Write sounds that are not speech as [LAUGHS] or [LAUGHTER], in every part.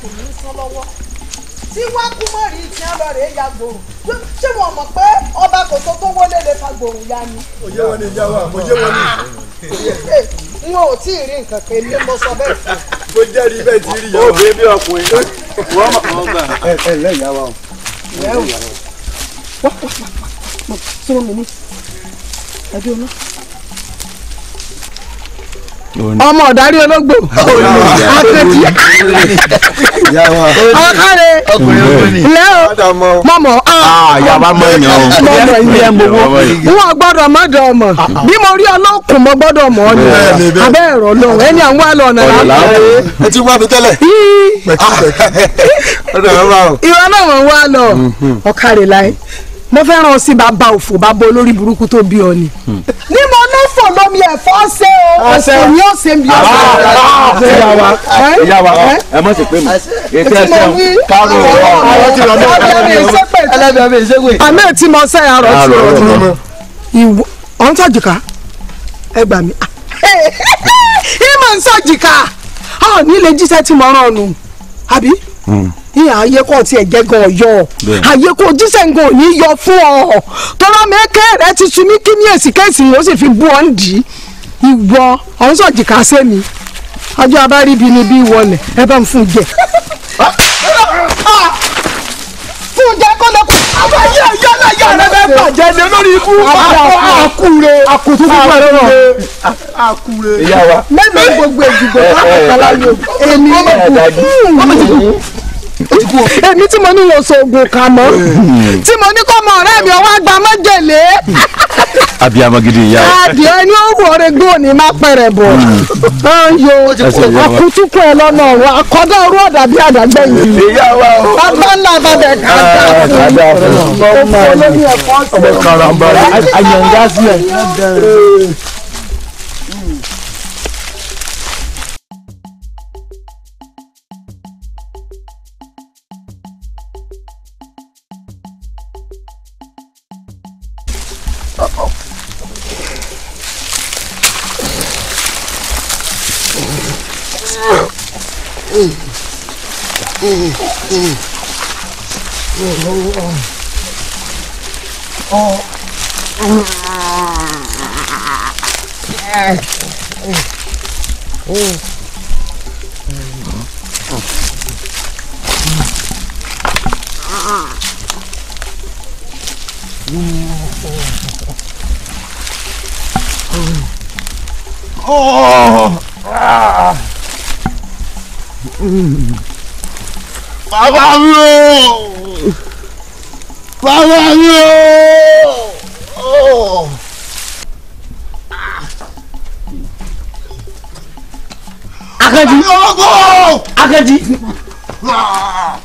kò ní í sán lọ́wọ́ tí wá kú mọ́ rí tí wọ́n lọ ya gbòòrò ṣé wọ́n mọ̀ pé ọba kò tó tó wọlé lè fa gbòòrò ya ni. òye wọn ni ìyá wa mo jẹ́ wọn ni n ò tí ì rí nǹkan kan ní mo sọ bẹ́ẹ̀ fún mo jẹ́ rí bẹ́ẹ̀ tí rí yàrá. ó bèbí ọkùnrin wọ́n mọ̀ ọ́n ẹ ẹ lẹ́yìn àwa o. ìyá o. wá wá wá mi ní. àbí olú ọmọ ọ̀darí ológbò àkàtì ọ̀kàrẹ̀ ilé o mọ̀mọ́ wọ́n gbọ́dọ̀ má dọ̀ ọmọ bí mo rí ọlọ́kùn mo gbọ́dọ̀ mọ̀ ọ́ ni abẹ́ ẹ̀rọ lọ ẹni àwọn àlọ́ ọ̀nà làálẹ̀. ẹ ti wá mi tẹ́lẹ̀. ìrọ̀lọ́wọ̀n wa lọ mm-hmm. ọ̀kàrẹ̀ láì mo fẹ́ràn sí bàbá òfò bàbá olórí burúkú tó bí ọ ni. Hmm. ní mo ní fò lómi ẹ̀fọ́ ṣe o ọ̀sẹ̀ ni ó ṣe bí ọ̀sẹ̀. ìyá wa ìyá wa ẹ ah, mọ̀ sí pé mi ètò ẹsẹ̀ kárò ọ̀rọ̀ àmì tí mo sẹ́ àrò tí mo rọ̀ mọ́ ìwọ ọ̀n sàjìká ẹ gbà mí ìmọ̀ [LAUGHS] ń sàjìká ọ̀ ní ilé jíṣẹ́ tí mo rán ọ nù àbí. Hmm ní ayé kò tiẹ̀ jẹ́ gan ọ̀yọ́ ayé kò jíṣẹ́ nǹkan ò ní yọ fún ọ tọ́lá mẹ́kẹ́ rẹ ti sun mí kí ní èsì kẹ́sì ó sì fi bú ọ́ ń dì í ìwọ ọ̀hún sọ̀jì ká sé mi ọjọ́ abáríbi ni bí wọlé ẹ bá ń fún jẹ. fún jẹ kó lè kú àwọn ayé ẹ̀yọ́ náà yà rẹ bẹ́ẹ̀ bàjẹ́ ní lórí ikú àkúre àkútú fífọ́ rẹ rọ àkúre mẹ́lẹ̀ gbogbo èjìgbò káàkiri èmi ọmọ ti kú. Eh, eh, èmi tí mo ní wọn sọ̀gùn kà mọ́ hmm. tí mo ní kọ́ ọmọ ọ̀rẹ́ mi ọwọ́ àgbà mọ́jèlé. Hmm. abiyamọ gidi ìyá o. adìẹ ni ó wọ orin gbóò ní má pẹ̀rẹ̀ bọ̀. ọyọ hmm. akutukọ ẹ lọ́nà ọ̀rọ̀ akọ́dọ̀ ọrú ọ̀dà bí àdàgbẹ́ yìí. ìyá wa o. bàbá ńlá bàbá ẹ̀ kàdá. Ah, ọmọ karamba. ayọ̀ ń dá sílẹ̀. Eh. Oh! Ah! Bàbá mi o! Bàbá mi o! Akadi! Akadi! Akadi! Ah.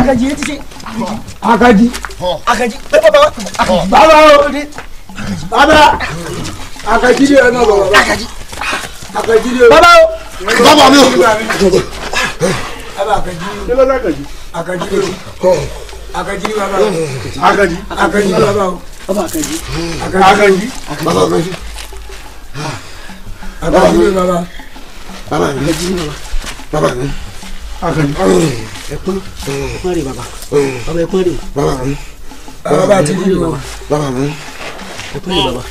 Akadi! Akadi! akaji. akaji bẹ́ẹ̀ bàbá wa. bàbá o bàbá akaji de ọ̀nà bàbá. akaji akaji de. bàbá o. bàbá mi o. bàbá de o. akaji de bàbá o. akaji. de bàbá o. bàbá akaji. akaji. bàbá akaji. akaji de bàbá. bàbá mi. de bàbá. bàbá mi. akaji ẹpọn ẹpọn rè bàbá bàbá ẹpọn rè bàbá mi bàbá ti rí bàbá bàbá mm. mi ẹpọn rè bàbá.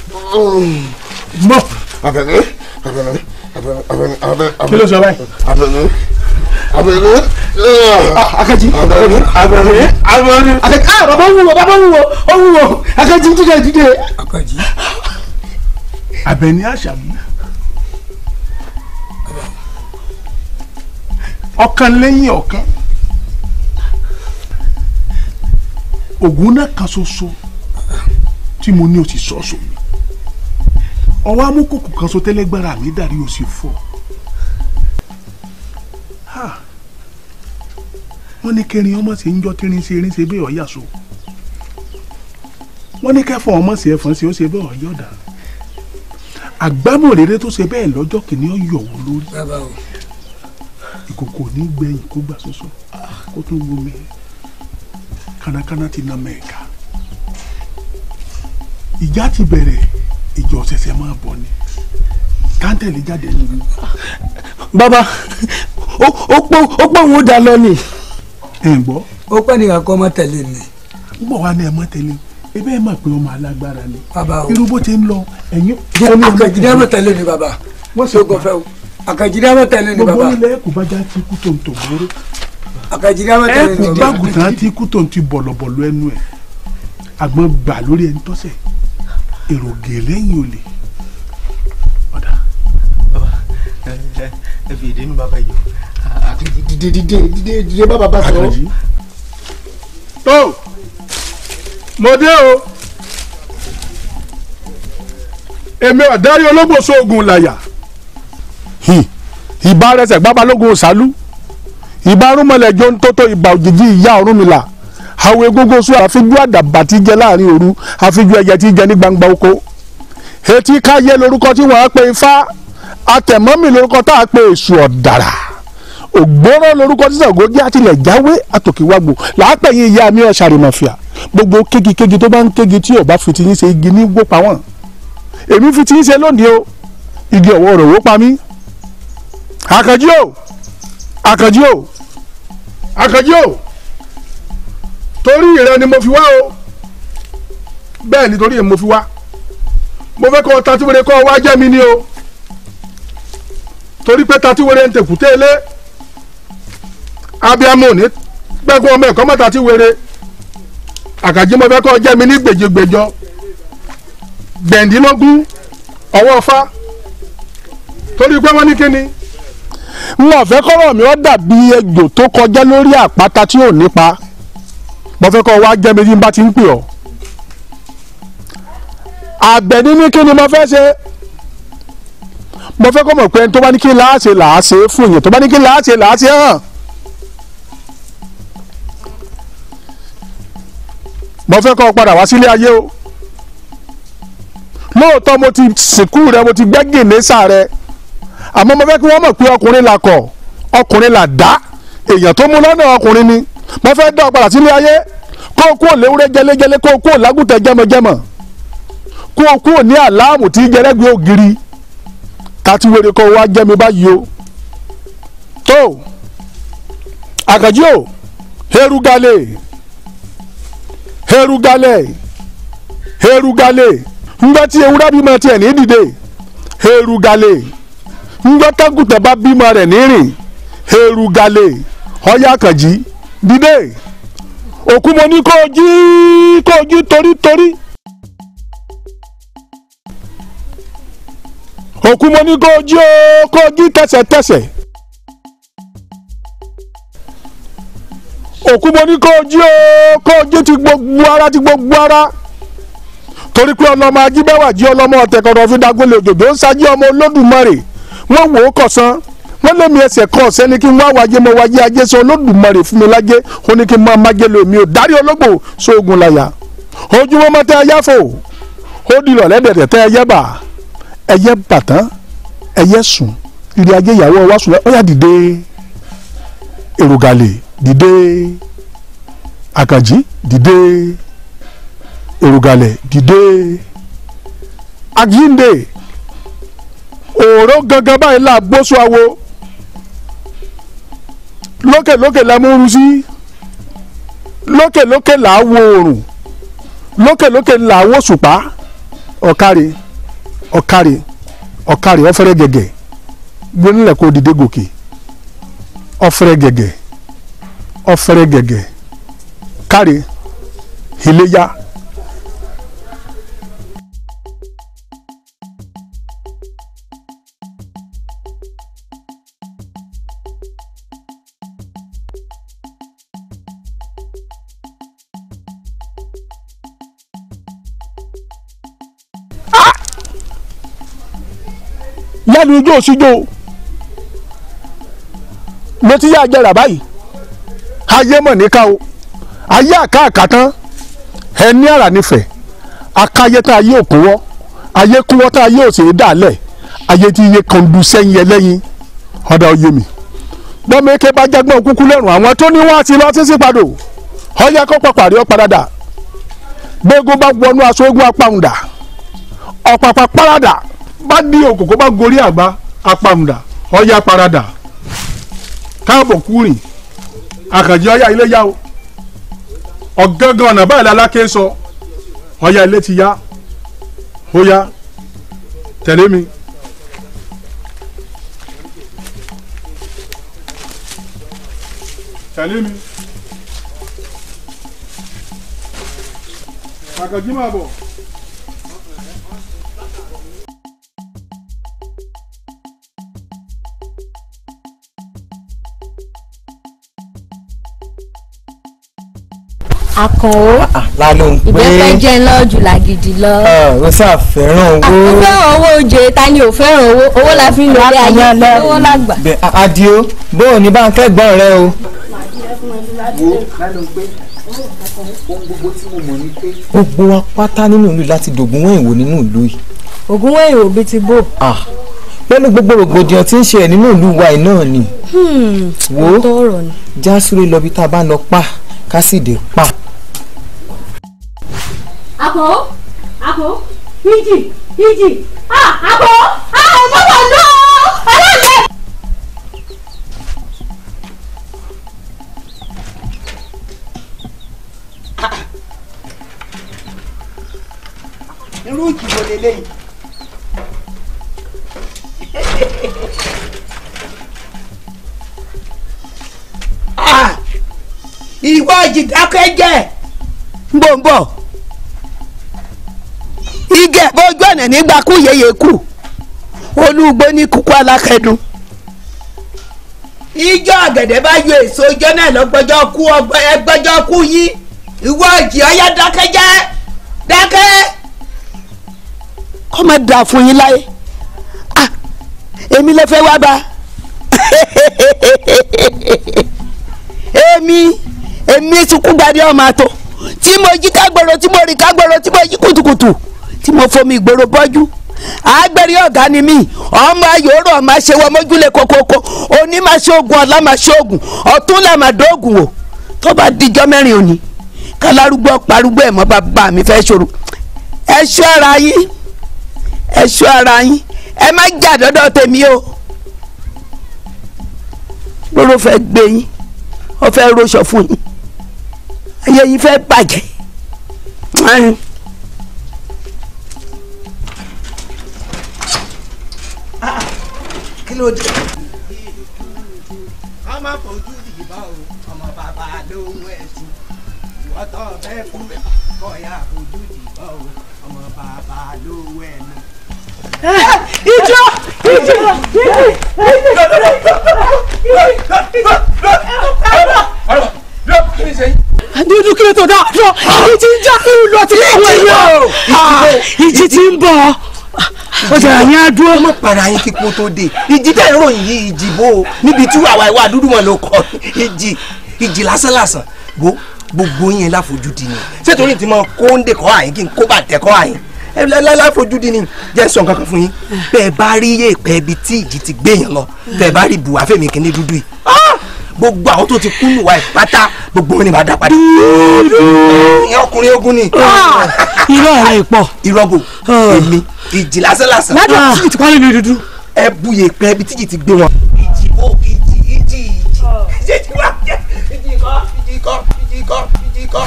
mọ abẹnú abẹnú abẹnú abẹnú abẹnú. kí ló sọ báyìí. abẹnú abẹnú. akaji abẹnú abẹnú abẹnú. akaji ah bàbá ń wúwo bàbá ń wúwo ó ń wúwo akaji ń dìde dìde. akaji abẹni àṣàmú. ọ̀kan lẹ́yìn ọ̀kan. ògùn náà kan ṣoṣo tí mo ní o sì sọ́ọ̀sọ̀ mi ọwọ́ amúkòkò kan so tẹ́lẹ́gbára mi dàrí o sì fọ́ wọ́n ní kẹrin ọmọ sí ń jọ tírin sí erin ṣe bẹ́ẹ̀ ọ̀yà so wọ́n ní kẹfọ́ ọmọ sí ẹ̀fọ́n sí ó ṣe bẹ́ẹ̀ ọ̀yà ọ̀dà àgbámọ̀réré tó ṣe bẹ́ẹ̀ lọ́jọ́ kìíní ọ̀yọ̀ wò lórí ìkòkò ní gbẹ̀yìn kó gbà sọ́sọ́ ah, kó tún gbomi ẹ̀ kánákáná ti na mẹ́ẹ̀ka ìjà ti bẹ̀rẹ̀ ìjọ ṣẹ̀ṣẹ̀ máa bọ̀ ni káńtẹ̀lì jáde nínú. bàbá ó pọ̀ òun ó da lọ ni. ẹ gbọ́. ó pẹ́ nìkan kọ́ ọmọ tẹ̀lé mi. ń bọ̀ wá ní ẹ mọ́ tẹ̀lé ebe ẹ mọ̀ pé ọmọ alágbára ni. bàbá o irú bó ti ń lọ ẹ̀yìn. àkàjìdá mọ̀ tẹ̀lé ni bàbá wọ́n ṣe kọfẹ́ o àkàjìdá mọ̀ tẹ̀lé ni bàbá. gbogbo ilẹ̀ kò bá já ti kú tòǹtò àkàjìgá mẹ́ta lè lọ. ẹ kú báàgùtàn tí kú tó ń ti bọ̀lọ̀bọ̀lọ̀ ẹnu ẹ̀ àgbọn gbà lórí ẹni tọ́sẹ̀ èrò gèlè yìí ò lè. ọ̀dà bàbá ẹ fi èdè nù bàbá yìí dìde dìde dìde dìde bàbá bá sọ. tó mo dé o èmi ọ̀dárí ológbòso ogun làyà ìbá rẹsẹ̀ gbábalógun òsálú ìbá arúmọlẹ̀ jó ń tótó ìbà òjijì ìyá Ọ̀rúnmìlà àwọn egungun sùn àfijú àdàbà tí jẹ láàrin òru àfijú ẹyẹ tí jẹ ní gbangba oko etí káyé lórúkọ tí wọ́n á pe ifá atẹ̀mọ́mì lórúkọ tá a pe èṣù ọ̀dàrà ògbóró lórúkọ tí Ṣàngó jẹ́ àtìlẹ̀ jáwé àtòkíwágbò làápẹ̀yìn ìyá mi ọ̀ṣàrìmọ̀fìà gbogbo kégikégí tó bá ń kégi tí ò bá fi ti yín ṣe igi ní wó pa wọ́n èmi fi ti yín ṣe lónìí o igi ọ̀wọ́ rẹ̀ wó pa mí àkànjí o àkànjí o àkànjí o torí rẹ ni mo fi wá o bẹ́ẹ̀ ni torí rẹ mo fi wá mo fẹ́ kọ́ tatíwere kọ́ wá jẹ́ mi ni o torí pé tatíwere ń tèkúté ilé abiamu ò ní gbẹ́gun ọmọ ẹ̀kọ́ mọ́ tatíwere àkànjí mo fẹ́ kọ́ jẹ́ mi ní gbèjègbèjọ gbẹ̀ndínlógún ọwọ́ fa torí pé wọ́n ní kíni mo fẹ́ kọ́rọ̀ mi ó dàbí ejò tó kọjá lórí àpáta tí ò nípa mo fẹ́ kọ́ wá jẹ́ mi tí n bá ti ń pè ọ́ àgbẹ̀ ní kí ni mo fẹ́ ṣe mo fẹ́ kọ́ mọ̀ pé ẹni tó bá ní kí láàṣẹ làáṣẹ fún èèyàn tó bá ní kí láàṣẹ làáṣẹ hàn mo fẹ́ kọ́ padà wá sílé ayé o lóòótọ́ mo ti sìnkú rẹ mo ti gbẹ́gìn ní sàrẹ́ àmọ́ mo fẹ́ kí wọ́n mọ̀ pé ọkùnrin là kọ̀ ọkùnrin là dá èèyàn tó mú lọ́nà ọkùnrin ni mo fẹ́ dá ọ padà sílé ayé kó o kúrò léwúrẹ́ jẹlẹ́jẹlẹ́ kó o kúrò lágùntàn jẹmọjẹmọ kó o kúrò ní àláàmù tí jẹrẹ́gbẹ́ ògiri tàti wèrè kọ́ wá jẹ́ mi báyìí o tó àkànjí o herugale herugale herugale ńgbà tí ewúrẹ́ bí mo tiẹ̀ ní dìde herugale. herugale. njọ́ tágùtàn bá bímọ rẹ̀ nírìn eru gale ọyá kànjí dídé òkú mo ní kó o jí kó o jí torítorí òkú mo ní kó o jí o kó o jí tẹ̀sẹ̀tẹ̀sẹ̀ òkú mo ní kó o jí o kó jí ti gbogbo ara ti gbogbo ara torí pé ọlọ́mọ ajíbẹ́wà jí ọlọ́mọ fi dagunlé òjòjò ń ṣáájú ọmọ olódùmarè wọ́n wò ó kọ̀sán wọ́n lé mi ẹsẹ̀ kan ọ̀sẹ́ ni kí n wá wájé mọ́ wájé ajé sọ olódùmarè fún mi lájé ó ní kí n máa májé lo mi ò dárí ológbò sóògùn làyà ojúmọ́ mọ́ tẹ́ ẹyá fò ó di ìrọ̀lẹ́ dẹ̀dẹ̀ tẹ́ ẹyẹ bà ẹyẹ bàtán ẹyẹ sùn ìrìn ajé ìyàwó wa sùn ó yá dìde èrògàlè dìde àkànjí dìde èrògàlè dìde àjíǹde òòró gangan báyìí là gbóṣù awo lókèlókè la múru sí lókèlókè loke wo òòrùn lókèlókè là wo ṣùpá ọ̀kàrè ọ̀kàrè ofere ọ̀fẹ́rẹ́ gẹ̀gẹ̀ gbónílẹ̀ kó dìde gòkè ọ̀fẹ́rẹ́ gẹ̀gẹ̀ ọ̀fẹ́rẹ́ gẹ̀gẹ̀ kárè lẹ́nu ijó síjó mo ti yá jẹrà báyìí ayé mọ̀ níka o ayé àkàkà tán ẹni àrà nífẹ̀ẹ́ akáyé tá ayé ò kúwọ́ ayé kúwọ́ tá ayé ò sì í dàlẹ̀ ayé tí iye kan du sẹ́yìn ẹlẹ́yin ọ̀dà oyè mi gbọ́mẹ́kẹ́ bá jágbọ́n kúkú lẹ́rùn àwọn tó ní wọ́n á ti lọ sí sípadò ọ̀yá kó pàpàrí ọ̀padàdà gbẹ́gun bá wọnú aṣọ egun apáhùndà ọ̀pàpà párádà bá dí òkòkò bá gorí àgbá apamùdà ọyá paradà káàbọ̀ kúrìn àkànjì ọyá ilé yá o ọ̀gángan ọ̀nà báyìí lálákè sọ ọyá ilé ti yá ó yá tẹ̀lé mi. tẹ̀lé mi. àkànjì máa bọ̀. àkànó ìbẹ́pẹ́ jẹ́ lọ́jù làgìdì lọ. ó ah, sà fẹ́ràn owó. ó ah, fẹ́ràn owó oje ta ni ò fẹ́ràn owó owó la fi ń lò dé ayé owó làgbà. adio bó o ní bá ń kẹ́gbọ́n rẹ o. wo lálọ́ gbé ohun gbogbo tí mo mọ̀ ni pé. gbogbo wa pátá nínú ìlú láti dògún wọ́n ìwò nínú ìlú yìí. ògún wọ́n ìwò bíi ti bò. Ah, pẹ̀lú gbogbo rògbòdìyàn tí ń ṣe ẹ̀ nínú ìlú wa yìí náà ni. Hmm, wo jásúre lọ bí tá a bá lọ pa ká sì dé pa àpò àpò ìjì ìjì àpò àwọn ọmọ wà lọ ọlọ́ọ̀lẹ́. irú ìjìbò lélẹ́yìn. Ah! ìwọ ìjìdákẹ́jẹ́ ń bọ̀ ń bọ̀ igẹ̀ bójú ọ̀nà nígbà kú yeye kù olúgbó ní kúkú alákẹ́dùn. ijó ọ̀gẹ̀dẹ̀ bá yọ èso ijó náà lọ́gbọ́jọ́ kú ẹgbọ́jọ́ kú yí ìwọ ìjì ọyá dákẹ́ jẹ́ dákẹ́. kọ́ máa dà fún yín láyé ah, èmi lè fẹ́ wá bá [LAUGHS] èmi èmi sunkún darí ọmọ àtọ tí mo jí kágbọ̀rọ̀ tí mo rìn kágbọ̀rọ̀ tí mo jí kùtùkùtù tí mo fomi ìgboro bọ́jú agbẹ̀rí ọ̀gá ni mí ọmọ ayòórò ọmọ aṣèwọ mọ́júlẹ̀ kokoko òní máa ṣe oògùn ọ̀la máa ṣe oògùn ọ̀tún là máa dóògùn wò tó bá dijọ́ mẹ́rin òní kálárúgbọ́ parúgbọ́ ẹ̀ mọ́ bàbá mi fẹ́ ṣòro ẹ ṣọ́ ara yín ẹ ṣọ́ ara yín ẹ má jà dọ́dọ̀ tèmi o lóró fẹ́ gbé yín ọ fẹ́ roṣọ fún yín ayé yín fẹ́ bàjẹ́. kí ló dé. ká má fojú ìbá o ọmọ bàbá lówó ẹtù ìwọ́tọ̀ bẹ́ẹ̀ kú kọ́ ya fojú ìbá o ọmọ bàbá lówó ẹnu. ìjọ ìjọ ìjọ adéodun kí ló tó dáa ìjì ń jà lọ ti fún ẹyọ ìjì ti ń bọ̀. Ah! ọjà yẹn á dúró. ọmọ para yín kíkó tó dé ìjì tẹ̀ ń ròyìn yìí ìjì bó o níbi tí àwa ìwà dúdú mọ̀ ló kọ́ ìjì ìjì lásán lásán wo gbogbo yẹn láfojúdi ni ṣètò ní ti mọ kóńdé kọ́ àyín kí n kó bàtẹ́ kọ́ àyín láfojúdi ni jẹ́ sọ nǹkan kan fún yín bẹ́ẹ̀ bá rí èèpẹ̀ ibi tí ìjì ti gbé yẹn lọ bẹ́ẹ̀ bá rí bùwá fèmí kíní dúdú yìí gbogbo àwọn tó ti kú nùwà ìpátá gbogbo wọn ni màá dá padà. ọkùnrin ogun ni. Ah, irọ́ rẹ̀ pọ̀. irọ́gbò ah. èmi ìjì lásán lásán. wọ́n á dùn tí dúdú. ẹ buyè pẹ́ ibi tíjì ti gbé wọn. ìjì ah. wo ìjì ìjì ìjì ìjì wa jẹ ìjì kọ́ ìjì kọ́ ìjì kọ́ ìjì kọ́.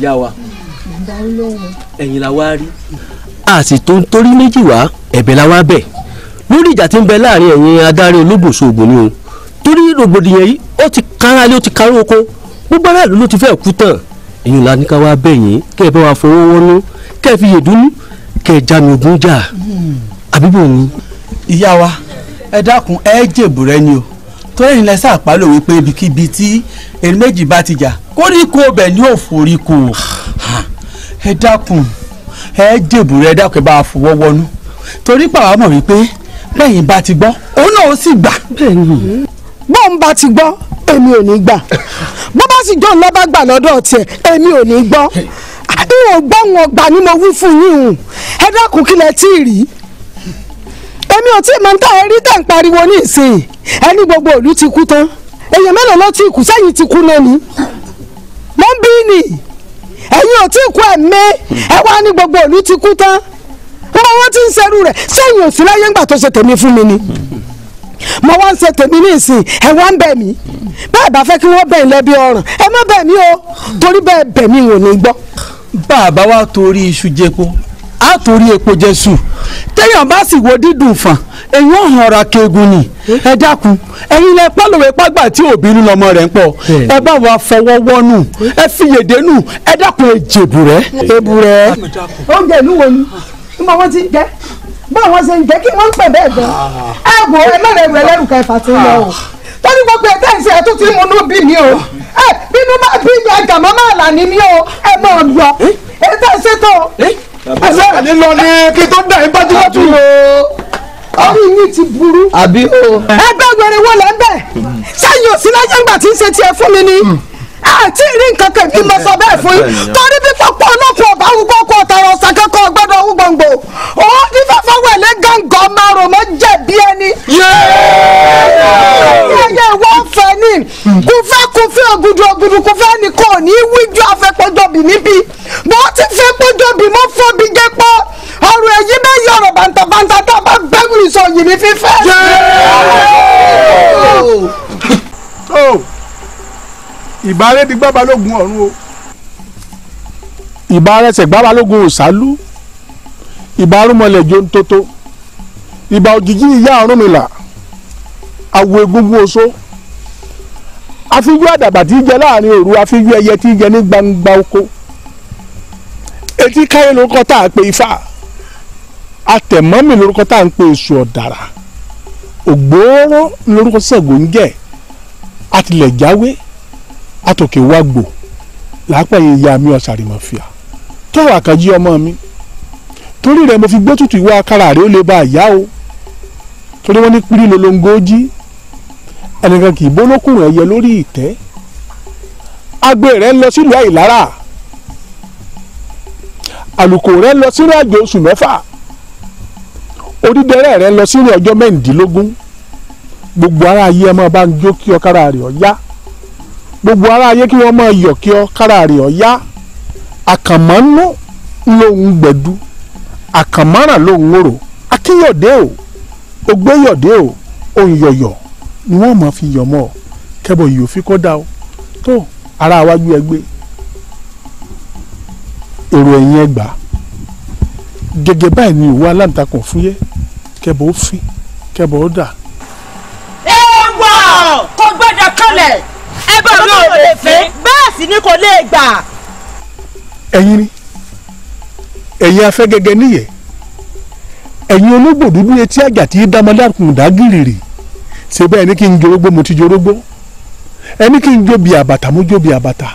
ìyá wa ẹ̀yin la wá rí a sì tó ń torí méjì wá ẹ̀bẹ̀ la wá bẹ̀ lórí ìjà tí ń bẹ láàrin ẹ̀yin adarí olóbòsò ògùn ni o torí rògbòdìyàn yìí ó ti kára lé ó ti káró oko gbogbo aráàlú ló ti fẹ́ kú tán èyí la ní ká wá bẹ̀ yín kẹ́ ẹ bá wa fọwọ́ wọnú kẹ́ ẹ fi yèdúnú kẹ́ ẹ já mi ogun jà àbíbò ni. ìyá wa ẹ dákun ẹ jèbù rẹ ni o torí ìlẹ̀ sàpálò wípé ibikíbi tí èrè méjì bá ti jà kórìkò ọbẹ̀ ni ò kò ah. ẹ dákun ẹ jèbù rẹ dákẹ́ bá a fọwọ́ wọnú torí pàwọn mọ̀ wípé bẹ́yìn bá ti gbọ́ òun náà ó sì gbà. bóun bá ti gbọ́ èmi ò ní gbà bó bá sì jọ ńlọ bá gbà lọ́dọ̀ tiẹ̀ èmi ò ní gbọ́ ìwọ̀n gbọ́ wọn gbà ni mo wí fún yín hùn ẹ dákun kí lẹ tí ì rí èmi ò tí ì máa ń tà ẹ rí tẹ̀ pariwo ní ìsìn ẹni gbogbo òlú ti kú tán èèyàn mélòó ló ti kú sẹ́yìn ti kú náà ni mo ń bí nìyí ẹ̀yin ò tí ì kú ẹ̀mí ẹ wá ní gbogbo ìlú ti kú tán wọ́n wọ́n ti ń ṣerú rẹ̀ sẹ́yìn ò láyé ńgbà tó ṣe tèmi fún mi ni mo wá ń ṣe tèmi ní ìsìn ẹ wá ń bẹ̀ mí bẹ́ẹ̀ bá fẹ́ kí wọ́n bẹ̀ ń lẹ́bi ọ̀ràn ẹ má bẹ̀ mí o torí bẹ́ẹ̀ bẹ̀ mí wò ní gbọ́. bá a bá wa torí iṣu jẹ́kó a torí epo jésù téèyàn bá sì wo dídùn fàn èyàn kegun ni ẹ dákun ẹ̀yin lẹ pàgbà tí òbínú lọmọ rẹ̀ ń pọ̀ ẹ bá wa fọwọ́ wọ́nù ẹ fi yèdè nù ẹ dákun ẹ rẹ. èbù rẹ. oúnjẹ ìlú wo ni bí mo wọ́n ti jẹ́ ṣe ń jẹ́ kí wọ́n ń pè bẹ́ẹ̀ gan. ẹ ẹ lẹ́rù kẹfà tó lọ o torí gbogbo ẹ̀ka ìṣe ẹ̀ tó ti bí mi o ẹ bínú bí máa ẹsẹ̀ ẹ̀ní lọ ni kí n tó dà yín bájúbájú. orí yín ti burú. àbí o. ẹgbẹ́ gbẹ̀rẹ̀ wọlé ń bẹ̀ mm. sẹ́yìn òsínlájẹ́ ńgbà tí ń ṣe tiẹ̀ fún mi ni. Mm àti rí nǹkan kan mo sọ bẹ́ẹ̀ fún yín torí fífọ́ pọ̀ ọlọ́pọ̀ ọba arúgbó kọ tọrọ ọ̀sán kankan ọgbọ́dọ̀ ọ̀hún gbòǹgbò òun ní fẹ́fẹ́ wẹ̀lẹ́ gángan máa rò ẹni. ẹyẹ wọ́n fẹ́ ni kúfẹ́ kúfẹ́ ògudu ògudu kúfẹ́ ni kò ní wíjú afẹ́pọ́jọ́bì níbi bó ti fẹ́ pọ́jọ́bì mọ́ fọ́bi jẹ́ pọ́ ọrùn ẹ̀yìn bẹ́ẹ̀ yọ bàǹtàbàǹtà tá a bá gbẹ́wìrì sọ ní fífẹ́ ìbáre di gbá balógun ọ̀run o. ìbáre ṣẹ̀ gbá balógun òsálú ìbá arúmọlẹ̀ jontoto ìbá òjijì ìyá ọ̀rúnmìlà àwo egungun oṣó afijú àdàbà tí í jẹ láàrin òru afijú ẹyẹ tí í jẹ ní gbangba oko etí káyé lórúkọ tá à ń pe ifá atẹ̀mọ́mì lórúkọ tá à ń pe èṣù ọ̀dàrà ògbóró lórúkọ Ṣàngó ń jẹ́ àtìlẹ̀jáwé àtòkè wá gbò lápẹ̀yẹ ìyá mi ọ̀sàrìmọ̀fìà tọrọ àkànjí ọmọ mi torí rẹ̀ mo fi gbótùtù ìwà akára rẹ̀ ó lè bá àyá o torí wọ́n ní pírí lolongo jí ẹnìkan kì í bólókùnrin ẹyẹ lórí ìtẹ́ agbe rẹ̀ lọ sílùú àìlára àlùkò rẹ̀ lọ sínú àjò oṣù mẹ́fà orídẹrẹ́ rẹ̀ lọ sínú ọjọ́ mẹ́rìndínlógún gbogbo ara ayé ẹ máa bá ń jó kí ọkàrà rẹ̀ ọ yá gbogbo ará ayé kí wọ́n mọ̀ yọ̀ kí ọ kára rẹ̀ ọ̀ yá àkànmọ́nú lòun gbẹ̀dú àkànmọ́ràn lòun òrò akínyọ̀dé o ògbéyọ̀dé o òǹyọ̀yọ̀ ni wọ́n mọ̀ fi yọ̀ mọ́ ọ kẹ́bọ̀ yìí ò fi kọ́ da o tó ara wájú ẹgbẹ́ èrò ẹ̀yìn ẹgbàá gẹ́gẹ́ báyìí ni ìwọ aláǹtakùn fúyẹ́ kẹ́bọ̀ ó fín kẹ́bọ̀ ó dà. ẹ wà kò sì ni kò lè gbà. ẹ̀yin ni ẹ̀yin afẹ́ gẹ́gẹ́ níyẹ̀ ẹ̀yin ológbò dúdú etí àjà tí dámọ́dákùn dágìrìrì ṣe bẹ́ẹ̀ ni kí n jorógbó mo ti jorógbó ẹni kí n jó bi àbàtà mo jó bi àbàtà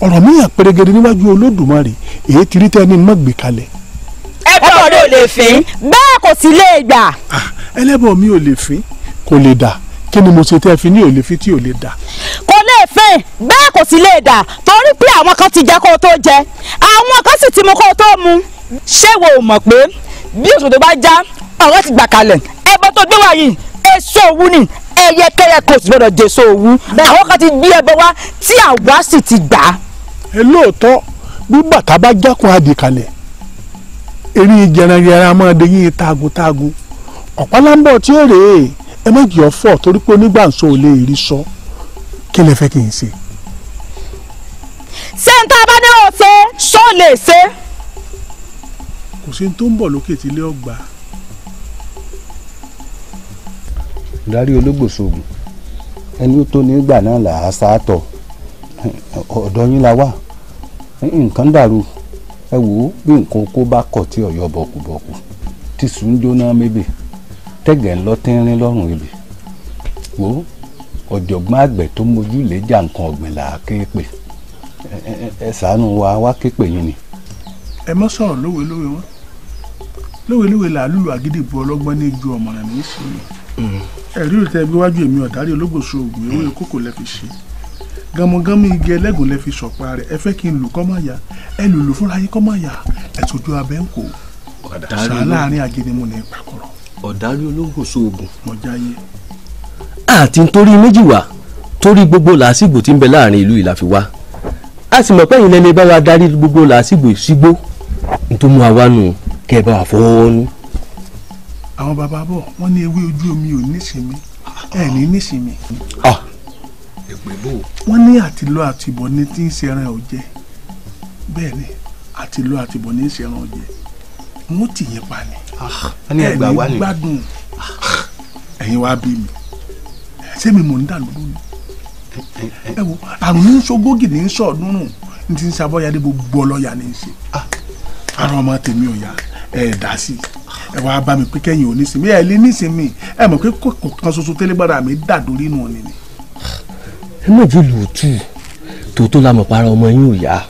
ọ̀rọ̀ mi hàn pérégede níwájú olódùmarè èyí ti rí tẹ́ni mọ́ gbé kalẹ̀. ẹbọ mi ò lè fín bẹ́ẹ̀ kò sì lè gbà. Ah, ẹlẹ́bọ mi ò lè fín kò lè dà kí ni mo ṣe tẹ́ fi ní òlè fi tí ò lè dà. kò lè fẹ́ bẹ́ẹ̀ kò sì lè dà torí pé àwọn kan ti jẹ kó o tó jẹ àwọn kan sì ti mu kó o tó mu. ṣé wo ò mọ̀ pé bí òṣòdò bá já ọ̀rọ̀ ti gbà kalẹ̀ ẹbọ tó gbé wá yìí èso òwú ni ẹyẹkẹyẹ kò sì gbọdọ̀ jèso òwú àwọn kan ti gbé ẹbọ wá tí àwa sì ti gbà á. ẹ lóòótọ́ bí bàtà bá jákun àdìkalẹ̀ eré jẹranjẹran máa dé yín taagun taagun ẹ má jẹ́ ọ̀fọ̀ torí pé onígbàǹso ò lè rí sọ kí lẹ fẹ́ kí n ṣe. ṣé n tá a bá ní wọn ṣe sọ lè ṣe. kò sí ní tó ń bọ̀ lókè tí ilé ọgbà. darí ológbòsògùn ẹni ó tó nígbà náà là á sáàtọ̀ ọ̀dọ̀ yín la wà nǹkan dàrú ẹ wò ó bí nǹkan kó bá kọ̀ tí ọ̀yọ́ bọ̀kùbọ̀kù tí sùn jóná mébè tẹ̀gẹ̀ ńlọ tínrín lọ́rùn ibì wo ọ̀jọ̀gbọ́n àgbẹ̀ tó mójú lè jà nǹkan ọ̀gbìn là á kéèpè ẹ ṣàánú wa wá kéèpè yín ni. ẹ mọ sọ̀rọ̀ lówelówe wọn lówelówe là á lùlù àgídìbò ọlọ́gbọ́n ní ju ọ̀mọ̀ràn ní í sí i ẹ̀rí ò tẹ́ bí wájú èmi ọ̀dárí ológbòso ògùn ewé mm. kókò lẹ́ fi ṣe gàmọ̀gàmọ̀ igi ẹlẹ́gùn lẹ fi sọ̀pá rẹ̀ ẹ fẹ́ kí n lù kọ́ máa yá ẹ lù lù fúnra yín kọ́ máa yá ẹ tójú abẹ́ ń kó sàá láàrin àgídìmù ní ìpàkọ́rọ̀ ọ̀dárí ológun sóògùn. mo jáyé. àti nítorí méjì wá torí gbogbo làásìgbò tí ń bẹ láàrin ìlú ìlàfi wá a sì mọ̀ pé ìyìn lẹ́ni bá wa darí gbogbo làásìgbò sígbó nítorí mu àwa nù kẹ́ ẹ bá wa fọwọ́ nú. àwọn bàbá bọ̀ wọ́n ní ewé ojú omi ò nísìmí ẹ̀ ní nísìmí. Ah! wọ́n ní àtìlọ àtìbọ̀ ní tí ń ṣẹran ò jẹ bẹ́ẹ̀ ni àtìlọ àtìbọ̀ ní ń ṣẹran ò jẹ n ó tì yín pa ni. a ah, ní ẹgbàá wá ni. ẹ̀yin gbádùn ah, ẹ̀yin wá bí mi ṣé mi mò ń dà lóru ni. Eh, eh, eh. ẹ wo àrùn ní sọgógì ní sọọdúnrún ní ti ń sabọ́yadé gbogbo ọlọ́yà ní í ṣe. Ah. àrùn ọmọ tèmi ò yá ẹ dá sí ẹ wàá bá mi pé kẹ́yìn onísìnmí ẹ lé nísìnmí ẹ mọ̀ pé kòkò kan ṣoṣo tẹ́lẹ̀gbára mi dà lórí inú ọ̀nì ni. ẹ méjì lòótù tòótọ́ la mọ̀ para ọmọ yín ò yá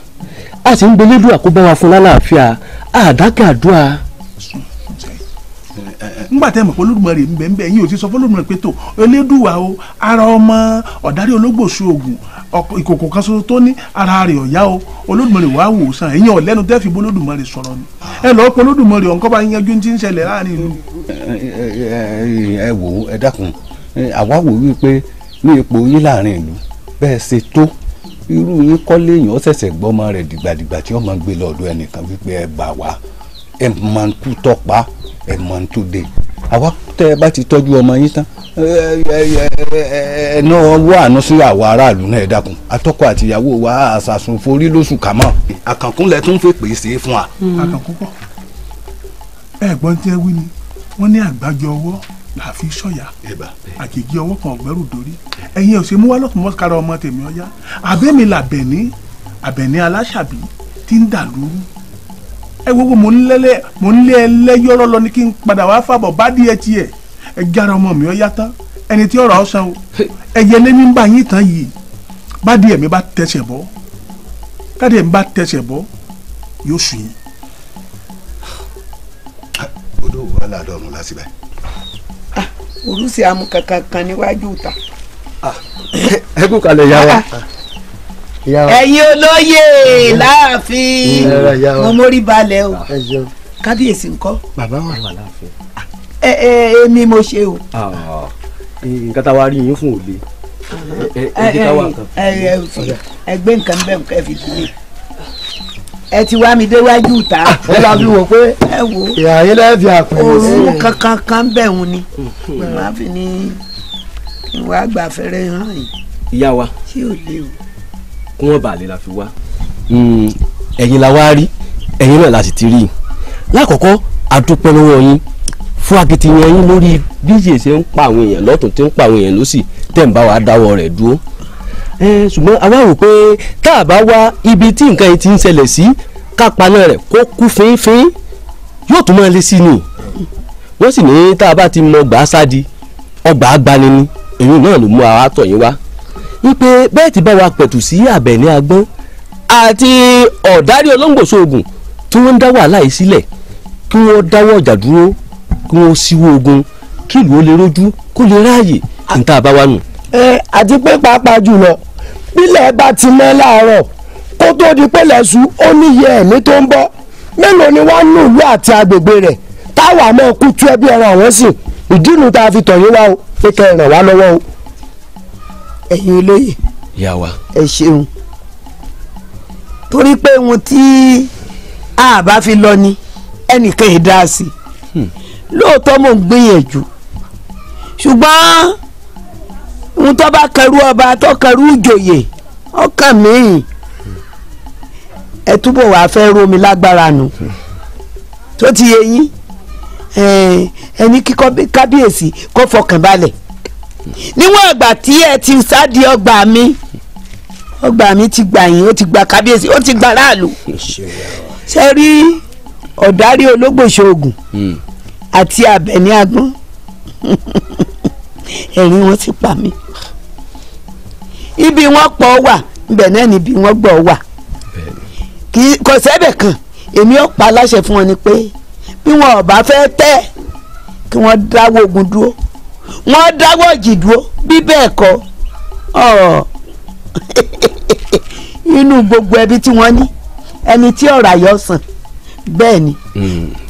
a sì ń gbé lédùn àkóbá wa fún lálàáfíà àdákẹ́ àdúrà. nígbà tẹ́ mọ̀ pé Olódùmarè ń bẹ ń bẹ yín ò ti sọ fún Olódùmarè pé tó elédùwà o ara ọmọ ọ̀dárí ológbòsù oògùn ìkòkò kan ṣoṣo tó ní ara rẹ̀ ọ̀yá o Olódùmarè wàá wò sàn èyàn ọ̀lẹ́nu tẹ́ fi bólódùmarè sọ̀rọ̀ ni ẹ lọ́ọ́ pé Olódùmarè ọ̀nkọ́ bá yanjú ti ń ṣẹlẹ̀ láàrin ìlú. ẹ wò ó ẹ dákun àwa wò wípé ní ipò yín láàrin ìlú bẹ́ẹ̀ ṣe tó irú yín kọ́lé èèyàn ṣẹ̀ṣẹ̀ gbọ́mọ rẹ̀ dìgbàdìgbà tí wọ́n máa gbé lọ́dọ̀ ẹnìkan wípé ẹ bà wá ẹ máa ń kú tọ́pa ẹ máa ń tó dé àwa tẹ́ ẹ bá ti tọ́jú ọmọ yín tán ẹ náà wọ àánú sí àwa aráàlú náà ẹ dákun atọ́kọ àtìyàwó wa àṣàṣùn forí lóṣù kàmọ́ àkànkúnlẹ̀ tún fẹ́ pèsè fún wa. àkànkúkọ ẹ gbọ́n tí ẹ wí ni wọ́n ní àgbájọ ọwọ́ là fi sọ̀yà àgègé ọwọ́ kan ọ̀gbẹ́rù dórí ẹ̀yin ò ṣe mú wá lọ́kùnrin mọ́sára ọmọ tèmi ọ̀yá àbẹ́mi làbẹ̀ní àbẹ̀ní aláṣàbí ti ń dà lóru ẹ wo wo mo ń lẹ́lẹ́ mo ń lé ẹlẹ́yọ́rọ́ lọ ní kí n padà wá fàbọ̀ bá díẹ̀ tiẹ̀ ẹ jára ọmọ mi ọ̀yá tán ẹni tí ọ̀rọ̀ ọ̀sán o ẹ̀yẹ lẹ́mí ń bá yín tán yìí bá díẹ̀ mi bá tẹsẹ̀ bọ́ káde mi bá tẹsẹ̀ bọ́ yóò sùn yín. odò wàhálà àdọ́run lásìbẹ̀ olùsí amú kankan kan níwájú ìta. ẹ kú kalẹ̀ ìyá wa. ẹ̀yin olóyè láàfin mo mórí balẹ̀ o kábíyèsí ńkọ́. bàbá wa wà láàfin. ẹ ẹ mo ṣe o. nǹkan tá a wá rí yín fún òde. ẹ ẹ ẹ ẹ gbé nǹkan bẹ́ẹ̀ nǹkan ẹ fi dùn mí ẹ ti wá mi déwájú ìta. ẹ ah, la fi wò pé ìyá yín lẹ́ẹ̀ fi àpẹẹrẹ. òórùn kankan kan bẹ̀rù ni mm-hmm. màmá fi ní ìwà àgbàfẹ́rẹ́ hàn yìí. ìyá wa tí ò lè o. kí wọ́n bàálẹ̀ la fi wá. Hmm, ẹ̀yin la wá rí ẹ̀yin náà la sì ti rí i. lákọ̀ọ́kọ́ a dúpẹ́ lọ́wọ́ yín fún akitiyan yín lórí bí yèsè ń pa àwọn èèyàn lọ́tún tí ń pa àwọn èèyàn lọ́sì tẹ̀ ń bá wa dáwọ́ rẹ̀ dúró ṣùgbọ́n a wá rò pé tá a bá wá ibi tí nǹkan yìí ti ń ṣẹlẹ̀ sí ká paná rẹ̀ kó kú fínfín yóò tún máa lé sí ni wọ́n sì ní tá a bá ti mọ gbàá sádi ọgbà agbani ni èyí náà ló mú ara tọ̀ yín wá wípé bẹ́ẹ̀ ti bá wa pẹ̀tù sí àbẹ̀ní agbọ́n àti ọ̀dárí olóńgbòso ogun tí wọ́n ń dá wàhálà yìí sílẹ̀ kí wọ́n dáwọ́ ọjà dúró kí wọ́n síwó ogun kí ìlú ó lè rójú kó lè ráàyè níta bá nù. ẹ àti pé pàápàá jùlọ bílẹ̀ bá ti mọ́ láàárọ̀ kó tó di pé lẹ́sùn ó níye ẹ̀mí tó ń bọ́ mélòó ni wọ́n nù ìlú àti agbègbè rẹ̀ táwa mọ́ kú tú ẹbí ẹran àwọn sì ìdí nu tá a fi tọ̀yìn wá o pé kẹ́ ẹ ràn wá lọ́wọ́ o. ẹ̀yin olóyè ẹ ṣeun torí pé ohun tí a bá fi lọ ni ẹnìkan ì dá sí i hmm. lóòótọ́ mò ń gbìyànjú ṣùgbọ́n ń tó bá kẹrù ọba tó kẹrù ìjòyè ọkàn mi ẹ túbọ̀ wàá fẹ́ romi lágbára nù tó ti yé yín ẹni kíkọ́ kábíyèsí kó fọkàn balẹ̀ níwọ̀n ìgbà tí ẹ ti sáàdì ọgbà mi ọgbà mi ti gbà yín ó ti gba kábíyèsí ó ti gba ráàlú ṣe rí ọ̀dárí ológbòṣe ogun àti abẹ̀ní agbọ́n [LAUGHS] ẹ̀rín wọn ti pa mí ibi wọ́n pọ̀ wà ibẹ̀ náà níbi wọ́n gbọ́ wà kò sẹ́bẹ̀ kan èmi ò pa aláṣẹ fún wọn ni pé bí wọn ò bá fẹ́ tẹ́ kí wọ́n dáwọ́ ogun dúró wọ́n dáwọ́ ìjì dúró bí bẹ́ẹ̀ kọ́ [LAUGHS] inú gbogbo ẹbí tí wọ́n ní ẹni tí ọ̀rọ̀ àyọ̀ sàn bẹ́ẹ̀ ni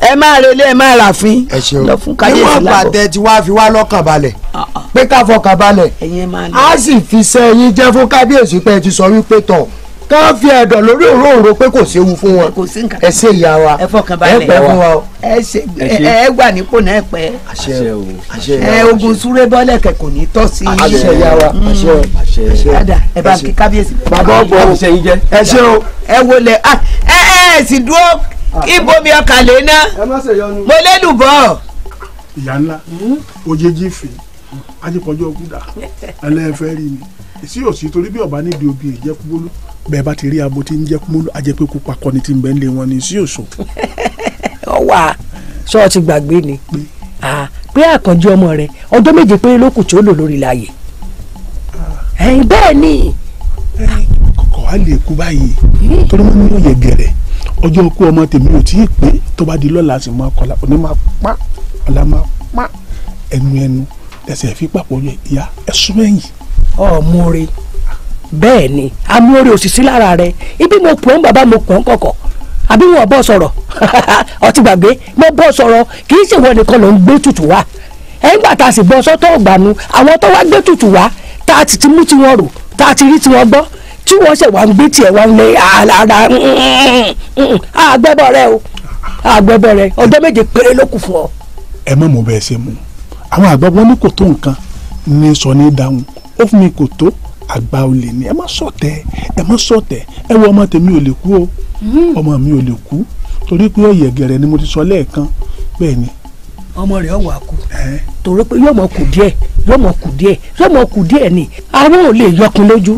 ẹ máa relé ẹ máa ràfin lọ fún káyéèsí lábọ. níwọ̀n pàtẹ tí wàá fi wá lọ́kàn balẹ̀ ah, ah. pé ká fọkàn balẹ̀ á sì fi sẹ́ yín jẹ́ fún kábíyèsí pé ẹ ti sọ wípé tọ̀ ká fi ẹ̀dọ̀ lórí òróǹro pé kò séwu fún wọn ẹ ṣe ìyá wa ẹ pẹ́ fún wa o. ẹ gbà nípò náà pẹ́ ẹ ogun súré bọ́lẹ̀ kẹ̀ kò ní tọ́ sí i. àṣẹ ìyá wa mm. àṣẹ dada ẹ bá kí kábíyèsí. bàbá ọgbọ ẹ ṣe o. ẹ wọlé ah, ẹ ẹ sì dúró kí ah. bomi ọkà lè ná mo lélùbọ. ìyá ńlá òjèjì fè ajípọ̀jọ́ kúdà ẹlẹ́fẹ́ rí mi èsì òsì torí bí ọba nídìí obì ìjẹkúmólú bẹ́ẹ̀ bá ti rí abo tí ń jẹkúmólú ajẹpẹkú pakọni tí ń bẹ ń lé wọn ní sí òsò. ọwà sọ ti gbàgbé ni pé àkànjú ọmọ rẹ ọjọ́ méje péré ló kù tí ó lò lórí láàyè ah. bẹ́ẹ̀ ni kọ̀ á lè kú báyìí torí wọn ní òye gẹ̀rẹ̀ ọjọ́ ikú ọmọ tèmi ò tí ì pé tó bá di lọ́la sì máa kọlà òní máa pa ọ̀la máa pa ẹnu ẹnu ẹsẹ̀ fi papọ̀ yẹ ìyá ẹ̀sùn ẹ̀yìn. ọmọre bẹ́ẹ̀ ni amúre òṣìṣẹ́ lára rẹ ibi mo pọ̀ ń bàbá mo pọ̀ ń kọ̀kọ̀ àbí wọn bọ́ sọ̀rọ̀ ọtí [LAUGHS] gbàgbé mo bọ́ sọ̀rọ̀ kì í ṣèwọ nìkan ló ń gbé tutù wá ẹ̀ńgbà tá a sì bọ́ sọ́tọ̀ ọ̀gbàánu àwọn tó wá gbé tutù wá tá a ti ti mú tiwọn rò tá a ti rí tiwọn gbọ́ tí wọ́n ṣe wà ń gbé tiẹ̀ wà ń lé ara àgbẹ̀bọ̀ mm, mm, mm, rẹ o àgbẹ̀bọ̀ rẹ ọjọ́ méje péré ló kù fún ọ. ẹ mọ̀ mo bẹ́ẹ̀ ṣe mu àwọn àgbàbọ̀ ní kò tó nǹkan ní sọ ní dáhùn ó fún mi kò tó àgbà olè ni ẹ má sọ̀tẹ̀ ẹ má sọ̀tẹ̀ ẹ wọ ọmọ tèmi ò lè kú o mm-hmm. ọmọ mi ò lè kú torí pé ọ̀yẹ̀ gẹ̀rẹ̀ ni mo ti sọ lẹ́ẹ̀kan bẹ́ẹ̀ ni. ọmọ rẹ̀ ọ̀wà kù torí pé yọ̀mọ̀ kù díẹ̀ yọ̀mọ̀ kù díẹ̀ yọ̀mọ̀ kù díẹ̀ ni àwọn ò lè yọkun lójú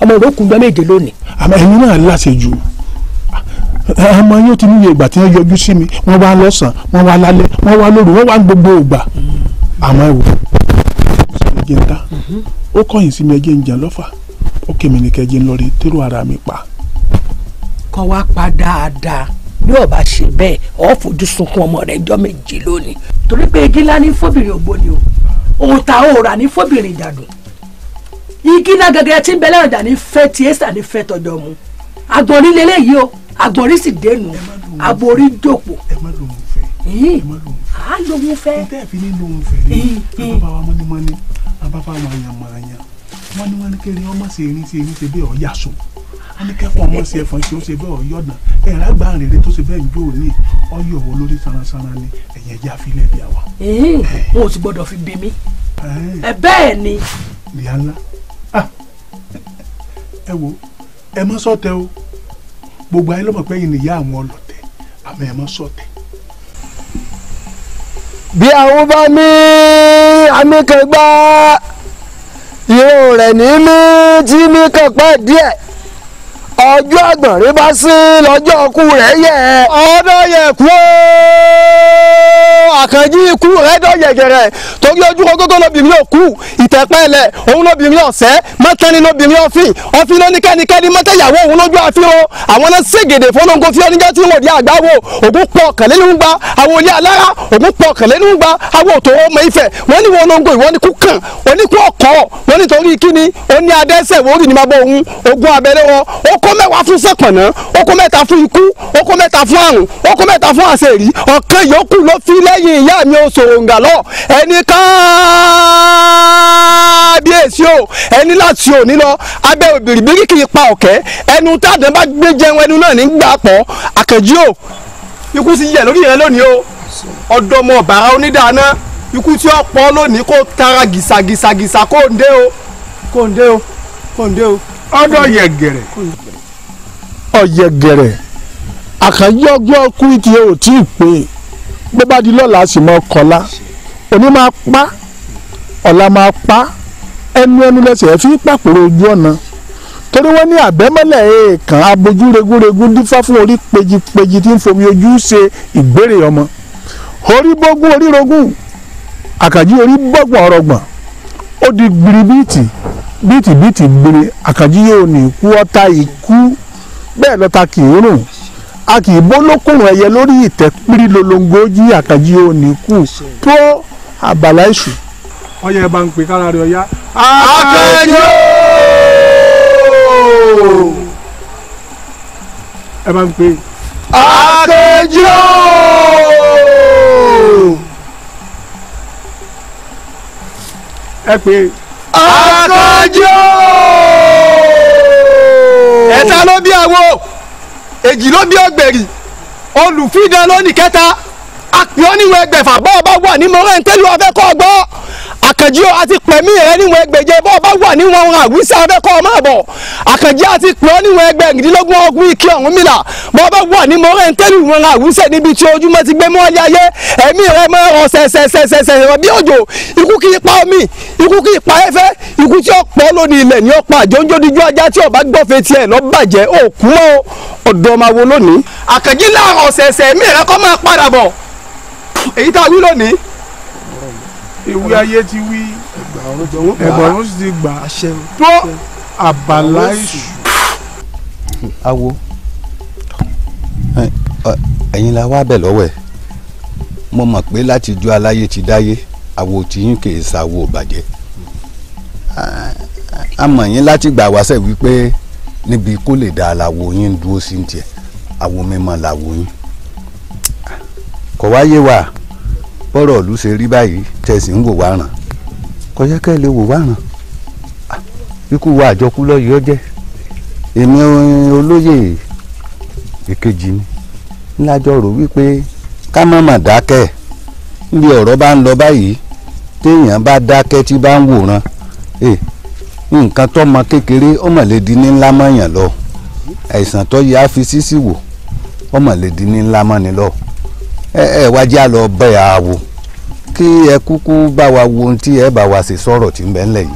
ọmọ ìrókùn gbọ́ méje lónìí. àmọ́ ẹ̀yin náà láṣejù ọmọ yóò ti níye ìgbà tí wọ́n yọjú sí mi wọ́n wá lọ́sàn wọ́n wá lálẹ́ wọ́n wá lóru wọ́n wá gbogbo ìgbà àmọ́ ẹ̀wò ẹ̀jẹ̀ ń ta ó kọ̀yìn sí mi ẹ̀jẹ̀ ń jẹun lọ́fà ó kèmí ni kẹjẹ ń lọ rí ara mi pa. kọ́ wá pa dáadáa bí o bá ṣe bẹ́ẹ̀ ọ̀ fojú sunkún ọmọ rẹ̀ jọ́ méje lónìí torí pé igi ńlá ní fóbìnrin ògbóni o òun ta òòrà ní fóbìnrin ìdàdùn igi náà gẹ́gẹ́ tí ń bẹ lẹ́yìn ọ̀dà ní fẹ́ ti ẹ́sà ní fẹ́ tọ̀dọ̀ mu agbọ̀nrín lélẹ́yìí o agbọ̀nrín sì dénú aborí jòkó. ẹ má lòun fẹ́ ẹ má lòun fẹ́ a lòun fẹ́. n fi ní lòun fẹ́ ni bàbá wa mọ́nímọ́ní bàbá wa mọ̀nyàn mọ̀nyàn kẹrin ọmọ ṣe erin ṣe erin ṣe bí ọ̀yà so anikẹ́kọ̀ọ́ ọmọ ṣe ẹ̀fọn ṣe ó ṣe bẹ́ẹ̀ ọ̀yọ́dà ẹ̀rọ agbárinrin tó ṣe bẹ́ẹ̀ ń jó ní ọyọ̀ wo lórí sanasana ni ẹ̀yẹ̀ ẹja filẹ̀ bí a wa. n ò sì gbọ́dọ̀ fi bí mi. ẹ bẹ́ẹ̀ ni. ìyá ńlá ẹ wo ẹ mọ sọ̀tẹ̀ o gbogbo ayé ló mọ̀ pé yìí nìyá àwọn ọlọ̀tẹ̀ àmọ́ ẹ mọ sọ̀tẹ̀. bí àwọn bá ní amíkẹgbá ìrò rẹ̀ ní mí tí mí kàn pẹ́ díẹ̀ ọjọ́ àgbọ̀nrín bá sí lọ́jọ́ ọkú rẹ̀ yẹ. ọ̀dọ́ yẹ kú ó àkànjí ikú rẹ̀ dọ̀ yẹ̀gẹ̀rẹ̀ torí ojú ogó tó lóbìnrin òkú ìtẹ̀pẹ́lẹ̀ òun lóbìnrin ọ̀sẹ́ mọ́tẹ́ni lóbìnrin ọ̀fìn ọ̀fìn lóní kẹ́nikẹ́ni mọ́tẹ́yàwó òun lójú àfihàn àwọn náà ségèdè fọlọ́ngọ́ tí oníjẹ́ tí wọ́n di àgbáwò ògún pọ̀ kẹ̀lẹ́nugba àwọn olé alára ògún pọ̀ kẹ̀lẹ́nugba àwọn òtò ọmọ Ifẹ̀ wọ́n ní wọlọ́ngọ́ ìwọ́n kó mẹ́wàá fún sẹ̀pọ̀nà ó kó mẹ́ta fún ikú ó kó mẹ́ta fún àrùn ó kó mẹ́ta fún àṣẹ̀rí ọ̀kan yòókù ló fi lẹ́yìn ìyá mi oṣù òǹgàlọ́ ẹni káàbíyèsí o ẹni láti òní lọ abẹ́ òbìrìbìrì kì í pa ọ̀kẹ́ ẹnu tàdán bá gbé jẹun ẹnu náà ní gbà pọ̀ àkẹ́jì o ikú sì yẹ lórí yẹn lónìí o ọ̀dọ́mọ bàrà onídàáná ikú tí ó pọ̀ lónìí kó tara gìsàgìsàgìsà kó ń dé o kó ń dé o kó ń dé o. ọ̀dọ̀ yẹgẹrẹ ọ̀yẹ̀gẹ̀rẹ̀ àkànjọ́ ọgbọ́n kúrìtì ò tí ì pé bó bá di lọ́la sì mọ kọ́lá òní máa pa ọ̀la máa pa ẹnu ẹnu lẹ́sẹ̀ ẹ̀ fi pàpòrò ojú ọ̀nà torí wọ́n ní àbẹ́mọ́lẹ̀ èèkàn abojú regúregún dífá fún orí pejipeji tí ń fomi ojú ṣe ìgbèrè ọmọ orí bógún orí rogún àkànjí orí bọ́gbọ̀n ọ̀rọ̀gbọ̀n ó di gbiri bíìtì bíìtì bíìtì gbiri àkànjí yóò ní ikú ọ̀tá ikú bẹ́ẹ̀ lọ́ta kì í rùn a kì í bólókùn ẹyẹ lórí ìtẹ́ pírí lolongo jí àkàjí òní kù tó àbàlá èṣù. ọyẹ bá ń pè kára rẹ ọyá. akẹ́jọ́ ẹ bá ń pè. akẹ́jọ́. ẹ pè. akẹ́jọ́ ẹ̀ta ló bí àwo èjì ló bí ọgbẹ̀rì olùfídàn lónìí kẹta àpè ọ́nìwẹ̀ẹ́gbẹ̀fà bọ́ọ̀ bá wà ní mọ́rẹ́ntẹ́lú ọ̀fẹ́ kọ́ ọgbọ́n àkànjí o àti pẹ̀mí rẹ níwọ̀n ẹgbẹ̀je bọ́ ọ bá wà níwọ̀n ọ̀hún àwísẹ́ abẹ́kọ́ ọmọ àbọ̀ àkànjí àti pẹ̀ ọ́ níwọ̀n ẹgbẹ̀rúndínlógún ọgbọ̀n ìkí ọ̀hún mìlà bọ́ ọ bá wà ní mọ́rẹ́ ń tẹ́lẹ̀ ìwọ̀n àwísẹ́ níbi tí ojúmọ́ ti gbé mọ́lẹ́ ayé ẹ̀mí rẹ mọ́ ọ sẹ̀sẹ̀sẹ̀sẹ̀ bí òjò ikú kì í pa omi ikú kì í pa ẹ̀fẹ́ ikú tí ó pọ̀ lónìí ilẹ̀ ni ó pa àjọńjó díjú ajá tí ọba gbọ́fẹ́ tiẹ̀ lọ bàjẹ́ òkú mọ́ ọ̀dọ́ máa wo lónìí. àkànjí láàrọ̀ ọ̀sẹ̀ẹ̀sẹ̀ mi rẹ kọ́ máa padà bọ̀ èyí tá a wí lónìí ewé ayé ti wí ẹgbọ̀rún sì ti gbà tó àbàlá èṣù. awo ẹ̀yin la wá bẹ̀ lọ́wọ́ ẹ̀ mo mọ̀ pé láti ju aláyé ti dáyé àwo tìyín kì í ṣàwo ìbàjẹ́ a mọ̀ yín láti gbà wáṣẹ̀ wípé níbi kó lè dá àlàwo yín dúró sí tiẹ̀ àwo mímọ́ làwo yín kò wáyé wa. bọ́rọ̀ ọ̀lú ṣe rí báyìí tẹ̀sí ń wò wá ràn kọjá kẹ́ ẹ lè wò wá ràn ikú wa àjọkú lọ́yìí ọjẹ́ èmi olóyè èkejì ni ńlájọ rò wípé ká má má dákẹ́ níbi ọ̀rọ̀ bá ń lọ báyìí téèyàn bá dákẹ́ tí bá ń wòran eh, nǹkan kékeré kí ẹ kúkú bá wa wo ohun tí ẹ bá wa ṣe sọ̀rọ̀ tí ń bẹ ńlẹ̀ yìí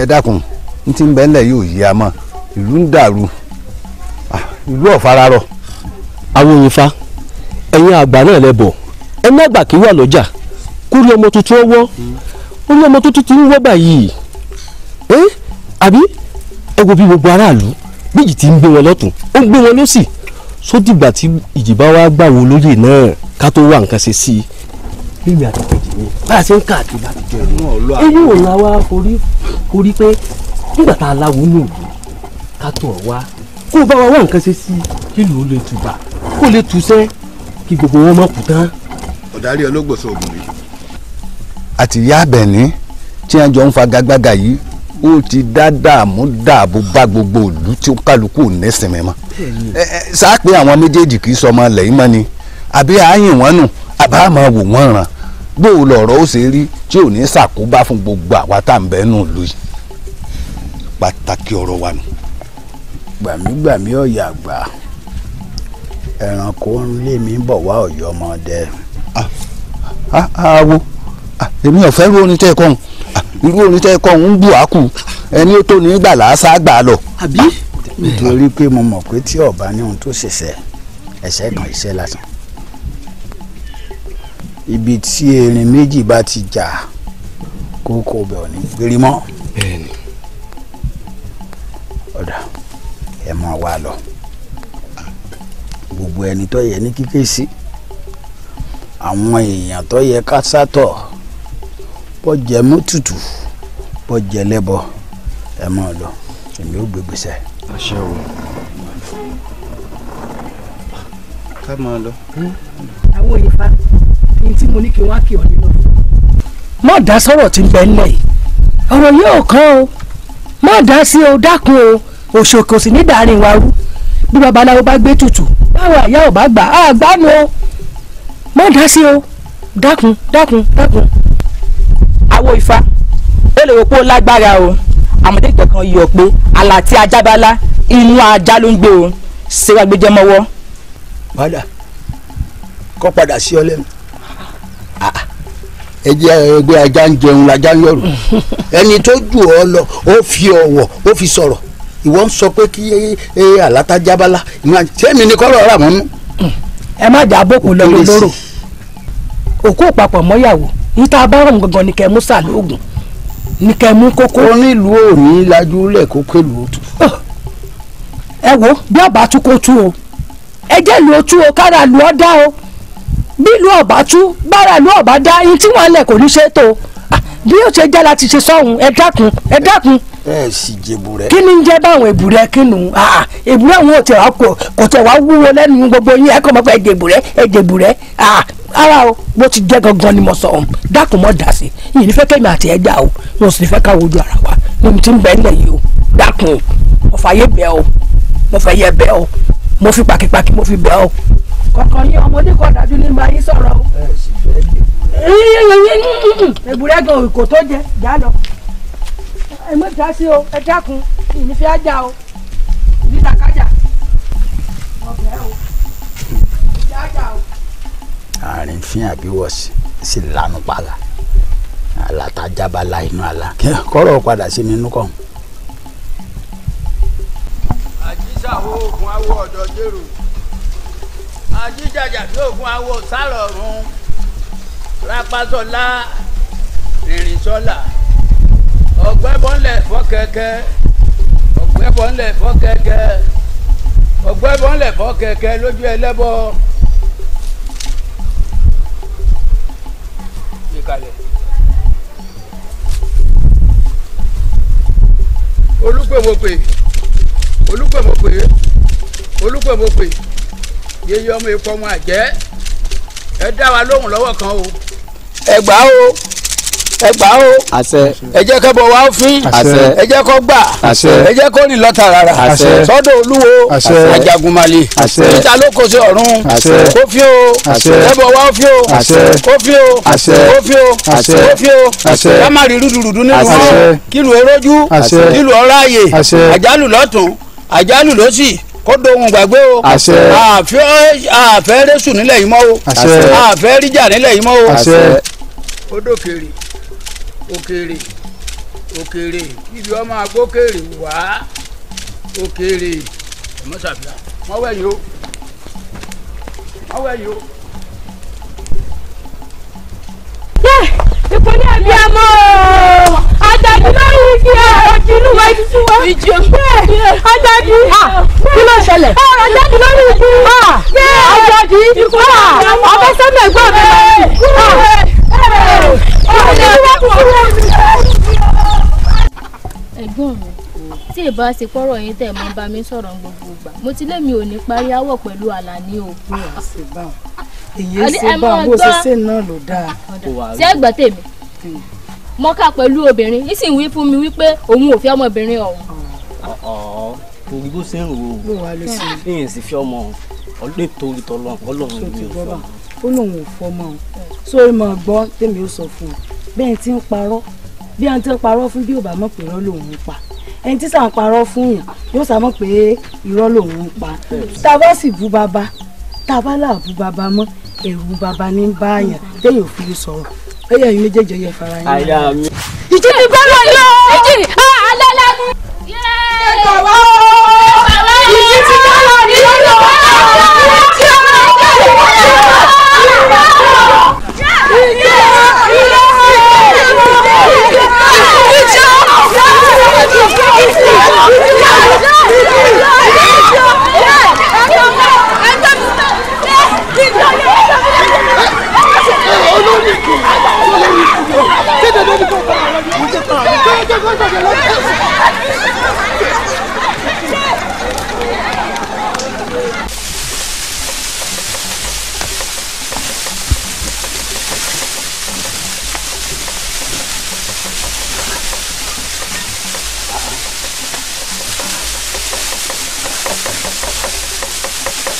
ẹ dákun ní tí ń yí a mọ̀ ìlú ń dàrú ah, ìlú àwọn ẹ̀yin àgbà náà lẹ bọ̀ ẹ má gbà ti ń wọn lọ́tún ó ń wọn lọ́sì sódìgbà tí ìjì bá wá gbà wọ náà ká tó èmi àti kejì mi bá a ṣe ń káàkiri láti jọ ìlú èyí ò la wá forí forí pé nígbà tá a láwo ní òkú ká tó ọ wá kó o bá wa wá nǹkan ṣe sí kílù ó lè tùbà kó o lè túṣẹ́ kí gbogbo wọn má kú tán. ọ̀darí ọlọ́gbọ̀sọ ògùn rèé. àtìyá abẹ́ni tí wọ́n jọ ń fagagbága yìí ó ti dá dààmú dààbò bá gbogbo ìlú tí kálukú nẹ́sìnmẹ́ mọ́ sáà pé àwọn méjèèjì kì í sọmọ lẹ́yìn mọ́ ni àbí ààyè wọn nù àbá máa wò wọ́n ràn bó o lọ̀rọ̀ ó ṣe rí tí ò ní ṣàkóbá fún gbogbo àwa tá à ń bẹ́ nù lù yìí pàtàkì ọ̀rọ̀ wa nù. gbàmígbàmí ọ̀yà àgbà ẹranko ń lé mi bọ̀ wá ọ̀yọ́ ọmọdé. àwo ah, ah, ah, èmi ò fẹ́ rú orin tẹ́ ẹ kọ́hún irú orin tẹ́ ẹ kọ́hún ń bù á kù ẹni tó ní gbà lásà gbà lọ. àbí. nítorí pé mo mọ̀ pé tí ọba ní ohun tó ṣẹ̀ṣẹ̀ ẹ̀ṣẹ̀ kan iṣẹ́ lásán ibi tí erin méjì bá ti jà kókó bẹ̀ ọ́ ní gbérí mọ́ ọ̀dà ẹ̀ mọ́ wa lọ gbogbo ẹni tó yẹ ní kíké sí àwọn èèyàn tó yẹ ká sátọ̀ bọ́ jẹ́ mọ́tùtù bọ́ jẹ́ lẹ́bọ ẹ mọ́ lọ èmi ò gbé gbèsè. àṣẹ o ká máa lọ. àwọn olùfà tí mo ní kí n wá kí ọ nínú. má dá sọ̀rọ̀ tí ń bẹ ńlẹ̀ yìí ọ̀rọ̀ yìí ò kán o má dá sí o dákun o òṣòkò sì ní dàárín wa rú bí babaláwo bá gbé tutù báwo àyà ò bá gbà á gbá nu o má dá sí o dákun dákun dákun. àwo ifá ó lè wò pé lágbára o àmọ̀tẹ́kẹ̀ kan yọ̀ pé àlà tí ajá bá lá inú ajá ló ń gbé o ṣé wàá gbé jẹ́ mọ́wọ́. padà kọ́ padà sí ọ lẹ́nu. Ah, ẹjẹ ẹgbẹ ajá ń jẹun lajá ń yọrù ẹni tó jù ọ lọ ó fi ọ̀wọ̀ ó fi sọ̀rọ̀ ìwọ ń sọ pé kí alátajábálá sẹ́mi ni ẹ má jà bókun lọ́rùn lóró òkú papọ̀ mọ́yàwó níta bá rọ̀ gangan ni kẹ́ ni kẹ́ kókó. Oh, ẹ wo bí ọba tún kó tú o ẹ jẹ́ o kára bílùú ọ̀bá tú báràlú ọ̀bá dá iye tí wọ́n lẹ̀ kò ní ṣe tó ah, bí yóò ṣe jẹ́ láti ṣe sọ́hun ẹ dákun ẹ dákun. ẹ sì jẹbu rẹ. kí ni ń jẹ báwọn èbù rẹ kí nù ah, èbù rẹ wọn ò tẹ wá kò tẹ wá wúwo lẹ́nu gbogbo yín ẹ kọ́ mọ́ pé ẹ jẹbu ẹ jẹbu rẹ ah, ara o bó ti jẹ́ gangan ni mo sọ ọ́n dákun mọ́ dà sí yìí ní fẹ́ kẹ́mi àti ẹja o wọn sì ní fẹ́ ká wojú ara wa mo ti ń bẹ́ẹ̀ lẹ̀ yìí o dákun ọ̀fà yé bẹ́ẹ̀ o mo fẹ́ yẹ bẹ́ẹ̀ o mo fi pàkípàkí mo fi bẹ̀ ọ́. kọ̀ọ̀kan yín ọmọdé kan dájú ní ma yín sọ̀rọ̀ o. èbúrẹ́ gan òkò tó jẹ já lọ. ẹ mọ̀ dá sí o ẹ dákun ìnífẹ́ ajá o níta kájà ọ̀bẹ o ìjà ajá o. àárín fi hàn bí wọ́n sì lanu pala àlàtà jábàlà inú àlà kọ́rọ̀ padà sí mi nú kàn. oògùn awo ọ̀dọ̀ dèrò ajíjàjà bí oògùn awo sálọ̀ ọ̀run rapasọlá rìnrìnsọlá ọ̀gbẹ́bọ̀nlẹ̀ fọ́kẹ́kẹ́ ọ̀gbẹ́bọ̀nlẹ̀ fọ́kẹ́kẹ́ ọ̀gbẹ́bọ̀nlẹ̀ fọ́kẹ́kẹ́ lójú ẹlẹ́bọ. olùpẹ̀mọ̀pẹ̀ olùpẹ̀mọ̀pẹ̀ olùpẹ̀ mo pè yeye ọmọ èkó ọmọ àjẹ́ ẹ dá wa lóhùn lọ́wọ́ kan o. ẹ gbà o ẹ gbà o àṣẹ ẹ jẹ́ kẹ́bọ wa ó fín àṣẹ ẹ jẹ́ kó gbà àṣẹ ẹ jẹ́ kó rìn lọ́ta rárá àṣẹ sọ́dọ̀ olúwo àṣẹ ajagunmalè àṣẹ títa ló kó sí ọ̀run àṣẹ kó fí o àṣẹ kẹ́bọ wa ó fí o àṣẹ kó fí o àṣẹ kó fí o kó fí o àṣẹ ká nínú wọn kílù erójú kílù ọ̀ráyè àṣẹ lọ́tún àjálù lọ́sì kó dohun gbàgbé o àṣẹ àfẹ́ rẹ́sù nílẹ̀ yìí mọ́ o àṣẹ àfẹ́ ríjà nílẹ̀ yìí mọ́ o àṣẹ. ó dòkèrè òkèrè òkèrè ibi ọmọ agbókèrè wá òkèrè ọmọ sàfihàn wọn wẹ yìí o wọn wẹ yìí o. ìpínlẹ̀ bíi àmọ́ àtàkùn lórí ìgbìyànjú inú wa tutù wa Àjàdí kí ló ṣẹlẹ̀ Àjàdí ah, lórí ikú Àjàdí ọbẹ̀ sẹ́mi mi ẹ̀gbọ́n mi tí ìbá ṣe pọ́rọ̀ yín tẹ̀ mọ́ bá mi sọ̀rọ̀ gbogbo ìgbà mo ti lémi ò ní parí áwọ̀ pẹ̀lú Àlàní o. èyí ṣe bá bó ṣe ṣe náà ló dáa. ṣé ẹgbẹ́ tèmi hmm mọ́kà pẹ̀lú obìnrin yìí sì ń wí fún mi wípé òun ò fẹ́ ọmọbìnrin ọ̀hún. kò rí bó ṣe ń rò ó ìyẹn sì fi ọmọ ọlọ́ ìtòrí tọ́lọ́ ọlọ́run ni yóò fọ́ ó lóun ò fọmọ o sórí mọ gbọ́ tèmi ó sọ fún un bẹ́ẹ̀ tí ń parọ́ bí a ti ń parọ́ fún bí ò bá mọ̀ pé irọ́ lòun ń pa ẹni tí sà ń parọ́ fún yàn yóò sà mọ̀ pé irọ́ lòun ń pa tá a bá sì bú bàbá tá a bá là bú bàbá mọ́ ẹ̀rù bàbá ní báyàn téèyàn fi sọ̀rọ̀ ẹyà yín méjèèjì yẹ fara yín. àyà mi. ìjì ni bọ́lá yọ ìjì alálẹ́. Ah, ẹ gbà wá ìjì ti bọ́lá ní ọ̀nà ìjì ọ̀nà ah, ìjì ọ̀nà ìjì ọ̀nà.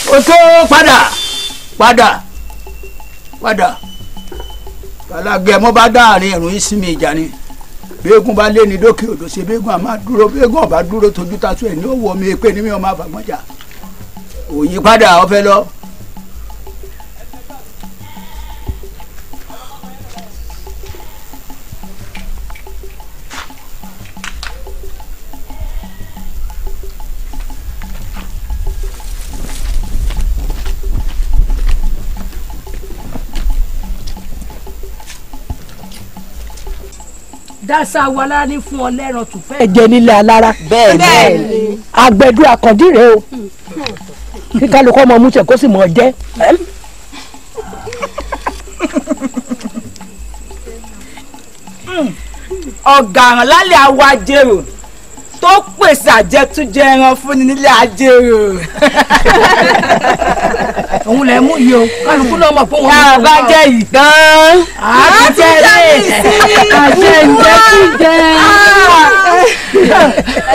Ojo, pada, pada, pada. alágẹmọ bá dáàrin ẹ̀rùn yìí sinmi ìjà ni béègùn bá lé ní dókè odò ṣe béègùn àmà dúró béègùn ọba dúró tójú tasú ẹ ní òwò mi pé ní mi ọmọ àfàgbọ́njà òyìn padà ọfẹ lọ dasa wa lára ní fún ọ lẹ́ran tù fẹ́. ẹ̀jẹ̀ nílé alára bẹ́ẹ̀ ni àgbẹ̀dù àkàndí o hmm. kí kálukọ́ ọmọ ọmú tẹ̀ kó sì mọ̀ ọ́ jẹ́. lálẹ́ àwa jèrò tó pèsè àjẹtújẹ ẹran fúnni nílé àjèrò. òun lè mú yìí o kálukú náà mọ̀ fún wọn. yàrá bá jẹ yìí gan. àjẹjẹ àjẹjẹ àjẹjẹ ẹ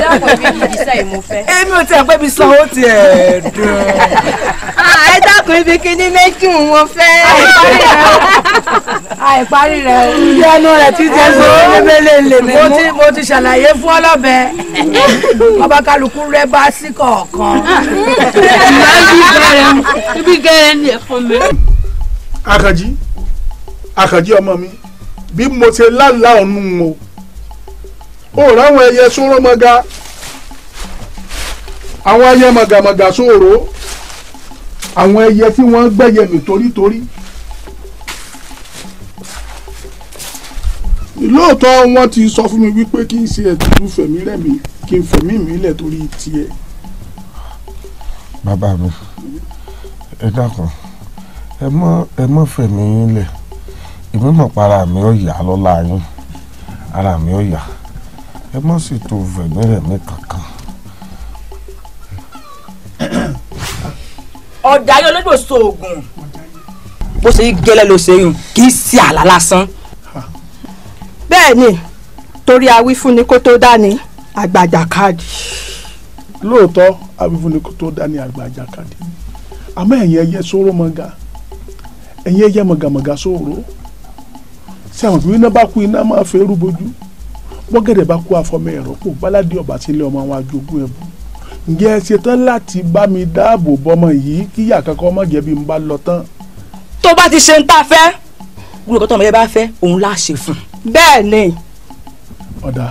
dákun bí kì í sẹ́yìn mo fẹ́. èmi ò tiẹ̀ pé mi san owó tiẹ̀ dùn. Ah, ẹ dákun ibi kíní méjì mo fẹ́. àìparí rẹ o. ìyá ẹnu rẹ ti jẹ sọ lébélélè mo ti mo ti ṣàlàyé fún ọlọ́bẹ ọba kálukú rẹ bá sí kọ̀ọ̀kan. ibi gẹ́rẹ́ ni ẹ̀fọn mi. Àkànjí Àkànjí ọmọ mi bí mo ti láǹlà ọ̀nù o ó ráwọn ẹyẹ sóró mọ́gá àwọn ẹyẹ màgàmàgà sóró àwọn ẹyẹ tí wọ́n gbẹ́yẹ mi torítorí lóòótọ́ wọ́n ti sọ fún mi wípé kí n ṣe ẹ̀tùtù fẹ̀mí rẹ̀mí kí n fẹ̀mí mi lẹ̀ torí tiẹ̀. bàbá mi ẹ dákun ẹ mọ ẹ mọ fẹ̀mí yín lẹ̀ èmi para mi ò yá lọ́la yín ara mi ò yá ẹ má sì tó vẹ̀mẹ́rẹ̀ mi kankan. ọ̀dà yóò lójú òṣù oògùn bó ṣe gẹ́lẹ́ ló ṣe yùn kì í sí àlá lásán. bẹ́ẹ̀ ni torí awífúnni kó tó dání àgbàjà káàdì. lóòótọ́ awífúnni kó tó dání àgbàjà káàdì àmọ́ ẹ̀yin ẹyẹ sóró mọ́gà ẹ̀yin ẹyẹ mọ̀gàmọ̀gà sóró ṣé àwọn ìpínlẹ̀ bá kú iná máa fẹ́ rúbojú bọ́gẹ̀dẹ̀ bá kó afọmọ ẹ̀rọ kò báládé ọ̀bà sílẹ̀ ọmọ àwọn ajogún ẹ̀bù ǹjẹ́ ẹ ṣetán láti bá mi dáàbò bọmọ yìí kí ìyá kankan má jẹ́ bí n bá lọ tán. tó bá ti ṣe ń tá fẹ́ gbogbo nǹkan ọmọ yẹn bá fẹ́ òun láà ṣe fún bẹ́ẹ̀ ni. ọ̀dà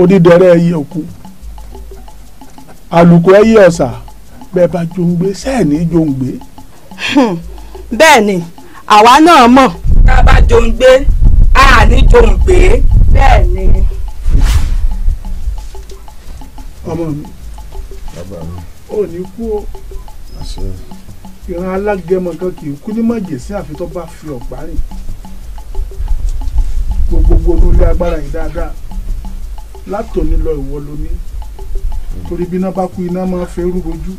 onídẹrẹ́ ẹyẹ òkú àlùkò ẹyẹ ọ̀sà bẹ́ẹ̀ bá jòǹgbé sẹ́ẹ̀ni jòǹgbé. Hmm. bẹ́ẹ̀ ni àwa náà mọ̀. tá a bá jòǹgbé a ní jòǹgbé. bẹ́ẹ̀ ni ọmọ mi ò ní kú o ìran alágẹmọ kan kì í kú ní májèsí àfi tó bá fi ọ̀pá rìn gbogbogbò lórí agbára yìí dáadáa látòní lọ ìwọ lóní torí bí iná bá kú iná máa fẹ́ rúbojú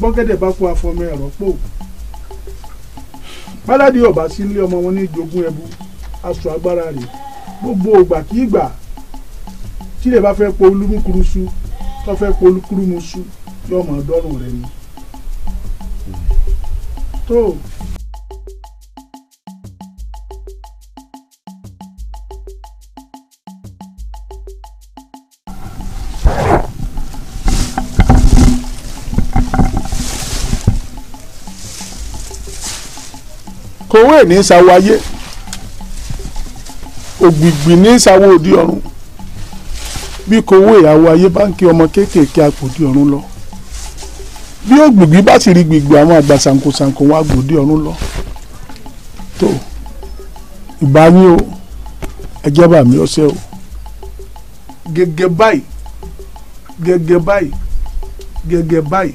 bọ́gẹ́dẹ̀ bá kú afọmọ ẹ̀rọ pò báládì ọ̀bá sílé ọmọ wọn ní jogún ẹbu aṣọ agbára rẹ̀ gbogbo ògbà kí ìgbà tí lè bá fẹ́ po olúkúrúsú tó fẹ́ po olúkúrúmuṣú yóò mọ̀ dọ́rùn rẹ ni. tó kòwé ní sawo ayé ògbìgbì ní sawo òdi ọ̀run bí kowó ìyàwó ayé bá ń kí ọmọ kéékèèké apòdì ọ̀run lọ bí ògbìgbì bá sì rí gbìgbì àwọn àgbà ṣàǹkóṣàǹkó wọn àgbòdì ọ̀run lọ tó ìbá o ẹjẹ́ bá mi ọ̀sẹ̀ o. gẹ́gẹ́ báyìí gẹ́gẹ́ báyìí gẹ́gẹ́ báyìí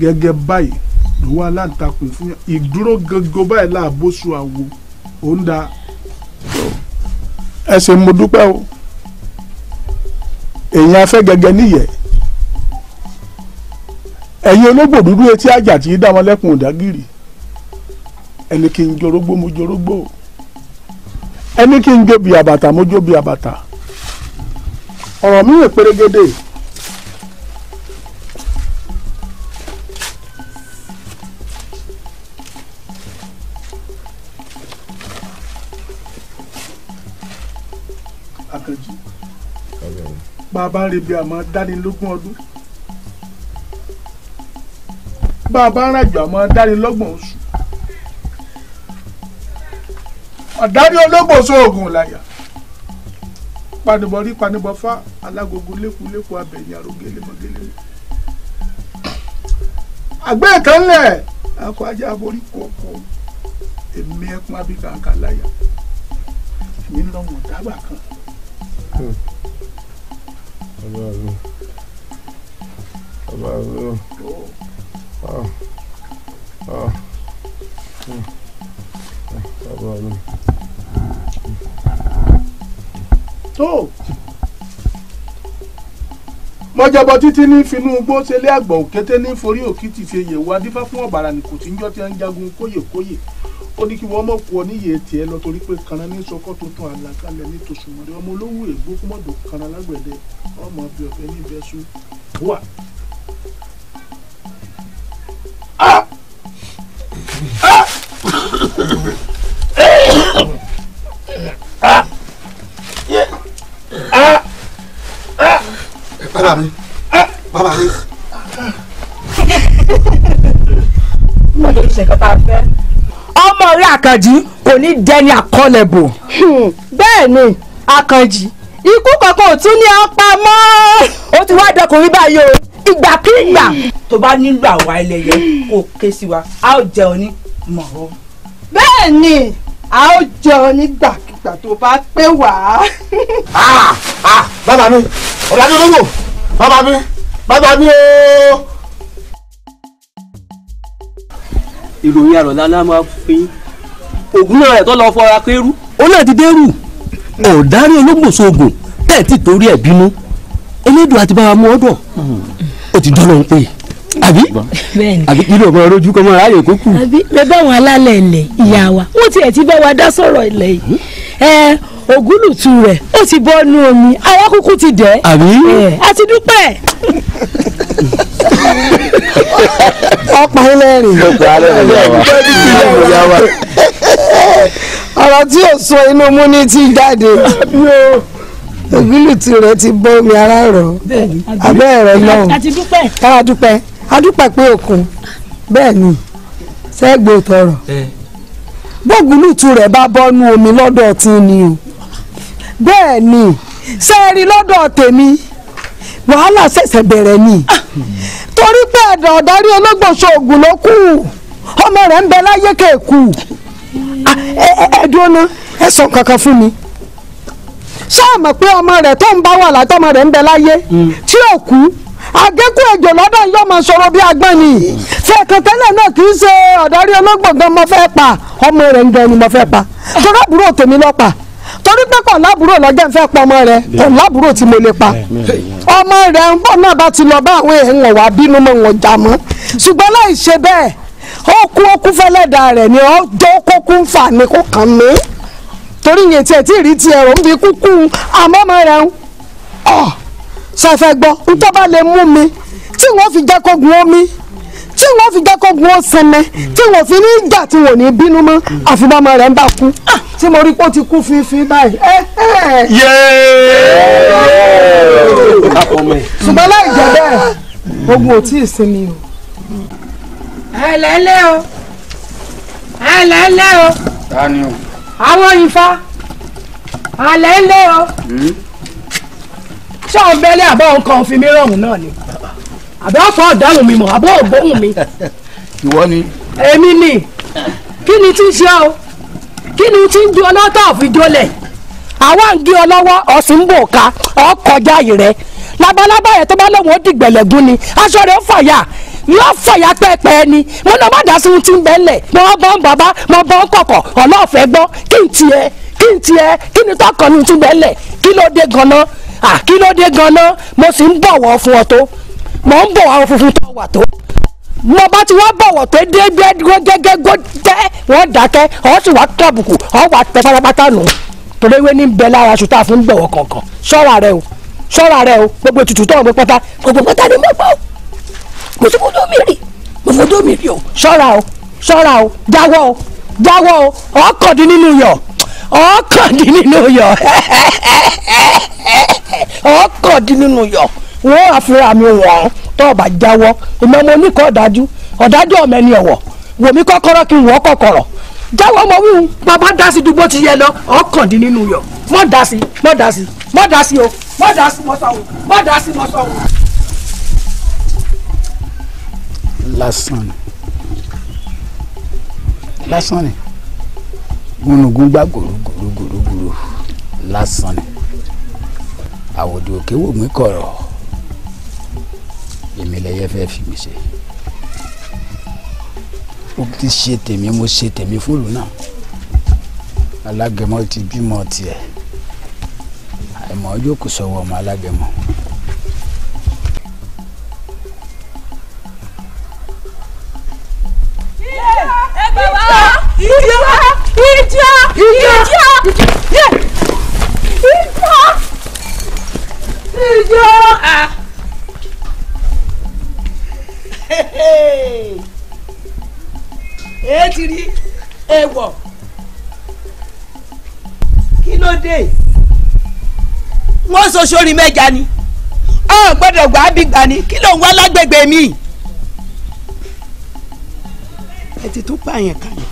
gẹ́gẹ́ báyìí ló wá láǹtakùn fún yàn ìdúró gẹ́gẹ́ báyìí láàbòsù àwo òun da. ẹ ṣé mo dúpẹ́ o èèyàn afẹ́ gẹ́gẹ́ níyẹ̀ ẹ̀yin ológbò dúdú etí àjà tí dá wọn lẹ́kùn òdágìrì ẹni kí n jorógbó mo jorógbó ẹni kí n jóbi àbàtà mo jóbi àbàtà ọ̀rọ̀ mi rè pérégedé. bàbá rebi àmọ́ dánilógún ọdún bàbá ràjò àmọ́ dánilọ́gbọ̀n oṣù ọ̀dání ológbò sóògùn làyà panibọrí panibọfá alágogo lékuléku abẹ̀yìn àrógélémọgélé àgbẹ̀ kanlẹ̀ akọ ajá aborí kọ̀ọ̀kọ̀ èmi ẹkún abíkà kàláyà èmi ń lọ wọn dábàá kan. Hmm bàbá mi ah ah o bàbá mi. tó mọ́jàbọ̀ títí ní finú igbó ṣẹlẹ̀ àgbọ̀ òkété ní forí òkìtì fi èyè wá dífá fún ọ̀bàrà nìkò tí ń jọ́ ti ń jagun kóyèkóyè. Kóyè ó ní kí wọ́n mọ̀ kú ọ níyè tiẹ̀ lọ torí pé kanra ní sọkọ́ tuntun àlàkalẹ̀ ní tòṣùmọ̀rẹ́ ọmọ olówó ègbó kúmọ̀dọ̀ kanra lágbẹ̀dẹ ọmọ ọbẹ̀ ọ̀fẹ́ ní ìbẹ́sù wà Àkànjí kò ní dẹni àkọlẹ̀bò. Hmm, bẹ́ẹ̀ ni Àkànjí ikú kankan ò tún ní ọ̀pá mọ́. ó ti wá dọkùnrin báyìí o ìgbàkigbà. tó bá nílò àwa ẹlẹ́yẹ kó ké sí wa a ó jẹun ní mọ̀ọ́. bẹ́ẹ̀ ni a ó jẹun nígbàkigbà tó bá pé wá. Ah, ah, bàbá mi ọ̀làjú olówó bàbá mi bàbá mi ooo. ìròyìn àròlá la máa fi ògùn náà rẹ̀ tó lọ fọra kérú. ó náà ti ogun tẹ̀ tí torí ẹ̀ bínú elédùn àti bá mú ọdọ̀ ó ti dọ́lọ́ ń pè àbí àbí kí ló rojú hmm. wa ti bá wa dá sọ̀rọ̀ ilẹ̀ yìí hmm. ẹ ó ti bọ́ nu omi ti dẹ̀. ẹ ti dúpẹ́. ọ̀rọ̀ tí ò sọ inú mú ní ti jáde ògúlù tirẹ̀ ti bọ́ omi ara rọ̀ abẹ́ ẹ̀rọ náà kára dúpẹ́ adúpẹ́ pé òkun bẹ́ẹ̀ ni sẹ́gbẹ̀ẹ́ tọrọ bọ́gùlù tirẹ̀ bá bọ́nú omi lọ́dọ̀ tí ni o bẹ́ẹ̀ ni sẹ́ẹ̀rí lọ́dọ̀ tèmi wàhálà sẹ̀sẹ̀ bẹ̀rẹ̀ ni ah. torí pé ẹ̀dọ̀ ọ̀darí ológbòso ògùn ló kù ọmọ rẹ̀ ń bẹ láyé kéèkù Ah, ẹ dúró ná ẹ sọ kankan fún mi sọ́ọ̀mọ̀ pé ọmọ rẹ̀ tó ń bá wà látọ́mọ rẹ̀ ń bẹ láyé hmm. tí ò kú àgékù èjò lọ́dọ̀ yóò máa sọ̀rọ̀ bí agbọ́n ni fẹ̀kàn náà kì í ṣe pa ọmọ ń gan pa torí àbúrò tèmi lọ pa torí pé lábúrò pa ọmọ lábúrò tí pa ọmọ ń náà bá ti lọ bá àwọn èèyàn wà bínú wọn jà ó kú ó kú fẹ́lẹ́dà rẹ̀ ni ó jó kó kú ń fà mí kó kàn mí torí yẹn tiẹ̀ tí ìrì tiẹ̀ rò ń bi kúkú àmọ́mọ́ rẹ̀ ń ọ̀ ṣẹ̀fẹ̀ gbọ́ ń tó bá lè mú mi tí wọ́n fi jẹ́ kó gun omi tí wọ́n fi jẹ́ kó gun ó sẹmẹ tí wọ́n fi ní ìjà tí wọ́n ní bínú mọ́ àfibọ́mọ́ rẹ̀ ń bá kú tí ah, mo rí pé ó ti kú fífi báyìí. Eh, eh. ṣùgbọ́n láì jẹ́ bẹ́ẹ̀ ogun ò tí ì sinmi o ẹlẹ́lẹ́ o ẹlẹ́lẹ́ o. tani o. àwọn ìfà ẹlẹ́lẹ́ o. Hmm? ṣé òun bẹ́lẹ̀ àbọ̀ nǹkan fi mí rọrùn náà ni àbẹ́ ọ̀fọ̀ ọ̀daràn mi mọ̀ àbọ̀ ògbóhùn mi. ìwọ ni. èmi ni kí ni tí ṣe o kí ni tí ń ju ọlọ́tọ̀ òfin jọlẹ̀ àwa ń gé ọ lọ́wọ́ ọ̀sìn ń bò ká ọkọjá yìí rẹ labalábá yẹn tó bá lóun ó dìgbẹ̀lẹ̀gún ni aṣọ rẹ̀ ń fàyà yóò fọyà pẹ́ẹ́pẹ́ ni mo náà má dá sí ohun tí ń bẹ́ lẹ̀ mo bọ́ ń bàbá mo bọ́ ń kọ̀kọ̀ ọlọ́ọ̀fẹ́ gbọ́ kí n tiẹ̀ kí n tiẹ̀ kí ni tọkàn ni tún bẹ́ lẹ̀ kí ló dé gan-an à kí ló dé gan-an mo sì ń bọ̀wọ̀ fún ọ tó mo ń bọ̀wọ̀ funfun tó wà tó mo bá ti wá bọ̀wọ̀ pé déédéé gẹ́gẹ́ gẹ́gẹ́ wọ́n dákẹ́ ọ̀ sì wá tọ̀bùkù ọ̀ wà pẹ́ pátápátá nù torí ewé ní bẹ lára ṣùtá fún bọ̀wọ̀ kọ̀ọ̀kan ṣọ́ra rẹ o ṣọ́ra rẹ o gbogbo ètùtù tó ń gbé pátá gbogbo pátá ni mo gbọ́ mo sọ fọdọ mi rí mo fọdọ mi rí o. ṣọ́ra o ṣọ́ra o jáwọ́ o jáwọ́ o ọ̀ọ́kàndín nínú yọ̀ ọ̀ọ́kàndín nínú yọ̀ ọ̀ọ́kàndín nínú yọ̀ wọ́n àfihàn mi wọ̀n tó o bá jáwọ́ ìmọ̀ mo ní kọ́ ọ̀dájú ọ̀dájú ọ̀mọ ẹni ọ̀wọ̀ wòmí kọ́kọ́rọ́ kí n wọ́ kọ́kọ́rọ́ jáwọ́ ọmọ wíwú bàbá dá sí dùgbò ti yẹ lọ ọ̀ọ́kàndín nínú yọ̀ mọ̀ dá sí mọ̀ dá sí mọ̀ dá sí o mọ̀ dá sí mọ̀ sọ̀rọ̀ mọ̀ dá sí mọ̀ sọ̀rọ̀ lásán ni lásán ni gúnugún gbá gòrògòrògòrògòrò lásán ni àwòdì òkè wò mí kọ̀rọ̀ èmi lẹ́yẹ fẹ́ fi mi ṣe ó ti ṣe tèmi mo ṣe tèmi fúlù náà alágẹmọ ti bímọ tiẹ̀ àìmọ̀ ọjọ́ kò sọ̀wọ́ ọmọ alágẹmọ. ẹgbẹ́ wa ìjọ ìjọ ìjọ ìjọ ìjọ ìjọ ẹ ti rí ewọ kí ló dé wọ́n sọ sórí mẹ́ja ni ọ̀ gbọ́dọ̀ gbà á bí gbà ni kí ló ń wá lágbègbè mi ẹ ti tún pààyàn kalẹ̀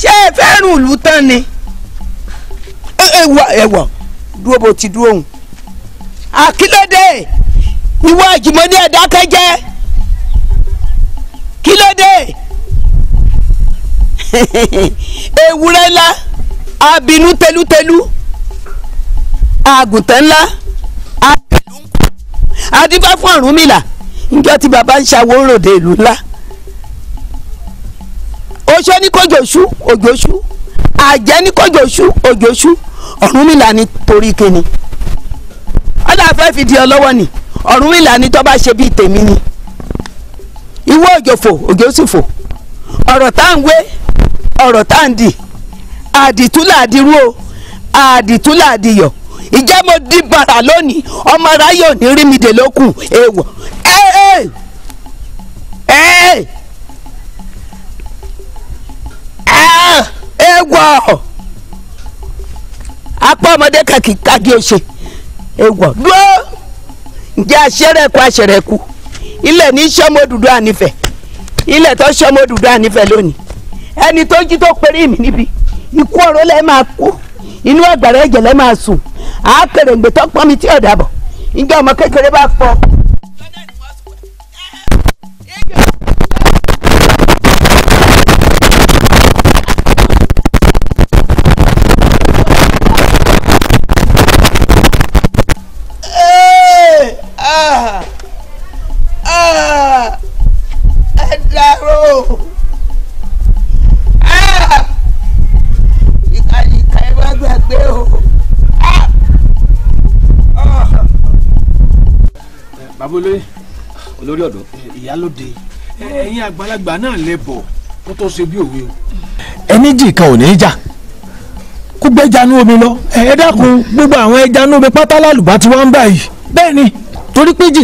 ṣé ẹ fẹ́ràn ìlú tán ni ẹwà ẹwà dúró bó ti dúró hùn àkílódé ìwọ àjùmọ̀ní ẹ̀dákẹ́jẹ́ kílódé [LAUGHS] ewúrẹ́ ńlá abinú telútelú àgùntàn ńlá abẹ̀lú adífá fún Ọ̀rúnmìlà ǹjọ́ tí baba ń ṣàwòrán òde ìlú ńlá oṣó ní kó jòṣú òjòṣú àjẹ́ ní kó jòṣú òjòṣú Ọ̀rúnmìlà ní torí kíni ọ̀dà fẹ́ fìdí ọ lọ́wọ́ ni Ọ̀rúnmìlà ní tó bá ṣe bíi tèmi ni ìwọ òjòfò òjòsìfò ọ̀rọ̀ tá à ń wé ọ̀rọ̀ tá à ń dì àdìtú làdìrú o àdìtú làdìyọ̀ ìjẹ́ mo di bàrà lónìí ọmọ aráyọ̀ ní rí mi dè lókù èèwọ̀ ẹ ẹ Ah, egwu ọhụ akpa ọmọdé ka kàkì òṣè egwu dúró ǹjẹ́ aṣẹ́rẹ̀kú aṣẹ́rẹ̀kú ilẹ̀ ní sọ́mọ dúdú ànífẹ̀ ilẹ̀ tó sọ́mọ lónìí ẹni tó jí tó péré mi níbi ikú ọ̀rọ̀ lẹ́ẹ̀ máa kú inú ọ̀gbàrá máa sùn mi tí ò ọmọ abolóyè olórí ọ̀dọ́. ìyálòde ẹ̀yin àgbàlagbà náà lè bọ̀ kó tó ṣe bí òwe o. ẹni jì kan ò ní í jà kó omi lọ ẹ dákun gbogbo àwọn ẹjanú omi pátá lálùbá tí wọ́n ń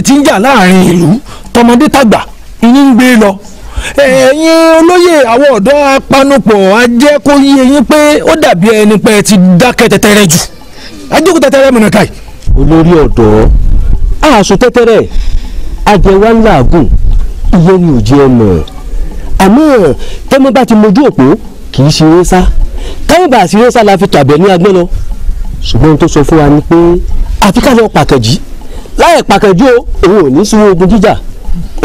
ti ń jà láàrin ìlú tọmọdé tàgbà ìní ń gbé lọ ẹ̀yin olóyè àwọn ọ̀dọ́ apanupọ̀ ajẹ́ kó yé yín pé ó dàbí ẹni pé ẹ ti dákẹ́ tẹ́tẹ́rẹ́ jù àṣù tẹ́tẹ́rẹ́ àjẹwà ńlá àgùn iye ni ò jẹ́ ọmọ àmọ́ tẹ́mọ́ bá ti mojú òpó kì í ṣeré sá káwọn bá ṣeré sá la fi tàbẹ̀ ní agbọ́n lọ ṣùgbọ́n ohun tó sọ fún wa ni pé àfi ká lọ pàkànjí láì pàkànjí o òun ò ní sí ogun jíjà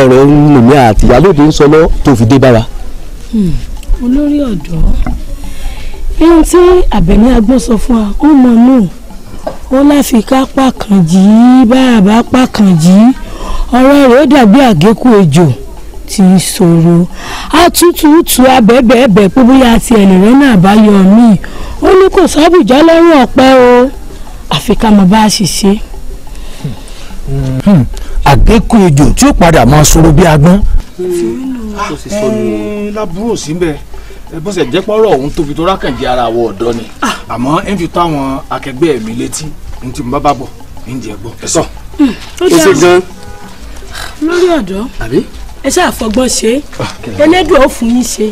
ọ̀rọ̀ mùmí àti ìyálòdì ń sọ lọ tó fi dé bá wa. Hmm, olórí ọ̀dọ́ ohun tí Àbẹ̀ní Agbọ́n sọ fún wa ó mọ̀ náà ó láfi kápá kan jì í bàbá pá kan jì í ọ̀rọ̀ rẹ̀ ó dàbí àgékù ejò ti ṣòro atútùtù abẹ́bẹ́ẹ̀bẹ́ pé bóyá àti ẹ̀lẹ́rẹ́ náà bá yọ mí ó ní kò sábùjá lọ́rùn ọ̀pẹ o àfi ká mọ bá a ṣe ṣe. Hmm. àgékù ejò tí ó padà máa ṣòro bí agbọ́n. lábúrò síbẹ̀ bọ́sẹ̀ jẹ́ pọ́nrọ́ òun tóbi tó rákànjẹ́ ara àwọ̀ ọ̀dọ́ ni àmọ́ ń fi tó akẹgbẹ́ mi létí ní tí mo bá bá bọ̀ ní jẹ́ gbọ́ ẹ sọ. Mm, ó ṣe gan. lórí ọ̀dọ́ ẹ ṣáà fọgbọ́n ṣe ah, elédùn ó fún yín ṣe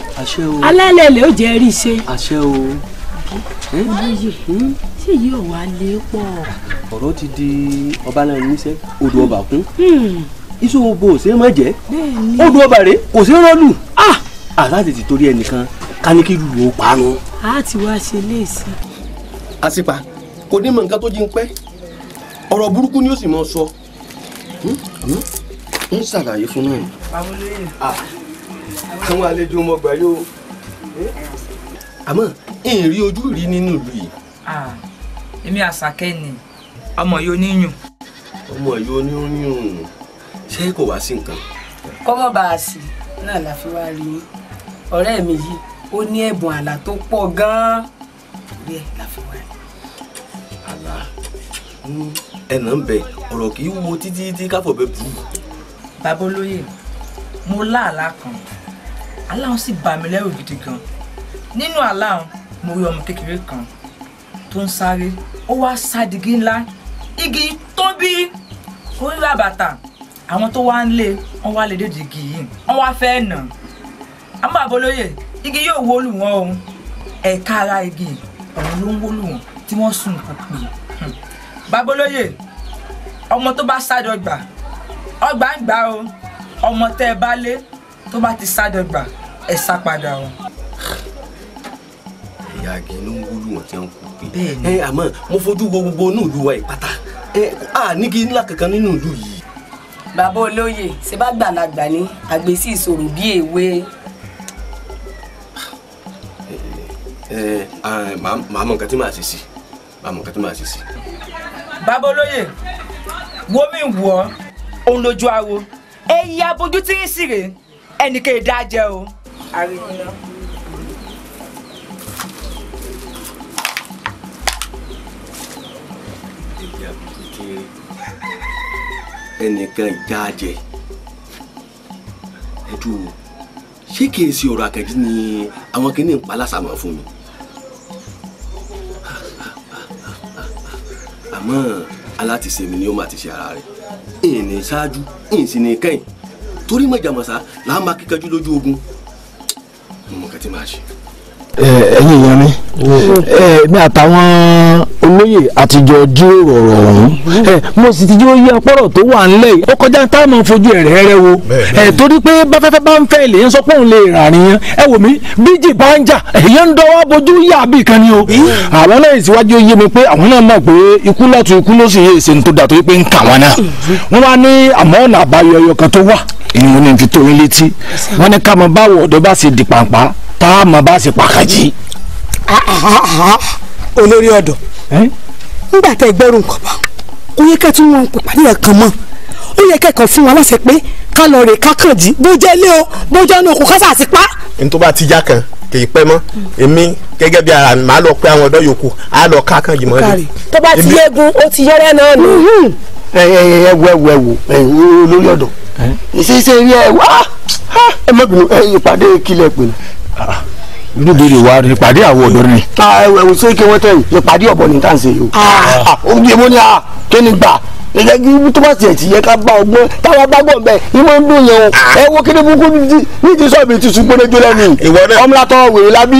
alálẹ̀ lè ó rí ṣe. àṣẹ o. olóyè hmm? ṣé ò wá lé pọ̀. ọ̀rọ̀ ti di ọba náà níṣẹ́ odò ọba kún hmm. iṣu gbogbo ò ṣe é má jẹ́ odò ọba rèé kò ṣe é rọ́ọ̀lù àtàtì ah! ti torí ẹnìkan ká ní kí lùlù ó parun. a ti wá ṣe léèsì. àṣìpà kò ní mọ nǹkan tó jí ń pẹ́ ọ̀rọ̀ burúkú ni ó sì mọ sọ hmm? Hmm? ń ṣàlàyé fún náà. àwọn olóyè àwọn àlejò ọmọ ọgbà yóò àmọ́ ìrìn rí ojú rí nínú ìlú yìí. èmi àṣàkẹ́ ni ọmọ yóò níyùn. ọmọ yóò níyùn ṣé kò wá sí nǹkan. kọ́mọ́ bá a sì náà la fi wá rí ọ̀rẹ́ mi yìí ó ní ẹ̀bùn àlá tó pọ̀ gan-an orí ẹ̀ láfi wá. àlá hmm, ẹ̀nà ń bẹ ọ̀rọ̀ kì í wo títí tí káfọ̀bẹ bù ú. bàbá olóyè mo lá àlá kan àlá òun sì bà mí lẹ́rù gidi gan nínú àlá òun mo rí ọmọ kékeré kan tó ń sáré ó wá sádìgí ńlá igi tóbi ó ń àwọn tó wá ń lé wọn wá lè dédìí igi yìí wọn wá fẹ́ nà á máa bolóyè igi yóò wólù wọn o ẹ̀ka ara igi ọ̀hún ló ń wólù wọn tí wọ́n sùn kò pè hmm. babolóye ọmọ tó bá sádọgbà ọgbà ń gbà o ọmọ tẹ́ ẹ bá lé tó bá ti sádọgbà ẹ sá padà o. ẹ̀yà igi ló ń wólù wọn tí wọ́n kò pè ẹ àmọ́ mo fojú wo gbogbo inú ìlú wa ìpàtà ẹ à nígi ńlá kankan nínú ìlú yìí. bàbá ṣe bá gbàlagbà ní àgbèsí ìṣòro bíi èwe. màá mọ nǹkan tí màá ṣe sí màá mọ nǹkan tí màá ṣe sí. babolóye wo mi wù ọ òun lójú awo ẹyẹ abojú tí ń sì rè ẹnìkan èdè ajẹ o. àríkìlá. ẹnìkan jáde ẹdùn ṣé kìí ṣe ọ̀rọ̀ àkàndí ni àwọn kìíní pa lásàmọ fún mi. àmọ́ alátìsẹ́mi ni ó máa ti ṣe ara rẹ̀ èyí ní ṣáájú èyí sì ní kẹ́yìn torí mọ̀jàmọ̀sá là á máa kíkanjú lójú ogun mo kàn ti máa ṣe. ẹ̀yin èèyàn mi àtàwọn olóyè àtijọ́ jíròrò ọ̀rọ̀ ọ̀hún mo sì ti jíròrò yí apọ́rọ̀ tó wà ńlẹ̀ yìí ó kọjá táwọn fojú ẹ̀rẹ́ rẹ wo torí pé báfẹ́fẹ́ bá ń fẹ́ lè ń sọ pé òun lè ràrin yẹn ẹ wò mí bíjì bá ń jà èyí ń dọwọ́ bojú yà bí kan ni o àwọn náà ìsíwájú yé mi pé àwọn náà mọ̀ pé ikú lọ́tún ikú ló sì yé èsè tó dà torí pé ń kà wọn náà wọ́n wá ní àmọ́ ọ̀nà àbáyọyọ kan tó wà ìyẹn ní fi tó létí wọ́n ní ká mọ báwo ọ̀dọ́ bá ṣe dìpàǹpá tá a mọ bá ṣe pàkàjì. Ah, ah, ah, olórí ọ̀dọ́ nígbà tẹ ẹgbẹ́rù nǹkan bá ó yẹ kẹ́ tún wọn pàdé ẹ̀kan mọ́ ó yẹ kẹ́kọ̀ọ́ fún wọn láṣẹ pé ká lọ rè ká kàn jí bó jẹ́ ilé o bó jẹ́ inú òkú ká sà sí pa. n tó bá ti já kan kì í pẹ́ mọ́ èmi gẹ́gẹ́ bí ara mi màá lọ pé àwọn ọ̀dọ́ yòókù á lọ ká kàn jí mọ́ ẹ. tó bá ti yégun ó ti yẹrẹ náà nù. ẹ ẹ ẹ wo ẹ wo ẹ wo olórí ọ̀dọ́ ìṣe ìṣe rí ẹ wá ẹ mọ̀ bínú ìpàdé kílẹ̀ pẹ̀lú irú ìbéèrè wa ni ìpàdé àwọn ọ̀dọ́ ni. Ah, ẹ̀wù sí kí wọ́n tẹ̀ yìí ìpàdé ọ̀bọ ní tá à ń ṣe yìí. Ah. Ah, ó di èmo ni a kí ni gbà ẹ̀jẹ̀ kí ibi tó bá tiẹ̀ ti yẹ ká bá ọgbọ́n táwa bá gbọ̀n bẹ́ẹ̀ ìmọ̀ ń dùn yẹn o ẹ wo kí ni burúkú ní ti sọ̀bì ti sùn gbọ́dọ̀ jọlọ ni ọmọlátọ́ wèrè lábí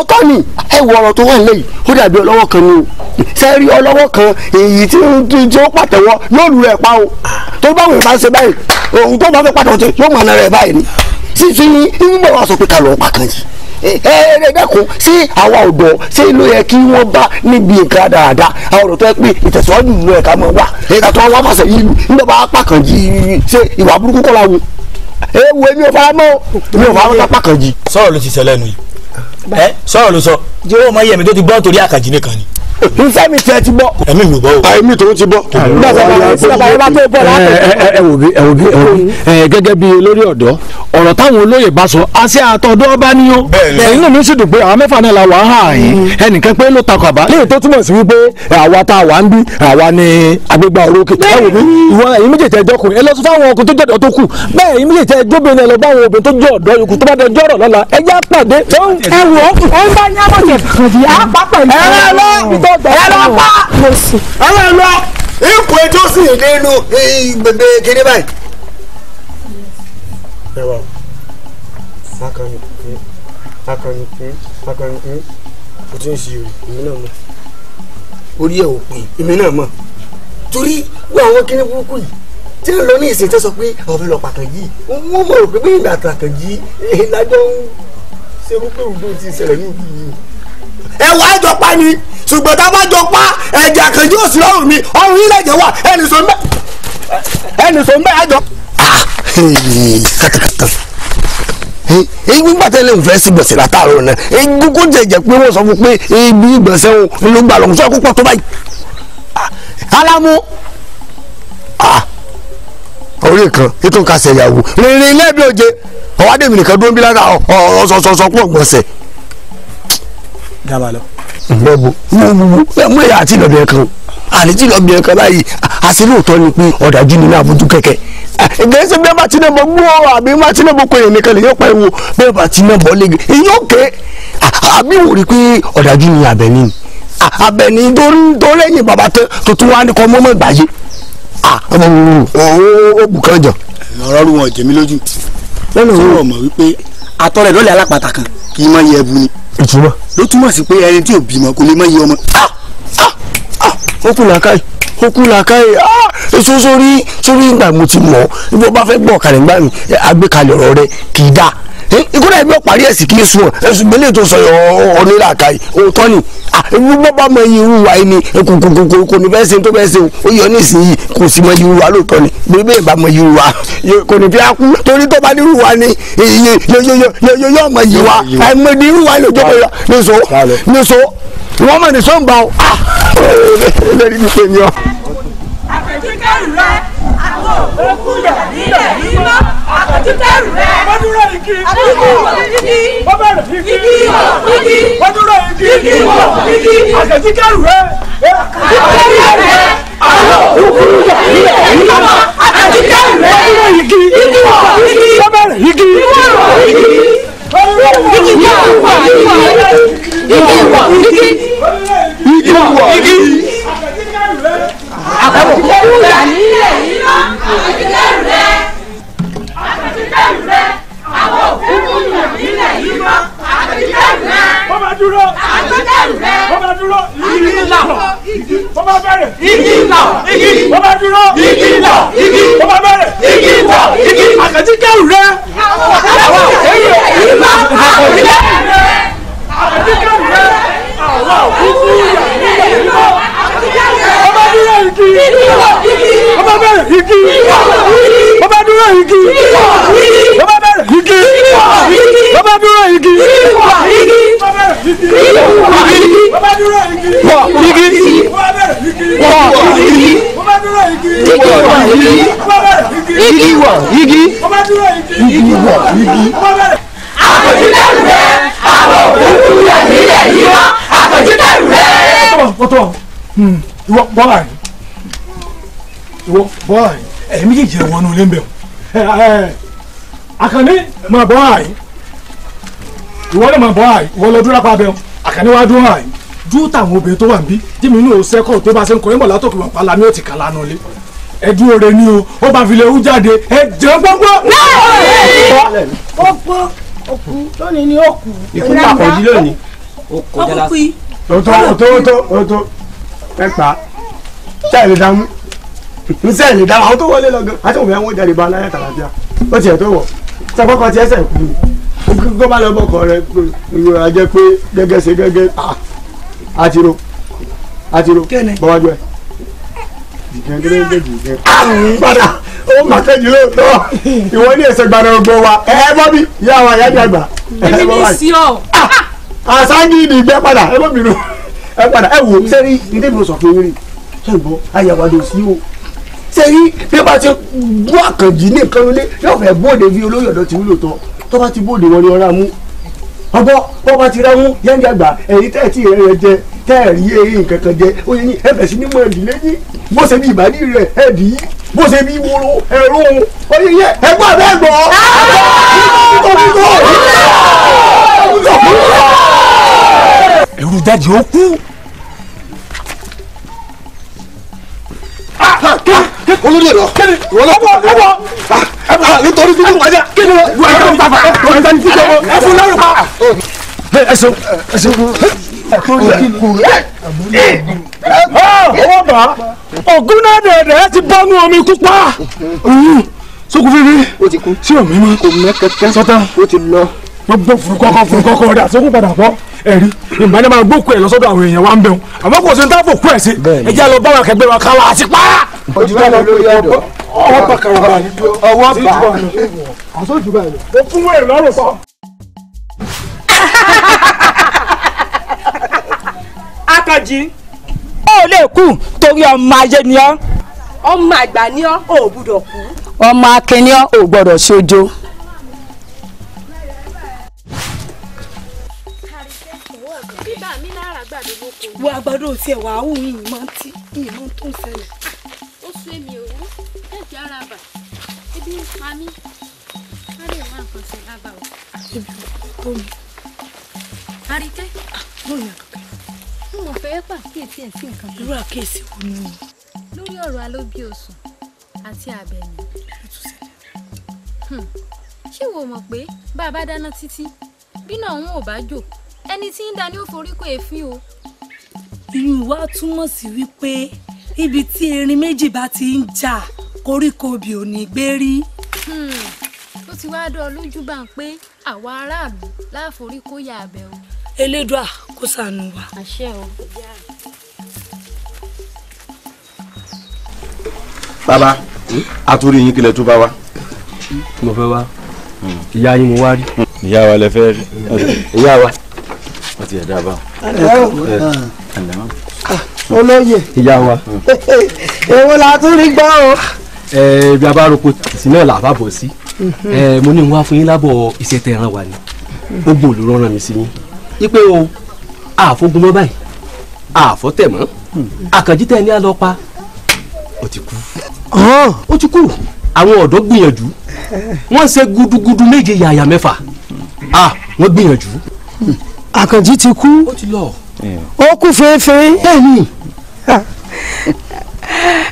ọ̀tọ̀ ni ẹ wọ ọ̀rọ̀ tó wà lẹ́yìn ó dàbí ọlọ́wọ́ kan ni o sẹ́rí ọlọ́wọ́ kan èyí tí ó pàtẹ́wọ́ yóò lù rẹ̀ pa o tó bá wèrè bá ń ṣe báyìí òun tó bá fẹ́ pàtẹ́wọ́ tẹ yóò mọ̀ sí sí nígbà wàá sọ pé ká lọ́ọ́ pa kan yìí ẹ ẹ dẹ́kun ṣé àwa ọ̀dọ́ ṣé ló yẹ kí wọ́n bá níbi nǹkan dáadáa àwọn ọ̀dọ́ tó yẹ pé ìtẹ̀síwájú ìlú ẹ̀ka máa wà ẹ̀ka tó wá fàṣẹ yìí nígbà bá pàkàn jì ṣé ìwà burúkú kọ́ la wù ẹ wo èmi ò fara mọ́ mi ò fara mọ́ ká pàkàn jì. sọ̀rọ̀ ló ti sọ lẹ́nu yìí sọ̀rọ̀ ló sọ jẹ́wọ́ ọmọ yẹmi tó ti gbọ́ torí àkàjì nìkan ni ìfẹ́ mi tẹ ti bọ́. ẹ̀mí mi bọ́ o. ẹ̀mí tó ti bọ́. ẹ wò bí ẹ wò bí ẹ wò bí gẹ́gẹ́ bí olórí ọ̀dọ́ ọ̀rọ̀ táwọn olóyè bá sọ àṣẹ àtọ̀dọ́ ọba ni ó. ẹ̀yin náà mi sì dùn pé àwọn mẹ́fà náà la wà á hà yín mm-hmm. ẹnìkan pé ló takọ̀ àbá. léyìí tó túmọ̀ sí wípé àwa tá a wà ń bí àwa ni agbégbá orókè. ẹ wò bí ìwọ ẹ̀yin méjèèjì ẹjọ́ kùn ẹ lọ sọ fáwọn ọkùnrin tó jẹ́ ọ̀dọ́ tó kù bẹ́ẹ̀ ẹ̀yin méjèèjì ẹjọ́ bẹ́ẹ̀ ni ẹ lọ bá àwọn obìnrin tó jẹ́ ọ̀dọ́ yòókù tó bá dẹ jọ́rọ̀ lọ́la ẹ já pàdé. ẹ wò ó ń bá yín á bọ̀ jẹ̀ gbọ́ ọ̀dà ẹ̀rọ pa. ọ̀rọ̀ ẹ̀ lọ ikú ẹjọ́ sì nínú eh, gbègbè kiri báyìí. ẹ wà akọni akọni akọni o ti ń ṣe èmi náà mọ orí ẹ ò pè èmi náà mọ torí wọ àwọn kíní burúkú yìí tí ń lọ ní ìsìn tó sọ pé ọ̀fẹ́ lọ pàtàkì yìí wọ́n mọ̀ rò pé bí ìgbà pàtàkì yìí eh, lájọ́ ń ṣerú pé òdo ti ṣẹlẹ̀ ní ìlú yìí ẹ wá ẹjọ pa ni ṣùgbọ́n tá a bá jọ pa ẹ̀jẹ̀ kan yóò sí lọ́rùn mi ọrùn yìí lẹ̀jẹ̀ wà ẹnì sọ mbẹ́ ẹnì sọ mbẹ́ àjọ. katakata ebi gbàtẹ́ lè fẹ́ sí gbèsè látàárọ̀ náà ebi kò jẹjẹ pé wọ́n sọ fún pé ebi gbèsè òun ló gbà lọ́kùnrin sọ kó pọ̀ tó báyìí. alamu orí kan ètò ìkàsẹ̀ ìyàwó rìnrìn lẹ́ẹ̀bí òjé ọ̀wádìí mi nìkan dúró ń bí lára ọ̀sọ̀ọ̀sọ̀ pọ̀ gbọ̀nsẹ̀ dábàá lọ. lọ́bù mo mo mo yà àti lọ́bì ẹ̀kan àní tí lọ́bì ẹ̀kan báyìí àti lóòótọ́ ni pé ọ̀dàjú ni náà fojú kẹ̀kẹ́ ìgbésẹ̀ bí ẹ bá ti náà bọ gbó àbí má ti náà bọ kọ ènìyàn kan lè yọ pa ewu bí ẹ bá ti náà bọ lè èyí ó ké àbí wò rí pé ọ̀dàjú ni àbẹ̀ni àbẹ̀ni tó lẹ́yìn bàbá tó tún wá ní kọ́ mọ́mọ́ ìgbàyé ọmọ òògùn kan jọ. ọ̀rọ̀ rú wọn jẹ́mi lójú. lọ́nà òwúrọ̀ mọ̀ wípé atọ́rẹ̀ lọ́lẹ̀ alápàtà kan kì í má yẹ ẹbu ni. ìtumọ̀. ló túmọ̀ sí pé ẹni tí ò bímọ kò lè má yẹ ọmọ. Ah! Ah! Ah! ó kùnà káyìí ó kú làákàyè èso sórí sórí ìgbà mo ti mọ̀ ibi ó bá fẹ́ gbọ́ ọ̀kadà ìgbà mi àgbékalẹ̀ ọ̀rọ̀ rẹ kì í dáa ìkúrẹ́ ẹgbẹ́ parí ẹ̀sìn kì í sun ọ̀ ẹ̀sùn gbélé tó sọ ọ̀nìlà àkàyè òótọ́ ni ìwúgbọ́ bá mọ iye ìwúwa yìí ni kòkòkò kò ní fẹ́ẹ́ ṣe tó fẹ́ẹ́ ṣe ó yọ ní ìsinyìí kò sì mọ iye ìwúwa lóòótọ́ ni bébè bá mọ iye ìwúwa kò ní fi akú torí tó bá ní ìwúwa ni iye yóò mọ iye wa àìmọye ìwúwa ni òjò kò so ní so wọ́n mọ̀ ní sọ́ǹgbà o ah! lẹ́rìí mi pè ní ọ. àpèjúkẹ́rù rẹ àwọn òkú yà nílẹ̀ yìí mọ́ àpèjúkẹ́rù rẹ. wọ́n dúró igi igi wọ̀ igi wọ́n bẹ̀rẹ̀ igi wọ̀ igi wọ́n dúró igi igi wọ̀ igi àpèjúkẹ́rù rẹ. àpèjúkẹ́rù rẹ àwọn òkú yà nílẹ̀ yìí mọ́ àpèjúkẹ́rù rẹ. wọ́n dúró igi igi wọ̀ igi wọ́n bẹ̀rẹ̀ igi igi wọ̀ igi igi wa igi wa igi igi wa igi. àkókò wúlò nílẹ̀ yìí lọ àti kẹrù rẹ̀. dúró. àgbẹ̀dẹ̀rù rẹ̀. bó bá dúró. igi ńlá. bó bá bẹ̀rẹ̀. igi ńlá. igi. bó bá dúró. igi ńlá. igi. bó bá bẹ̀rẹ̀. igi ńlá. igi. àgbẹ̀dẹ̀rù rẹ̀. àwọn àwọn èyí èyí máa ń bá òun rẹ̀. àgbẹ̀dẹ̀rù àwọn òkúkú yàrá yàrá. bó bá dúró igi. igi. bó bá bẹ̀rẹ̀ igi. igi. bó igi. igi. bó bá igi bàbá dúró igi wà igi wà igi bàbá dúró igi wà igi wà igi bàbá dúró igi igi wà igi igi wà igi bàbá dúró igi igi wà igi. àpòjútẹ́rù rẹ àwọn òkú rẹ nílẹ̀ yìí wá àpòjútẹ́rù rẹ. bọ́tọ̀ hmm. ìwọ bọ́lá yìí ìwọ bọ́lá yìí ẹ̀mí kìí jẹ́ wọnú lẹ́ńbẹ̀ọ́ àkànní mà bọ́ àyè ìwọ náà mà bọ́ àyè ìwọ lọ dúró apá bẹ́ẹ̀ àkànní wàá dúró àyè dúró táwọn obìnrin tó wà níbí tí mi inú sẹ́kọ̀ tó bá ṣe ń kọrin bọ̀ látòkè wọn pàlà ní òtì kan lánàá lé ẹdún oore ni o ó bá filẹ̀ ewu jáde ẹ jẹun gbogbo. ó gbọ́ òkú lónìí ni ó kù. ikú pàkọ́jú lónìí. ó kọjá lásán. òtó òtó òtó òtó ẹ pa ṣáà lè dààmú n sẹ́ẹ̀ lè dààmú àwọn tó wọlé lọ àti òun fẹ́ wọ́n jáde bá aláyàtà lábíà ó tiẹ̀ tó wọ̀ sọpọkọ tí ẹsẹ kú kó bá lọ bọkọ rẹ a jẹ pé gẹ́gẹ́ ṣe gẹ́gẹ́ àtìrò àtìrò bọwájú ẹ padà ó mà kẹ́jì lóòótọ́ ìwọ ní ẹsẹ̀ gbàdọ̀ gbọ́ wa ẹ bọ́ bí yá wa yá ni àgbà ẹ bọ́ wa yìí àṣáájú ìdí ìgbẹ́ padà ẹ bọ́ bínú ẹ padà ẹ wò ó sẹ́rí ilé ìbùsọ̀ fún yín rí ṣé ìbọn ayàwádò sí o ṣe rí bí bá ti gbọ́ àkànjì ní nǹkan lólé yóò fẹ́ bóde bí olóyè ọ̀dọ́ ti wúlò tán tó bá ti bóde wọlé ọ̀rá mú ọgbọ́ bọ́ bá ti rámú yẹ́nì àgbà ẹ̀yìn tẹ́ ẹ̀ tí ìrẹ́ rẹ jẹ tẹ́ ẹ̀ rí eyín kankan jẹ ó yẹ yín ẹ̀fẹ̀ sí nímọ̀ ẹ̀dì lẹ́yìn bó ṣe bí ìbàdí rẹ̀ ẹ̀dì yìí bó ṣe bí woro ẹ̀rọ òun ó yẹ yẹ ẹ̀gbọ́n abẹ́ gbọ́ ẹ̀rù jáde ó kú olórí ẹ̀rọ ìwọ ló kọ́ ọ̀rọ̀ ẹ̀rọ ẹ̀rọ nítorí bí wọ́n wájà kí ni wọ́n ẹ̀rọ ń bàbà wọ́n ẹ̀rọ ń bàbà ẹ̀ fún lọ́rùn pa. ẹ ṣeun ẹ ṣeun ọwọ́ bá ògùn náà dẹ̀ẹ̀dẹ̀ ti bá nú omi kúpa sókùn fífi sí omi mọ́ sọ́tà ó ti lọ gbogbo furukọkọ furukọkọ rẹ àti ogunpadà pọ ẹrí ìmọ̀lẹ́ máa gbókù ẹ̀ lọ́sọ́dọ̀ àwọn èèyàn wa ń bẹ̀rù àmọ́ kò sí ní táàbù kú ẹ̀ sí ẹ jẹ́ lọ báwọn akẹgbẹ́ wa káwa àti pa. ọwọ́ pa ọwọ́ pa àsọjù [LAUGHS] ó lè kú torí ọmọ ayé ni ọ ọmọ àgbà ni ọ ò gbọ́dọ̀ kú ọmọ akẹni ọ ò gbọ́dọ̀ ṣojo. jáde lóko. wo àgbàdo tiẹ̀ wàá wù yín ìmọ̀ tí ìmọ̀ tó ń ṣẹlẹ̀. ó sún èmi òwú ẹ̀jẹ̀ ara bà ebi ń pa mí má lè má nǹkan ṣe lába o. ebi tó mi. àríkẹ́. lóò ah, yàn kàkẹ́. n ò fẹ́ pàkíyèsí ẹ̀ sí nǹkan kan. irú àkíyèsí wo ni o. lórí ọ̀rọ̀ alóbí òsùn àti àbẹ̀yìn. Hmm. ṣé wo mọ̀ pé bá a bá dáná títí bí náà òun ò bá jò ẹni tí ń da ni ó forí kó èéfín o. ìyún wa túmọ̀ sí wípé ibi tí erin méjì bá ti ń jà koríko obì ò ní gbé rí. Hmm, ó ti wá dán lójú bá ń pé àwa aráàlú láforí kó yà abẹ o. elédùà kó ṣàánú wa. àṣẹ o. bàbá àtúrí yín kílẹ̀ tó bá wa. mo fẹ́ wá ìyá yín mo wá rí. Hmm, ìyá wa lẹ fẹ́ rí ìyá wa àti ẹ̀dá bá. Ah, olóyè ìyá wa èwo la tún rí gbọ́ o. ibi abáròkọ tìsí náà làbá bọ̀ sí mo ní wá fún yín lábọ̀ iṣẹ́ tẹ ẹran wa ni ó gbò ló rán mi sí yín wípé o àfogun mọ́ báyìí àfọ́tẹ̀ mọ́ àkànjí tẹ̀ ní àlọ́ pa ó ti kú. ó ti kú àwọn ọ̀dọ́ gbìyànjú wọ́n ṣe gudugudu méje yàyà mẹ́fà ah wọ́n gbìyànjú àkànjí ti kú ó kú fẹ́ẹ́fẹ́ ẹ̀yìn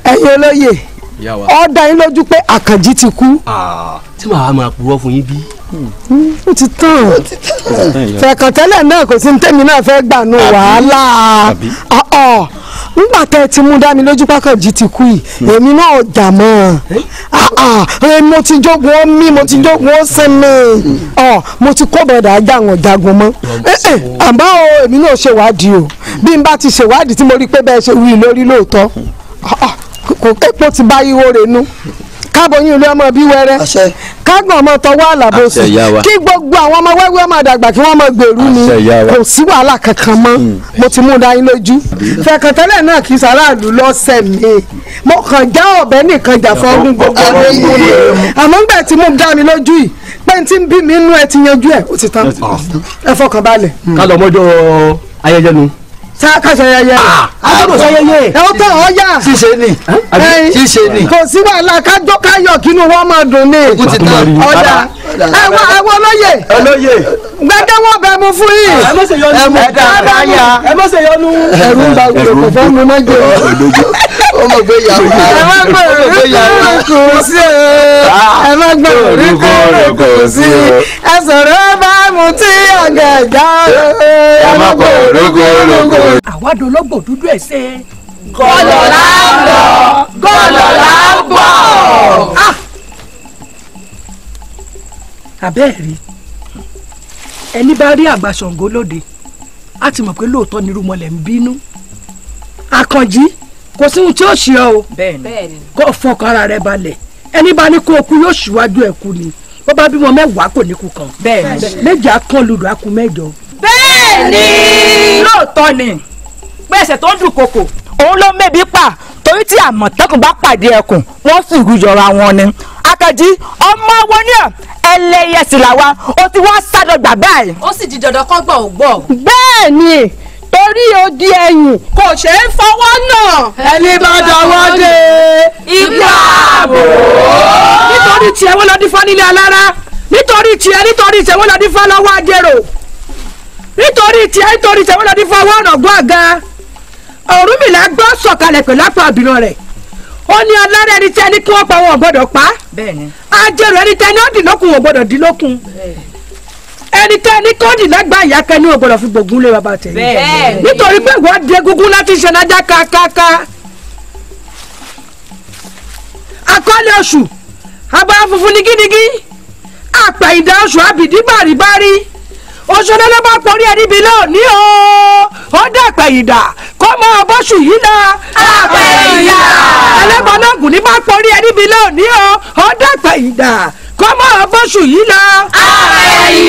ẹ̀yin olóye ó da yín lójú pé àkànjí ti kú. tí màá máa purọ́ fún yín bí. ó ti tán fẹ̀kàntẹ́lẹ̀ náà kò sí ní tẹ́mi náà fẹ́ gbà nù wàhálà ah, ah nígbà tẹ́ ẹ ti mú dá mi lójú pákànjí ti kú yìí hmm. èmi náà jà mọ́ ẹ eh? ah, ah. eh, mo ti jogun ó mí mo ti jogun ó sinmi ọ mo ti kó bọ̀dà ajá àwọn jagun mọ́ eh, àmọ́ o èmi náà ṣèwádìí o hmm. bí n bá ti ṣèwádìí tí mo rí pé bẹ́ẹ̀ ṣe wí lórí lóòótọ́ ah, epo ti bá yíwó renú kábọyún ilé ọmọ bí wẹrẹ kágbọn ọmọ tọwọ àlàbòsù kí gbogbo àwọn ọmọ wẹwẹ ọmọ àdàgbà kí wọn mọ gbèrú ni kò sí wàhálà kankan mọ́ hmm. mo ti mú un dání lójú fẹkàntẹlẹ náà kì í sàráàlú lọ́sẹ̀ mi mo kàn já ọ̀bẹ nìkan jà fún ọdún gbogbo ọdún mú ni àmọ́ ńgbà tí mo dá mi lójú yìí pé n ti bí mi nú ẹ ti yanjú ẹ ó ti tán ẹ fọkàn balẹ̀. ká lọ mọjọ ayẹyẹ nu kásẹyẹyẹ kásẹyẹyẹ ẹ ó tẹ ọ yá ṣíṣe ni eh, eh, kò sí wàhálà kájọ káyọ kínú wọn máa dùn ní ọjà ẹwọ ẹwọ olóye olóye gbẹdẹ wọn bẹ mu fún yìí ẹmu ẹdá ẹdá yá ẹmu ṣèyọnu ẹrú ń ba wúlò kò fẹ́ mu mọ́jọ ó mọ̀ pé ìyàwó ẹ má gbọ́dọ̀ rí kòrò kò sí o ah, ẹ má gbọ́dọ̀ rí kòrò kò sí o ẹ sọ̀rọ̀ bá mu tí ọ̀gá ẹ̀dá o ẹ má gbọ́dọ̀ rí kòrò kò sí. àwádò lọ́gbọ̀n dúdú ẹ̀ ṣe. gọ́lọ̀ là ń lọ gọ́lọ̀ là ń bọ̀. àbẹ́ẹ̀rí ah! ẹni bá rí àgbà Ṣàngó lóde a ti mọ̀ pé lóòótọ́ ni irúmọlẹ̀ ń bínú Àkànjí kò sí ohun tí ó ṣe ọ o kó fọkàn ara rẹ balẹ̀ ẹni bá ní kó o kú yóò ṣíwájú ẹ kú ni bó bá bímọ mẹ́wàá kò ní kú kan méje akán lulù akú mẹ́jọ. bẹ́ẹ̀ni lóòótọ́ ni pé tó ń dùn kòkò òun ló mẹ́bi pa torí tí àmọ̀tẹ́kùn bá pàdé ẹkùn wọ́n sì rújọra wọn ni akẹ́jì ọmọ wọn ni ẹlẹ́yẹsì làwa ó ti wá sádọ̀gbà báyìí. ó sì di dandan kọ́gbọ̀n ò gbọ́. bẹ́ẹ̀ torí odi ẹ̀yìn kò ṣeé fọwọ́ náà. ẹni bá dọwọ́ dé igbá àbò. nítorí tiẹ̀ wọ́n lọ dífá nílé alára nítorí tiẹ̀ nítorí tiẹ̀ wọ́n lọ dífá lọ́wọ́ àjẹrò nítorí tiẹ̀ nítorí tiẹ̀ wọ́n lọ dífá ọwọ́ ọ̀nà gbọ́ àga Ọ̀rúnmìlà gbọ́ sọ̀kalẹ̀ pẹ̀lú àpò àbìràn rẹ̀ ó ní alára ẹni tí ẹni kí wọ́n pa wọn ò gbọ́dọ̀ pa àjẹrò ẹni tí ni ó dì lókun ò gbọ́dọ̀ dì lókun ẹnikẹ́ni kọ́ọ̀dì lágbà ìyá kẹ́ni ò gbọ́dọ̀ fi gbògún lé bàbá tẹ̀. nítorí pé ìwọ de gúngún láti ṣe nájà kákáká. akọ́lé oṣù abá funfun ní gídígí àpà ìdá oṣù àbìdí bàrìbàrì oṣooṣo ló bá pọ̀rí ẹni bi lónìí o ó dàpẹ̀ ìdá kó mọ ọbọ̀ṣù yìí la. àpẹ̀ ìdá. ẹlẹ́gbọ̀n náà gùn ní bá pọ̀rí ẹni bi lónìí o ó dàpẹ̀ ìdá kọ́ mọ́ àfọ́sù yìí lọ. àmín.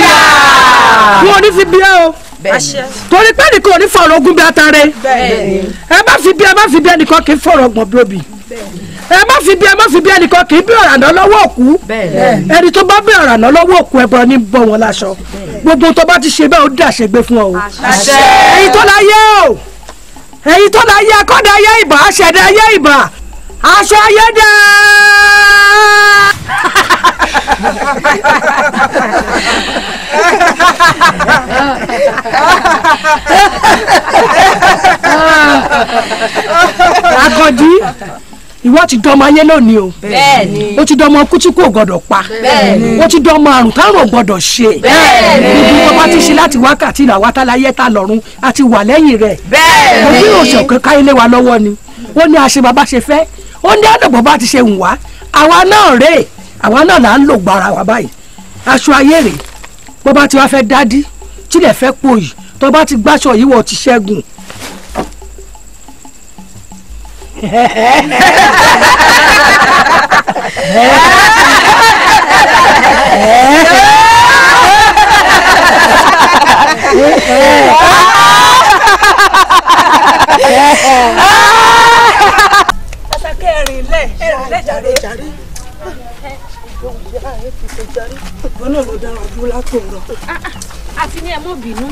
wọn ò ní fi bí ẹ o torí pé nìkan ò ní fọ̀rọ̀ ogun bí atare ẹ bá fi bí ẹ bá fi bí ẹnìkan kì í fọ̀rọ̀ ọgbọ̀n bí obì ẹ má fi bí ẹ má fi bí ẹnìkan kì í bí ọ̀rànà lọ́wọ́ òkú ẹni tó bá bí ọ̀rànà lọ́wọ́ òkú ẹbọ ní bọ́ wọn láṣọ gbogbo tó bá ti ṣe bẹ́ẹ̀ ó dé àṣegbé fún ọ èyí tó láyé o èyí tó láyé akọ́dá ayé ìbà àṣẹ̀dá ayé ìbà aṣọ ayé dá. ìwọ ti dọmọ ayé lónìí o bẹ́ẹ̀ni ti dọmọ kú tí kò pa bẹ́ẹ̀ni o ti dọmọ àrùn táwọn ò ṣe bẹ́ẹ̀ni wọn bá ti ṣe láti wákàtí ìràwá tálayé ta lọ́run àti wà lẹ́yìn rẹ̀ òbí òṣèlú kankan ilé wa lọ́wọ́ ni ó ní àṣẹ bàbá ṣe fẹ́ ó ní àdàbọ̀ bá ti ṣe ń wá àwa náà rèé àwa náà là ń lò gbára wa báyìí aṣọ ayé rèé bó bá ti wá fẹ́ dádí tílẹ̀ fẹ́ pòyì tó bá ti gbáṣọ yìí wọ́n ti ṣẹ́gun. Ah! [LAUGHS] ẹ rà lẹ́jàre. ìwọ náà ló dára dúró látòrọ. àti ní ẹ mọ bínú.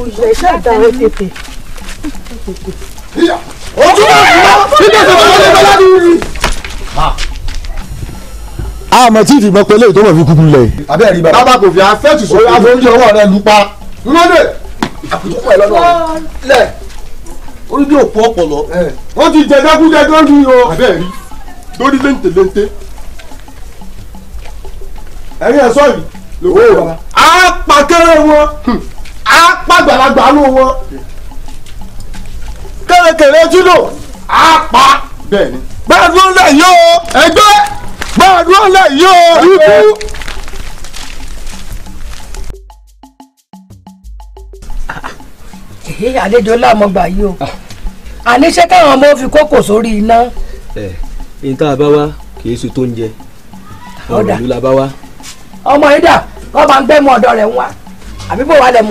òyìnbó iṣẹ́ ìdáwọ́ tètè. ojú náà fún wa títí ìṣòro ló ń bẹ ládùúgbò. àmọ́ tí ìdìbò pẹ̀lú èyí tó mọ̀ fi kúkú lẹ̀. abẹ́ rí bàbá kò fi afẹ́tù sórí àforíjì ọwọ́ rẹ̀ lù pa. ńlọ́dẹ̀ àkùtù pọ̀ ẹ̀ lọ́dọ̀ rẹ̀ lẹ̀ orí bí òpó ọpọlọ. wọ́n ti jẹ dákújẹ tó ń lu yìí o. abẹ́ rí lórí lente ẹ̀yin ẹ̀ sọ́ọ̀lì lówó ìwà á pa kéré wọn á hmm. pa gbàlagbà ló wọn kéré-kéré júlò á pa bẹ́ẹ̀ ni gbàdúrà lẹ́yìn o ẹgbẹ́ gbàdúrà lẹ́yìn o ikú. àlejò láàmú gbà yìí o ah. àníṣe káwọn ọmọ fi kókò sórí iná ẹni abawa ka ṣe tó ń jẹ la ọmọ yìí dà wọ́n máa ń mu ọ̀dọ̀ rẹ̀ ń wá àbí bò wá lẹ̀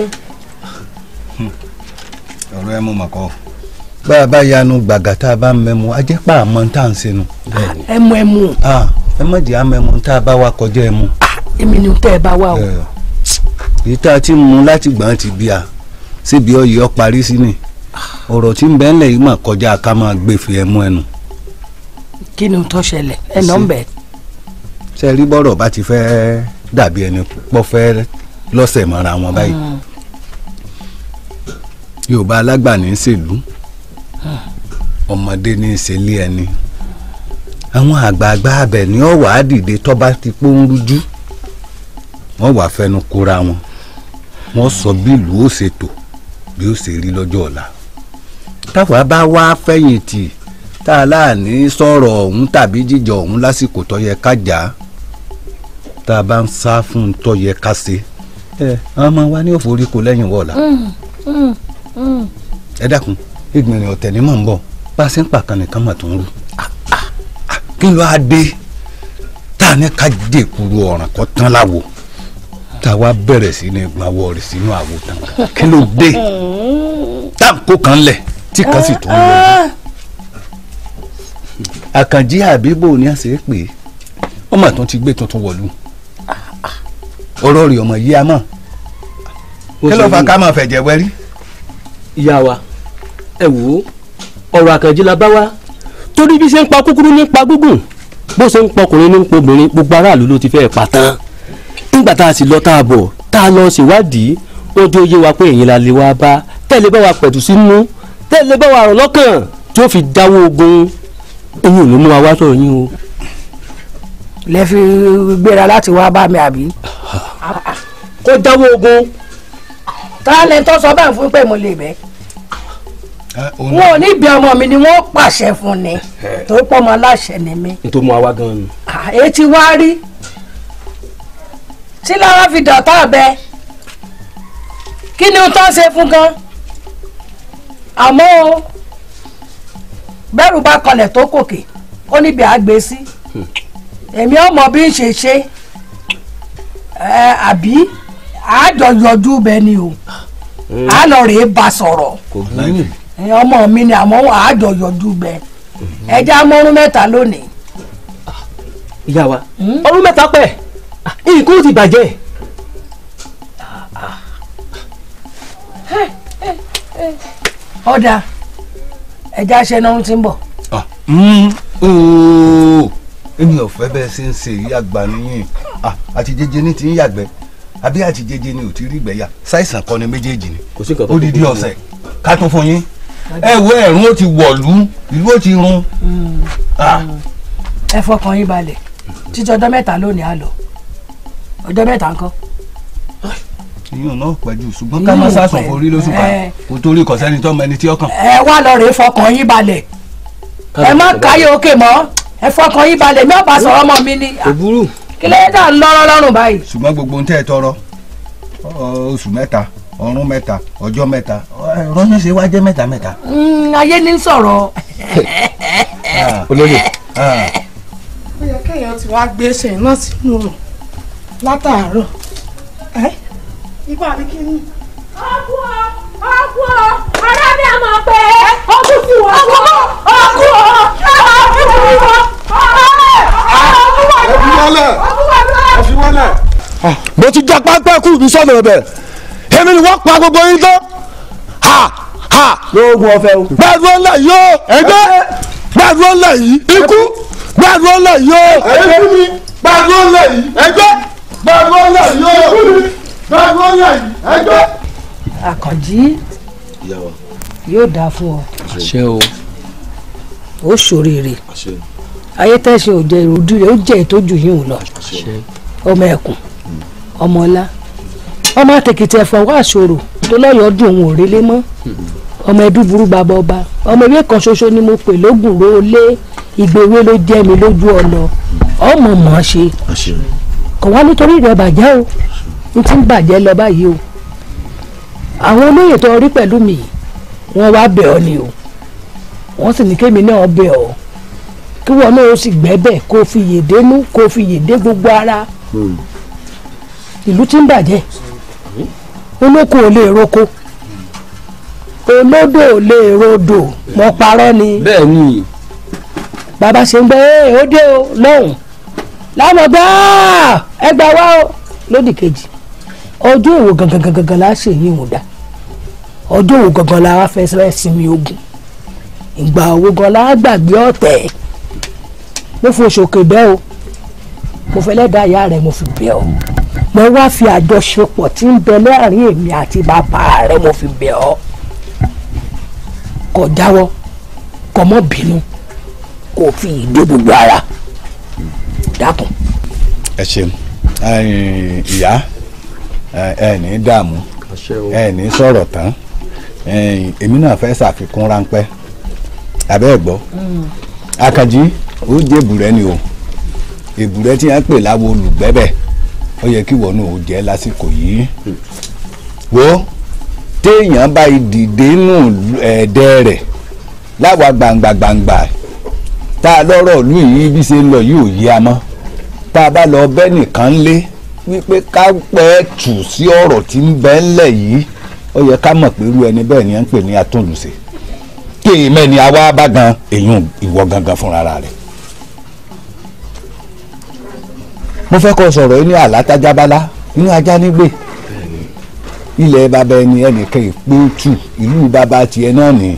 hmm. a bá yanu gbàgà tá a bá ń mẹ́mu a jẹ́ pa àmọ́ tá à ń senu. ẹ mú ẹ mú. ẹ má jẹ́ àmẹ́mu tá a bá kọjá ẹ mú. èmi ni ẹ bá o. èyí tá a ti mú láti gbọ́n ti bí a parí sí ni ah. ọ̀rọ̀ tí ń bẹ́ńlẹ̀ yìí mà kọjá ká máa kí ni tó ṣẹlẹ̀ ẹ nọ ń bẹ̀. ṣe rí bọ́rọ̀ bá ti fẹ́ dàbí ẹni pọ́ fẹ́ lọ́sẹ̀ mọ́ra wọn báyìí hmm. yorùbá alágbàní ń ṣèlú ọmọdé ní í ṣe lé ẹni àwọn àgbààgbà abẹ ní ọwà á dìde tọ́ba ti pọ́ ń rújú wọ́n wàá fẹnu kóra wọn wọ́n sọ bí ìlú ó ṣe bí ó ṣe rí lọ́jọ́ ọ̀la táwa bá wá fẹ̀yìntì tá a láàní sọ̀rọ̀ ọ̀hún tàbí jíjọ ọ̀hún lásìkò tó yẹ ká jà á tá a bá ń sá fún un tó yẹ ká ṣe ẹ àwọn ọmọ wa ní òfòrí lẹ́yìn wọ̀ọ̀la mm, mm, mm. ẹ dákun ìgbìnrin ọ̀tẹ̀ ni mò ń bọ̀ bá a ṣe ń pàkan nìkan mà tó ń rú ah, ah, ah, kí ló á dé tá a ní ká dèkuru ọ̀ràn kan tán láwo tá a wá bẹ̀rẹ̀ sí ní gbawọ́ rẹ̀ sínú àwo kí ló dé tá kan lẹ̀ tí kan sì tó ń lọ àkànjí àbíbò ni àṣẹ pé wọ́n mà tún ti gbé tuntun wọ̀lú ọ̀rọ̀ rẹ̀ ọmọ yìí a mọ̀ kí ló fa ká mọ̀ fẹ̀jẹ̀ wẹ́rí. ìyá wa ẹ wò ó ọ̀rọ̀ àkànjí la bá wa torí bí ṣe ń pa kúkúrú ní pa gúngùn bó ṣe ń pa ọkùnrin ní pa obìnrin gbogbo aráàlú ló ti fẹ́ pa tán nígbà tá a sì lọ tá a bọ̀ tá a lọ ṣèwádìí ó dé oyé wa pé èyí la lè wá bá tẹ́lẹ̀ bá wa pẹ̀tù sínú tẹ́lẹ̀ bá wa rọ̀ lọ́kàn tí ó fi dáwọ́ ogun eyín ò ló mú wa wá sọ̀rọ̀ yín o. lẹ fi gbéra láti wá bá mi àbí. kó jáwọ́ ogun tálẹ̀ tó sọ bá ń fún pé mo lè bẹ́ẹ̀ wọn ò ní bí ọmọ mi ni wọn pàṣẹ fún ni tó pọ ọmọ aláṣẹ ni mi. n tó mú àwa gan ni. èyí ti wá rí tí lára fi dọ̀tà bẹ kí ni o tó ṣe fún gan àmọ́ o bẹ́rù bá kọlẹ̀ tó kòkè ó níbi àgbè sí èmi ọmọ bí ń ṣe ṣe àbí àádọ́yọjú bẹ́ẹ̀ ni o hmm. a lọ sọ̀rọ̀ ọmọ mi ni àmọ́ àádọ́yọjú bẹ́ẹ̀ hmm. ẹja mọ́rún mẹ́ta lónìí. ìyá hmm? ẹja ṣe náà ti ń bọ̀. Ah, mm, èmi ò fẹ́ bẹ́ẹ̀ ṣe ń ṣe èyí àgbà nìyẹn ah, àti jẹjẹ ní ti ń yàgbẹ́ àbí àti jẹjẹ ni ò ti rí gbẹ̀yà ṣàìsàn kan ni méjèèjì ni odidi ọ̀sẹ̀ ká tó fún yín ẹ wo ẹ̀rún ó ti wọ̀lú ìlú ó ti run. Mm, ah. mm. ẹ fọkàn yín balẹ̀ títí ọjọ́ mẹ́ta lónìí á lọ ọjọ́ mẹ́ta ńkọ́ ìyún náà pẹ̀jù ṣùgbọ́n ká má sàsùn forí lóṣù kan eh. kò torí kọ̀sẹ́ni tó mọ ẹni tí ọkàn. ẹ eh, wá lọ rèé fọkàn yín balẹ̀ ẹ má káyé òkè mọ́ ẹ fọkàn yín balẹ̀ mi ò bá sọ̀rọ̀ ọmọ mi ni kí lẹ́yìn tá à ń lọ́rọ́ lọ́rùn báyìí. ṣùgbọ́n gbogbo ń tẹ́ ẹ tọrọ oṣù mẹ́ta ọ̀run mẹ́ta ọjọ́ mẹ́ta rọ́yìn ṣe wá jẹ́ mẹ́ta mẹ́ta. Hmm, ayé ní sọ̀rọ̀. Ah. olóyè. Ah. ó yẹ kéèyàn ti wá gbé náà sínú rò látàárọ̀. Eh? Ìgbà mi kí ni? Ọkú ọ, ọkú ọ, ará mi àmọ̀ pé ọkú sí wọ́n kú ọ, ọkú ọ, ọkú sí wọ́n ah, mo ti já pápá kú mi sọ̀rọ̀ bẹ̀ èmi ni wọ́n pa gbogbo yín tán ha ha. lóògùn ọ̀fẹ́ o. gbàdúrà ńlá yìí o ẹgbẹ́ gbàdúrà ńlá yìí ikú gbàdúrà ńlá yìí o ẹgbẹ́ gbàdúrà ńlá yìí ẹgbẹ́ gbàdúrà ńlá yìí o ikú bẹ́ẹ̀ wọ́n yà yìí ẹjọ́. àkànjí yóò dáa fún ọ. àṣẹ o. ó ṣoríire ayé tẹ́sí ò jẹ ìròdú rẹ̀ ó jẹ́ ìtọ́jú yìí ń lọ ọmọ ẹ̀kún ọmọ ọlá ọmọ àtẹ̀kìtì ẹ̀fọn wà ṣòro tó lọ́yọ̀ọ́ dùn òun ò relé mọ́ ọmọ ẹbí burú bàbá ọba ọmọ ewé kan ṣoṣo ni mo pè lógùn ro lé ìgbèwé ló jẹ́ mi lójú ọ̀nà ọmọ mọ̀ ọ́ ṣe kò wá nítorí rẹ̀ bàjẹ́ o n ti ń bàjẹ́ lọ báyìí o àwọn olóyè tó rí pẹ̀lú mi wọ́n wá bẹ̀ ọ́ ni o wọ́n sì ní kémi náà bẹ̀ ọ́ kí wọn náà sì gbẹ́bẹ̀ kó fi yèdè nú kó fi yèdè gbogbo ara hmm. ìlú ti ń bàjẹ́ olóko ò lè roko olódò ò lè rodò mo parọ́ ni bẹ́ẹ̀ ni bàbá ṣe ń gbẹ́ ẹ́ dé o lọ́hùn-ún lámọ̀ gbá ẹgbàá wá o lódì kejì ọjọ́ òwò gangan gangan la ṣe yín wò dá ọjọ́ òwò gangan la wá fẹsẹ̀ sinmi ogun ìgbà òwò gan la gbàgbé ọ̀tẹ̀ mo fi òṣòkè bẹ́ o mo fẹ́ lẹ́dà ìyá rẹ̀ mo fi bẹ́ o mo wá fi àjọṣepọ̀ tí ń bẹ láàrin èmi àti bàbá rẹ̀ mo fi bẹ́ ọ kò jáwọ́ kò mọ́ bínú kò fi ìdí gbogbo ara dákun. ẹ ṣeun ìyá ẹ ní dààmú ẹ ní sọ̀rọ̀ tán èmi náà fẹ́ ṣàfikún ráńpẹ́ abẹ́ ẹ̀ gbọ́ mm. Àkànjí ó jẹ́ èbùrẹ́ ni o èbùrẹ́ tí wọ́n pè láwo olùgbẹ́bẹ̀ ó yẹ kí wọnú ò jẹ́ lásìkò yìí wo téèyàn bá dìde nù ẹ̀ẹ́dẹ́ rẹ̀ láwa gbangba gbangba tá a lọ́rọ̀ ìlú yìí bí ṣe ń lọ yìí ò yé a mọ́ tá a bá lọ bẹ́ẹ̀ nìkan lé wípé ká pẹ́ tù sí ọ̀rọ̀ tí ń bẹ ńlẹ̀ yìí ó yẹ ká mọ̀ pé irú ẹni bẹ́ẹ̀ ni à ń pè ní atúnlùṣe kí èyí mẹ́ni àwa bá gan èyún ìwọ gangan fúnra rẹ̀. mo fẹ́ kọ́ sọ̀rọ̀ inú àlátájábálá inú ajá nígbè ilẹ̀ bàbá ẹni ẹnìkan ìpé tù ìlú bàbá tiẹ̀ náà ni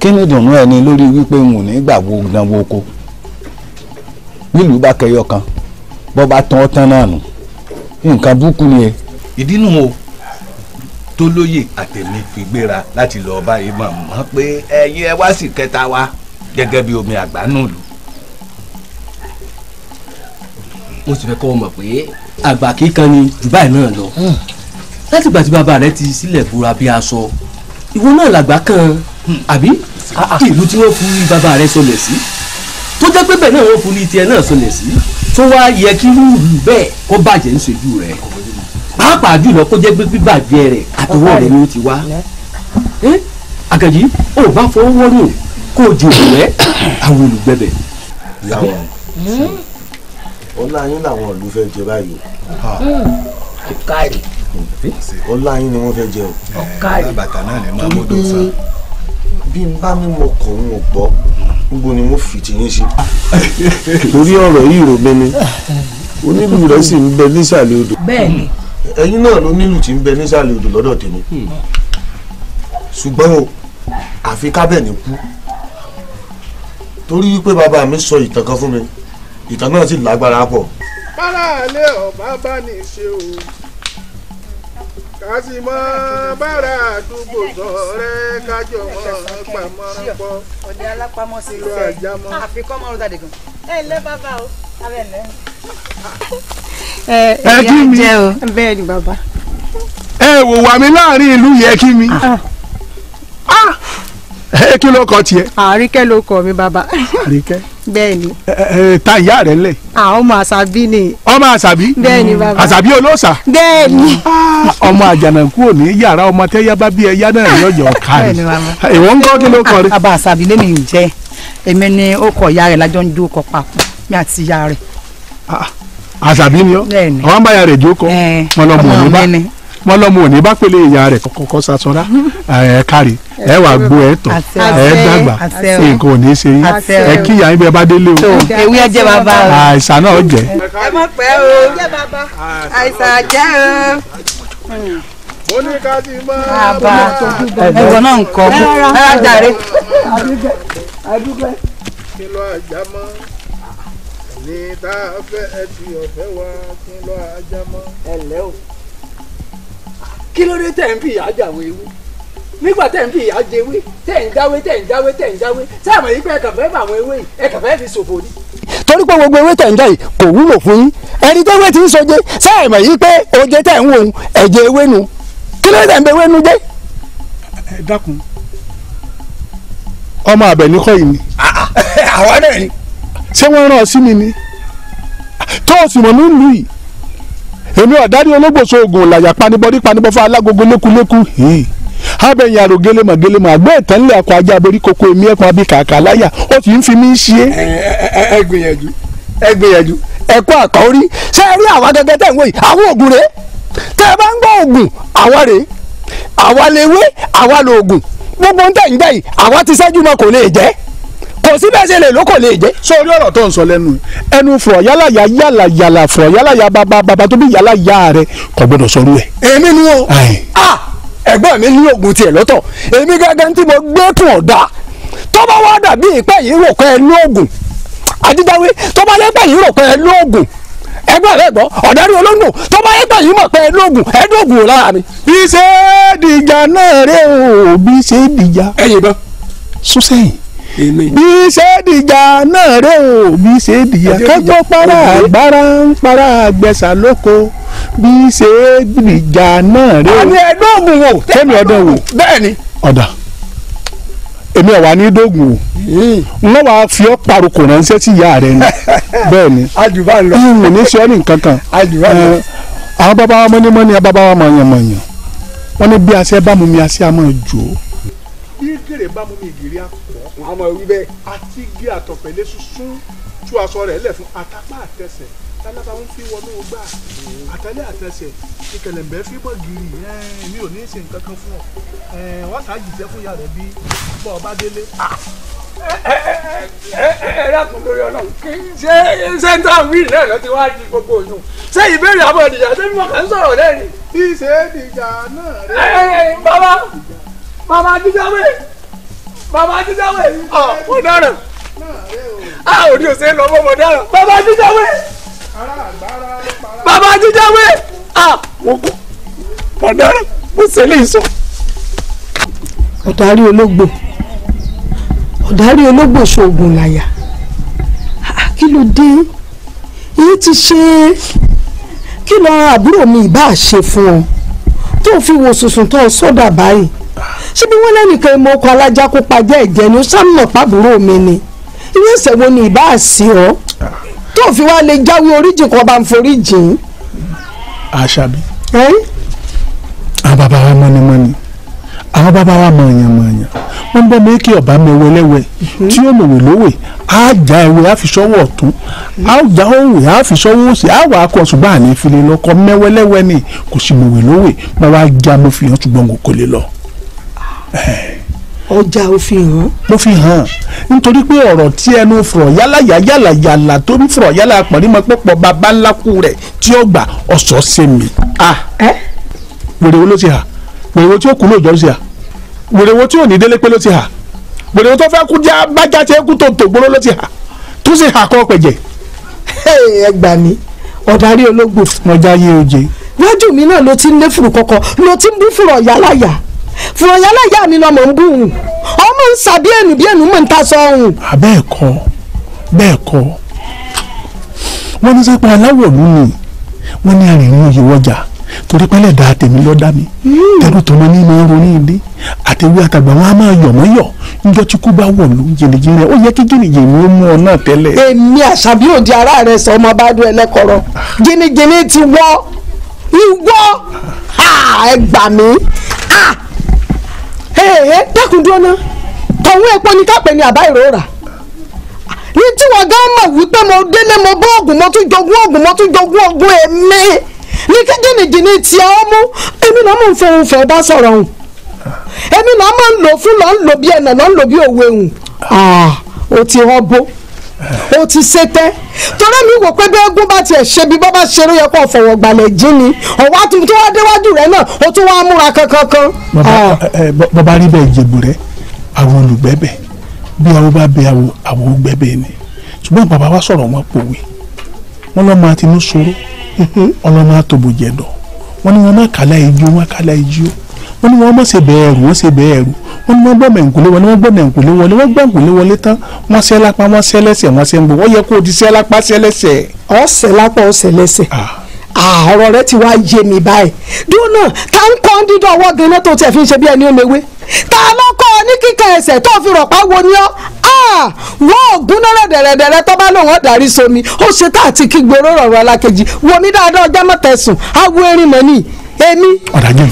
kí ni dùnú ẹni lórí wípé n ò ní gbà wo dánwó oko nílùú bá kẹyọ kan bọ́ bá tán ọ́ tán náà nù. No nǹkan burúkú ni ẹ. ìdí nù o tó lóye àtẹ̀mí fi gbéra láti lọ bá ìmọ̀ mọ́ pé ẹyẹ wá sí kẹta wa gẹ́gẹ́ bí omi àgbánùlù. mo sì fẹ́ kọ́ mọ̀ pé àgbà kíkan ni jù báyìí lọ hmm. láti ìgbà bàbá rẹ ti sílẹ̀ búra bí aṣọ ìwọ náà làgbà kan hmm. àbí ah, ah. ìlú tí wọ́n fi bàbá rẹ sọlẹ̀ sí tó jẹ́ pé bẹ́ẹ̀ náà wọ́n fún ní tiẹ̀ náà sọlẹ̀ sí tó wá yẹ kí irú ìlú bẹ́ẹ̀ kó bàjẹ́ ń ṣojú rẹ̀ pàápàá jùlọ kó jẹ́ pé bíbàjẹ́ rẹ̀ àtọwọ́ rẹ̀ ni ó ti wá àgàjì ò bá fọwọ́ wọ́nù kó o jòkó rẹ̀ àwọn olùgbẹ̀bẹ̀. ọlá yín làwọn ìlú fẹ́ jẹ báyìí o káàrí ọlá ni wọ́n fẹ́ jẹ o káàrí bàtà náà ni máa mú dùn sá. bí n bá mímọ kọ̀ gbogbo ni mo fi tìyín sí. lórí ah. ọ̀rọ̀ yìí rò bẹ́ni [LAUGHS] onílù rẹ̀ sì ń bẹ nísàlẹ̀ odò. bẹ́ẹ̀ni. ẹ̀yin náà ló nílù tí ń bẹ nísàlẹ̀ odò lọ́dọ̀ tèmi hmm. ṣùgbọ́n o àfi kábẹ̀ni kú torí wípé bàbá mi sọ ìtàn kan fún mi ìtàn náà sì lágbára pọ̀. bárà ilé ọba bá ní í ṣe o ká sì mọ bára àdúgbò sọ̀rẹ́ kájọ mọ pàmọ́ra pọ̀. ọ̀dẹ alápámọ́ sí ilé ẹ̀ àfikọ́ mọ́rún tàdé gan. ẹ ǹlẹ́ bàbá o abẹ́ ǹlẹ́. ẹ ẹ jẹ́ o bẹ́ẹ̀ ni bàbá. ẹ wò wà mí láàrin ìlú yẹ kí mi. Ah. Ah ẹ kí ló kọ tiẹ. àríkẹ́ ló kọ mi bàbá. àríkẹ́. bẹ́ẹ̀ni. ẹ ẹ ta ìyá rẹ lẹ. à ọmọ àṣàbí ni. ọmọ àṣàbí. bẹ́ẹ̀ni bàbá. àṣàbí olóòṣà. bẹ́ẹ̀ni. Ah, ọmọ àjànàkú òní yàrá ọmọ tẹyà bá bí ẹyá náà yọjọ kárí. bẹ́ẹ̀ni bàbá. ìwọ ń kọ́ kí ló kọ rẹ. bàbá àṣàbí lèmi ń jẹ èmi ni ó kọ ìyá rẹ lájọ ń dúró kọ papọ̀ mi àti ìyá rẹ. Ah, àṣàbí ni ọ àwọn wọn lọ́mọ òní bá pèlè ìyá rẹ̀ kọ́kọ́ sasọ́ra [LAUGHS] ẹ̀ kárí ẹ wà gbó ẹ tọ̀ ẹ dàgbà nǹkan ò ní í ṣe yín ẹ kí ìyá yín bí ẹ bá délé o. ewé ẹ jẹ bàbá o. àìsàn náà jẹ. ẹ mọ̀ pé o àìsàn jẹ́ o oníkàtí máa bá ẹ̀gbọ́n náà ń kọ rárá jàre. adúgbẹ́ kí lọ ajá mọ́ ní tá a fẹ́ ẹ ti ọ̀fẹ́ wa kí lọ ajá mọ́. ẹ lẹ́ o kí ló dé tẹ̀ ń fi ìyá jà wọ́n ewé nígbà tẹ̀ ń fi ìyá jẹwé tẹ̀ ń jáwé tẹ̀ ń jáwé tẹ̀ ń jáwé sáàmù yìí pé ẹ̀kàn fẹ́ bá àwọn ewé yìí ẹ̀kàn fẹ́ fi ṣòfò ni. torí pé gbogbo ewé tẹ̀ ń jà yìí kò wúlò fún yín ẹni tó wé ti ń soje sáàmù yìí pé oje tẹ̀ ń wòun ẹ̀jẹ̀ ewé nu kí ló dé tẹ̀ ń bẹ ewé nu jẹ́. ẹ dákun ọmọ àbẹ̀ ní kọ́ yìí ni. Ah, ah. [LAUGHS] àwa náà ni. ṣé wọ́n rán ọ sí mi ni tó o sì mọ̀ ní ìlú yìí èmi ọ̀dárí ológbòso ogun làyà panibọ́dí panibọ́ fún alágogo lékuléku abẹ́yìn àrò gélèmọ̀ gélèmọ̀ àgbẹ̀ ìtẹ́nlẹ̀ akọ ajá aborí koko èmi ẹ̀kan àbí kàkà láyà ó ti ń fi mí ṣe. ẹ gbìyànjú ẹ gbìyànjú ẹ kó àkọ́rí ṣé ẹ rí gẹ́gẹ́ tẹ̀ ń wòye àwọn oògùn gbogbo ń tẹ̀ ń àwa kò sí bẹ́ẹ̀ ṣe lè lóko lè jẹ́. sórí ọ̀rọ̀ tó ń sọ lẹ́nu ẹnu fọ̀rọ̀ yálà ya yálà yálà fọ̀rọ̀ yálà ya bàbá bàbá tó bí yálà ya kò gbọdọ̀ sọrú ẹ̀. èmi ni o ẹ̀gbọ́n mi ní oògùn tiẹ̀ lọ́tọ̀ èmi gẹ́gẹ́ tí mo gbé kùn ọ̀dà tó bá wá dàbí ìpẹ́ yìí rò pé ẹnu oògùn àdídáwé tó bá lẹ́pẹ́ yìí rò pé ẹnu oògùn ẹgbẹ́ rẹ gbọ́ ọ̀dẹ́rú olóńgbò tó bá yẹ gbàyìí mọ̀ pé ẹdógún ẹdógún ò lára mi. bí ṣe é dìjà náà rẹ o bí ṣe é dìjà. ẹ̀yin bá sún sẹ́yìn bí ṣe dìjà náà rè o bí ṣe dìjà kájọ para àgbára ń para àgbẹ̀sà lóko bí ṣe dìjà náà rè o. àní ẹgbẹ́ ògùn wò. kẹ́mi ọdún wò. bẹ́ẹ̀ni. ọ̀dà èmi ọ̀wà ní dógùn o hmm. n wá fi ọ́ paroko ránṣẹ́ sí ìyá rẹ ni bẹ́ẹ̀ ni ìwò ní sọ ní nǹkan kan eh, àwọn bàbá wa mọ́nímọ́ní abábá wa mọ̀nyànmọ̀nyàn wọ́n ní bí aṣẹ́ bá mu mi aṣẹ́ a máa jò bí gèrè ń bá mú mi ìgèrè àpọ̀. àmọ́ wí bẹ́ẹ̀. àti gé àtọ̀pẹ̀lẹ́ sunsun tú aṣọ rẹ̀ lẹ̀ fún àtàpá àtẹsẹ̀ tálábà ń fi wọnú gbà àtẹlẹ àtẹsẹ̀ ìkẹlẹ̀mbẹ́ fi bọ̀ gírì mi ò ní í ṣe nǹkan kan fún ọ wọ́n sá jìṣẹ́ fún ìyá rẹ̀ bí bọ́ ọba délé. Ah! ẹ dákun lórí ọlọ́run ṣé ṣé ń tọ́ wí lẹ́ẹ̀kan tí wàá di gbogbo òyìn ṣé ìbéèrè àbọ̀ ìdìjà ṣé bí wọ́n kàn ń sọ̀rọ̀ lẹ́yìn. bí ṣe é dìjà náà. bàbá bàbá jíjáwé bàbá jíjáwé. Ah, ọ mo dáràn a ah, ò rí òsè lọ́wọ́ mo dáràn bàbá jíjáwé bàbá jíjáwé a ah, mo kú mo dáràn mo ṣe lè sọ. ọ̀darí ológbò ọ̀darí ológbò ṣoògùn làyà kí ló dé èyí ti ṣe kí lọ àbúrò mi ìbá ṣe fún ọ tó fi wò sùsùn tó sódà báyìí ṣebí wọ́n lẹ́nìkan mọ ọkọ̀ alájà kó pàjẹ́ ẹ̀jẹ̀ ni ó sámọ̀ pàbúrò mi ni ilé ẹ̀sẹ̀ wo ni ìbá àsì ọ́ tó fi wá lè jáwé oríjì kan bá ń forí jìn. àṣàbí àwọn bàbá wa mọ́nimọ́ni àwọn bàbá wa mọ̀ ọ̀yàn mọ̀ ọ̀yàn wọ́n bọ́ méjì ọ̀bá mẹ́wẹ́ lẹ́wẹ́ mhm. tí ó mọ̀wé lówè á já ewé á fi sọ́wọ́ ọ̀tún á já òwè á fi sọ́wọ́ òsì á wà á kọ́ ṣùgbọ́n àní ìfilé lọ́kọ́ mẹ́wẹ́ ni kò sì mọ̀wé lówè mo wá já mo fi hàn ṣùgbọ́n kò lè lọ ọjà ò fi hàn. mo fi hàn nítorí pé ọ̀rọ̀ tí ẹnu fọ̀rọ̀ yálàyà yálàyàlà tó ń fọ̀rọ̀ yálà pọ̀nrímọ́pọ̀pọ̀ bàbá ńlá kú rẹ̀ tí ó gbà ọ̀sọ̀ ṣe mí. wèrè wo ló ti hà wèrè wo tí ó kú lóòjọ́ ló ti hà wèrè wo tí ò ní délé pé ló ti hà wèrè wo tó fẹ́ kú já bájá tí ekú tó tògbóró ló ti hà tó sì hà kọ́ pẹ̀jẹ̀. ẹ gbà mí ọ̀darí ológun. mọ̀já yé oje. wájú mi náà ló ti ń lé fùrù kọ̀kọ̀ ló ti ń bú fùrọ̀ yálàyà fúnra yálà ìyá mi lọmọ ń bù ún ọmọ ń sà bí ẹnu bí ẹnu mọ̀ ń ta sọ ọ̀hún. àbẹ́ẹ̀ kọ́ bẹ́ẹ̀ kọ́ wọ́n ní sẹ́pẹ́ aláwọ̀lú ni wọ́n ní arìnrìn òye wọ́jà torí pẹ́lẹ́ da tèmi lọ́dá mi hmm. tẹ́lú tọmọ ní máa ń ronú ilé àtẹ̀wé àtàgbà wọn á máa yọ̀ mọ́ yọ̀ njọ́ tí kú bá wọ̀lú jìnnìjìnnì ó yẹ kí jìnnìjìnnì ó mú ọ náà tẹ́lẹ̀. èmi àṣàbí òdi ara rẹ sọ ọmọ bá dún ẹlẹ́kọ̀ọ́rọ́ jìnnìjìnnì ti wọ́ ìwọ́ ah, ẹ gbà mí ah. ẹ̀ẹ́ eh, eh, dákúndúró náà tọ̀hún epo ni kápẹ́ ni àbá ìrora ní tí wọ́n gán mọ̀ wípé mo délé mo bọ́ oògùn mo tún jogún oògùn mo tún jogún oògùn èmi ní tí a mú èmi náà mò ń fẹ́ òun fẹ́ bá sọ̀rọ̀ òun èmi o ti ṣe tẹ́ torí mi wò pé bẹ́ẹ̀ gún bá tiẹ̀ ṣe bí bọ́bá ṣe ló yẹ kó fọwọ́ gbalẹ̀ jí ni ọ̀wá tuntun tó wá déwájú rẹ̀ náà o tún wá múra kankankan. bàbá ah. rí bẹ́ẹ̀ jẹ̀bù rẹ̀ àwọn olùgbẹ́bẹ̀ bí awo bá bẹ awo àwọn olùgbẹ́bẹ̀ ni ṣùgbọ́n bàbá wa sọ̀rọ̀ wọn pòwe wọn lọ́mọ àtinú sọ̀rọ̀ ọlọ́mọ àtòbò jẹ̀dọ̀ wọn ni wọn má kàlà ìjó wọn kàlà ìjó wọ́n ní wọ́n mọ̀ ṣe bẹ́ẹ̀ ẹ̀rù wọ́n ṣe bẹ́ẹ̀ ẹ̀rù wọ́n ní wọ́n gbọ́ mẹ̀ǹkùlé wọlé wọ́n gbọ́ mẹ̀ǹkùlé wọlé wọ́n gbọ́ mẹ̀ǹkùlé wọlé tán wọ́n ṣẹ́ lápá wọ́n ṣẹ́ lẹ́sẹ̀ wọ́n ṣẹ́ ń bọ̀ wọ́n yẹ kó o di ṣẹ́ lápá ṣẹ́ lẹ́sẹ̀. ọ̀sẹ̀ lápá ọ̀sẹ̀ lẹ́sẹ̀ ah. Ah, ọ̀rọ̀ rẹ ti wá yé mi báyìí dúnà tá ń kọ́ ń dídọ̀ ọwọ́ gan-an tó tẹ̀ fi ń ṣe bí ẹni ó tá a lọ kọ́ ọ ní kíkà ẹsẹ̀ tó fi rọ̀pá wo ni ọ́ ah, wọ́n ògún náírà dẹ̀rẹ̀dẹ̀rẹ̀ tó bá lòun ọ̀darí somi ó ṣe tá àti kígbe oró rọ̀rọ̀ alákejì wo mi dáadáa ọjọ́ mọ̀tẹ́sùn á erin mọ́ nìyí èmi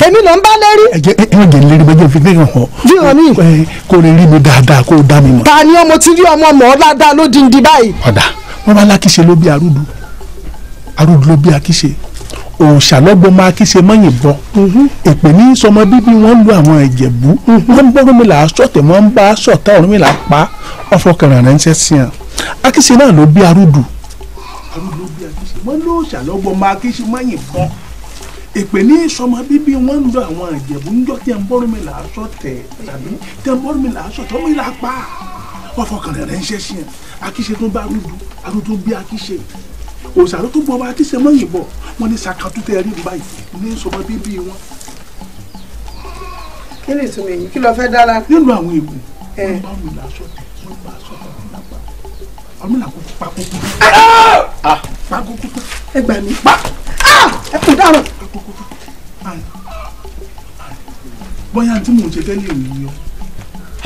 èmi ló ń bá lérí. ẹ jẹ ẹ jẹ lérí bá jẹ fi fi hàn ọ. fi hàn mí. kò lè rí mi dáadáa kó o dá mi mọ. ta ni ọmọ tí rí ọmọ mọ̀ ọ́ dáadáa ló di ndi báyìí. ọ̀dà wọn bá lákìsẹ ló bí arúgbó arúgbó ló bí akíṣe òòṣà lọ́gbọ́n máa kí ṣe mọ́yìn bọ́ mhm. èpè ní sọmọ bíbí wọ́n lu àwọn ìjẹ̀bú mhm. wọ́n ń bọ́rùn mi là á sọ̀tẹ̀ wọ́n ń bá a sọ̀tà ọ̀rùn mi là á pa ọ̀fọ̀ kẹrìn ránṣẹ́ sí hàn akíṣe náà ló bí èpè ní sọmọ bíbí wọn ń lọ àwọn ìjẹ̀bú ńjọ tí ń bọ́rùmí làásọ tẹ̀ tàbí tí ń bọ́rùmí làásọ tọ́mọ ìlà pa ọfọkànlẹ̀ rẹ̀ ń ṣe sí ẹ̀ akíṣe tó bá rúdu arúdú bí akíṣe òṣàrò tó bọ̀ bá akíṣe mọ́ yìnbọn wọn ní sàkàtúntẹ̀ rí báyìí ní sọmọ bíbí wọn. kí ni ìtumọ̀ èyí kí lọ fẹ́ dára. nínú àwọn ègbò wọn bá mi làásọ tẹ̀ wọn bá sọ̀rọ̀ ọdún làkó pa kókó. Ah! pa kókó ẹ gbà mí. pa ah! ẹ kò dára. bóyá tí mò ń ṣe tẹ́lẹ̀ èmi yọ.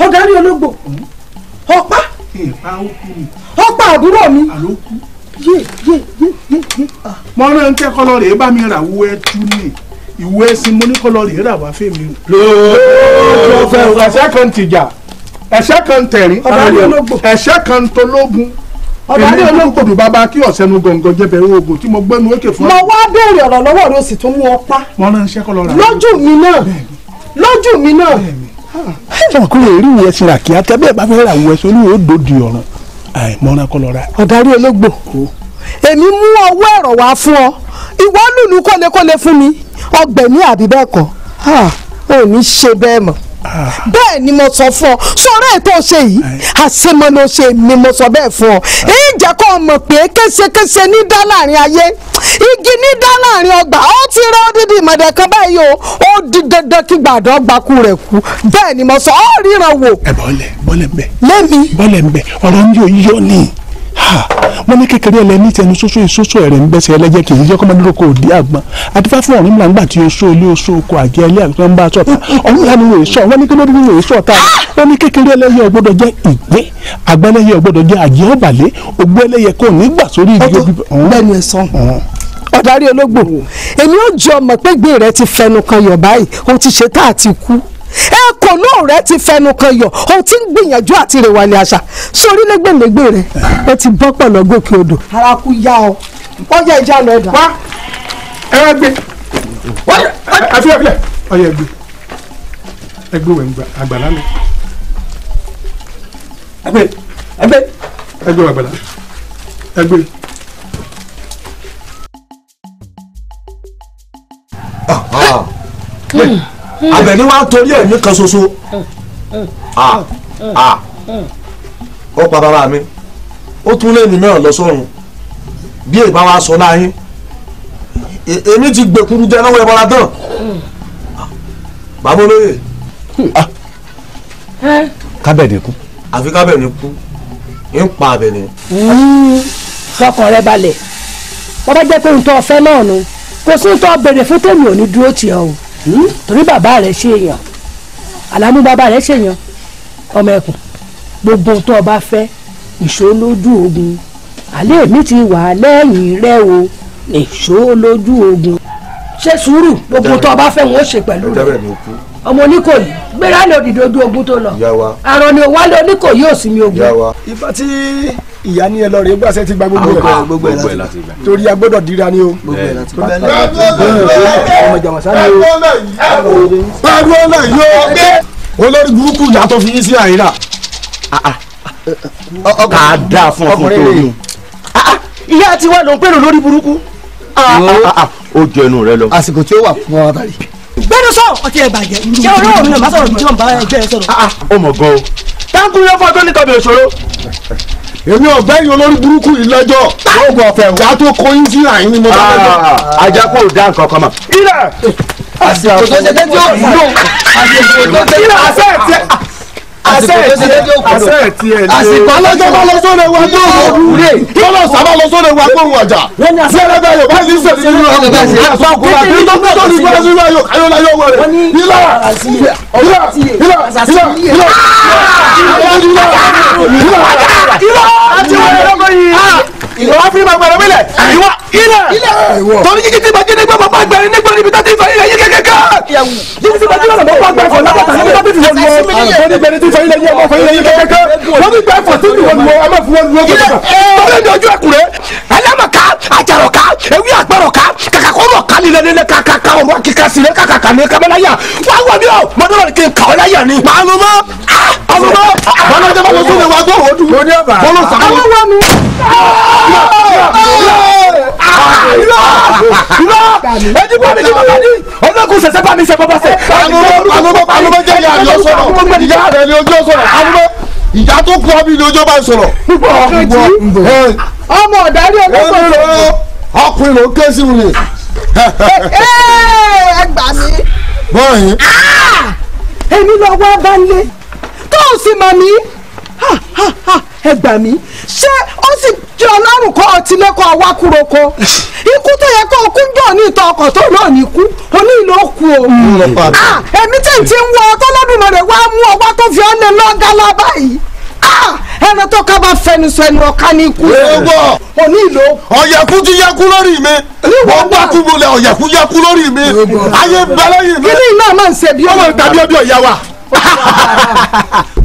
ọ̀darí ológbò hmm? ọ̀pá. ìpa ó kú mi. ọ̀pá àbúrò mi. àló kú. yé yé yé yé yé. Ah. mo rán ẹni kẹ́kọ̀ọ́ lọ rèé bá mi rà wú ẹ tú ni ìwé ẹsìn mo ní kọ́ lọ rèé rà wá fèmí. lóòótọ́ ẹ̀ṣẹ̀ kan tìjà ẹ̀ṣẹ̀ kan tẹ̀rín ẹ̀ṣẹ̀ kan tológun ọ̀dà ní olóhùn kò dùn bàbá kí ọ̀sẹ̀nu gọ̀ǹgọ̀ jẹbẹ̀ oògùn tí mo gbẹ́nu ókè fún. mo wá béèrè ọ̀rọ̀ lọ́wọ́ rẹ o sì tún mú ọ pa. mo rán iṣẹ́ kọ́ lọ rà. lójú mi náà lójú mi náà. sọ̀rọ̀ kúrò èrí ìwé ẹ̀sìn rà kíá tẹ́ bẹ́ẹ̀ bá fẹ́ ra ìwé ẹ̀sìn olúwo ó dòdì ọ̀run mo rán kọ́ lọ rà. ọ̀darí ológbò èmi mú ọwọ́ ẹ̀rọ wá fún ọ ìwọ lùlù kólekóle fún mi ọgbẹ̀ni àbí bẹ́ẹ̀ kọ́ ah, ò ní ṣe bẹ́ẹ̀ mọ́. bẹ́ẹ̀ ni mo sọ fún ọ sọ̀rọ̀ ètò ṣe yìí àṣemọ ló ṣe ni mo sọ bẹ́ẹ̀ fún ọ èyí jẹ́ mọ̀ pé késekése ní dá láàrin ayé igi ní dá láàrin ọgbà ó ti rẹ odidi ìmọ̀dẹ̀ kan báyìí o ó di dandan kí ni mo sọ ọ́ ríran wọ́n ní kékeré ẹlẹ́ni tẹnu sóso ìsóso ẹ̀rẹ̀ ń bẹ́sẹ̀ ẹlẹ́jẹ̀ kì í jẹ́ kọ́mọdé lóko òdi àgbọn àtifá fún ọ̀run làǹgbà tí o sọ ilé oṣù oko àgẹ́ ilé àgbọn bá a sọ ọ̀run lànà ìwé sọ wọ́n ní kékeré ìwé sọ ta wọ́n ní kékeré ẹlẹ́yẹ ọgbọ́dọ̀ jẹ́ ìgbé àgbẹ̀lẹ́yẹ ọgbọ́dọ̀ jẹ́ àjẹ́ ọ̀bàlẹ́ ògbó ẹlẹ́yẹ kò ní gbà sórí ìdí ọ̀darí ológbò èmi ò jọ mọ̀ pé gbé rẹ ti fẹnu kan yọ̀ báyìí o ti ṣe tá a ti ẹ̀kọ́ náà rẹ ti fẹnu kan yọ o ti ń gbìyànjú àti rè wálé àṣà sórí lẹ́gbẹ̀lẹ́gbẹ̀ rẹ o ti bọ́ pọ̀ lọ gòkè odò. ara kú yá ọ ọjà ìjà lọ dà. wá ẹ wá gbé àfi àfi ọyọ ẹgbẹ ẹgbẹ wẹ àgbàlá mi ẹgbẹ ẹgbẹ ẹgbẹ wẹ àgbàlá ẹgbẹ. Ah, Àbẹ̀ní wa torí ẹ̀mí kan ṣoṣo ó pa bàbá mi ó tún lé ní mẹ́ràn lọ sọ́run bí èèbá wa sọ láyín èmi ti gbèkúrú jẹ́ lọ́wọ́ ẹ̀bọ̀ra tán bàbá olóyè. Ah. kábẹ̀dì kú. àfi kábẹ̀dì kú ń pa àbẹ̀ní. fọkàn rẹ balẹ̀ bọ́bá jẹ́ pé ohun tó o fẹ́ náà nu kò sí ohun tó o béèrè fún tèmi ò ní dúró tì ọ́ o. Hmm? torí bàbá rẹ̀ ṣe èèyàn àlámú bàbá rẹ̀ ṣe èèyàn ọmọ ẹkùn gbogbo tó o bá fẹ́ ìṣó lójú ogun àlẹ́ mi ti wà lẹ́yìn rẹ o ìṣó lójú ogun ṣe sùúrù gbogbo tó o bá fẹ́ wọn ó ṣe pẹ̀lú rẹ ọmọ oníkòyí gbéra ní òdìdí ogun tó lọ àrọ̀ ni òwálé oníkòyí ò mi ogun. ìfà tí ìyá ní ẹ lọ rèé gbàṣẹ ti gba gbogbo ẹ torí a gbọ́dọ̀ dira ni o. pàgọ́ náà yóò gbé olórí burúkú yàtọ̀ fi yín sí àyíra. ká dáa fún ọkùnrin tó yún. ìyá tiwa ló ń pèrò lórí burúkú. Ah, ah, ah, ó jẹ inú rẹ lọ. àsìkò tí ó wà fún ọ tàbí. gbẹ́nu sọ ọtí ẹ̀ bàjẹ́ ṣé olóòrùn mi náà má sọ̀rọ̀ mi tí wọ́n bá ẹgbẹ́ ẹ sọ̀rọ̀. ó mọ̀ gan o. táǹkù yóò fọ́ tó ní tọ́bi òṣòro èmi ọ̀gbẹ́ yìí olórí burúkú yìí lẹ́jọ́ lóògùn ọ̀fẹ́ wọn. kátó kóyún sí àyín ni mo bá lẹ́jọ́. Ah, ajá kò dá nǹkan kan mọ̀. ilẹ̀ àti àkókò tó ṣe dé tí ó wúlò àti àkókò tó ṣe dé tí ó wúlò àṣẹ tiẹ̀ àsìkò alájọ bá lọ sóde wa tó òru rè tọ́lọ̀ sábà lọ sóde wa tó ọjà tí ẹ̀rọ bá yóò bá ní sèdí nínú ọkọ̀ àṣọ àkùrà tí tó tó ní bá nínú ayò ayò láyò wọ̀ rẹ̀ ilá ilá ilá ilá ilá ilá ilá ilá ìwọ wá fún ìgbàgbọ́ rẹ wílẹ̀ ìwọ ilẹ̀ torí jíjí tí bàjẹ́ nígbà bàbá gbẹ̀rin nígbà níbi tó ti fẹ́ ilẹ̀ yí kẹ́kẹ́kẹ́ jíjí tí bàjẹ́ nígbà bàbá gbẹ̀rin fún lápàtà níbi tó ti fẹ́ lu ọ torí gbẹ̀rin tí fẹ́ ilẹ̀ yí ọmọ fẹ́ ilẹ̀ yí kẹ́kẹ́kẹ́ wọ́n ti gbẹ̀ fọ̀ tí ìwọ lu ọ ọmọ fún ọ lu ọ gbẹ̀dọ̀gbà torí ní ojú ẹ̀kúrẹ́ alámọ̀ká àjàrọ̀ká ewì àgbọ̀rọ̀ká kàkàkọ́mọ̀ kálílẹ̀lẹ̀ kàkàkà ọ̀rọ̀ kíkà sílẹ̀ kàkàkà ní kábẹ́láyà wà wà ní ọ mọdọ́rọ̀ kí n kà ọ́ láyà ni. màá mọ mọ ah, ọmọ mọ bọ́lá ọjọ́ bá wọ́n tún lè wá gbọ́ wọ́n dùn. mo ní ọ̀bà àwọn wà mí ẹni bọ́ tó kú ọbí ni ojú ọba sọ̀rọ̀. ọmọ ọ̀darí ọlọ́kùnrin. ọkùnrin ló ń ké sí wuli. ẹ gbà mí. èmi lọ wá bá lé tó o sì mọ̀ mí ẹ gbà ṣé ó sì lọ́rùn kọ́ ọtí lẹ́kọ̀ọ́ awákúroko ikú tó yẹ kó kú jọ ní ìtọ́ ọkọ̀ tó náà ní kú oní ìlú kú o. ẹ̀mí mm. mm. ah, ah, tí n ti ń wọ ọtọ́ lọ́dún rẹ̀ wá mú ọwá tó fi ọ́nẹ́ lọ́gàlá báyìí ah, ẹni tó kaba fẹnusọ ẹni ọ̀ka ní ikú. oní ìlú. ọ̀yẹ̀kú ti yẹkú lórí mi. wọ́n gbà kú bolẹ̀ ọ̀yẹ̀kú yẹkú lórí mi. ayé bẹ̀rẹ̀ yìí kí [LAUGHS]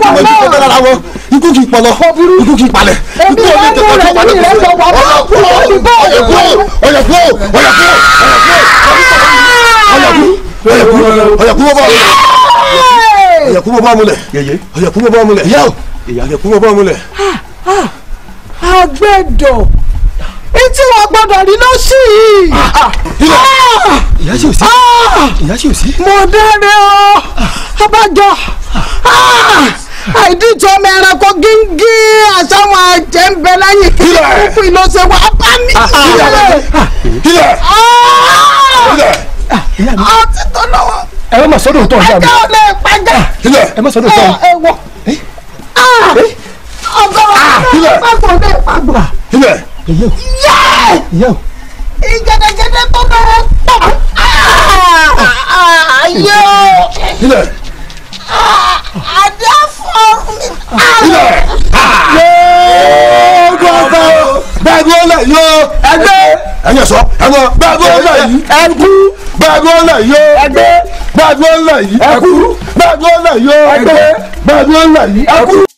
ọjọ́ tó dára wọ ikú kì í pọlọ ikú kì í palẹ̀ ikú olè tètè tó palẹ̀ kò sí ọyọ kú ọyọ kú ọyọ kú ọyọ kú ọyọ kú ọyọ kú ọyọ kú bọ́ bọ́ múlẹ̀ ọyọ kú bọ́ bọ́ múlẹ̀ yẹ o ọyọ kú bọ́ bọ́ múlẹ̀. àgbẹ̀dọ̀ etí wọn gbọ́dọ̀ rí lọsí yìí. ìyá sì ò sí. ìyá sì ò sí. mo dáre o abájọ àìdíje ọmọ ẹranko gíngí àṣàwọn àjẹ ń bẹ lẹ́yìn kí fún ìlọsẹ wa bá mi. Ah, ah, ah, ọtí tó lọ́wọ́. ẹ má sọdọ̀ tó ń dà mí. ẹjọ́ lè pàjá. ẹ má sọdọ̀ tó ń. ẹ wọ. ọgọ́rùn-ún ló ń bá kò lè pàgbà. yẹ́ẹ̀ ìgẹ̀dẹ̀gẹ̀dẹ̀ tó bẹ̀rẹ̀ pọ̀. ayé o àdé fọ́ọ̀rù mi. yóò gbọ́dọ̀ bẹ́ẹ̀ni ó lẹ̀ yóò ẹgbẹ́ ẹ̀yẹ sọ ẹ̀wọ̀ bẹ́ẹ̀ni ó lẹ̀ yìí ẹ̀kú bẹ́ẹ̀ni ó lẹ̀ yóò ẹgbẹ́ bẹ́ẹ̀ni ó lẹ̀ yìí ẹ̀kú bẹ́ẹ̀ni ó lẹ̀ yóò ẹgbẹ́ bẹ́ẹ̀ni ó lẹ̀ yìí ẹ̀kú.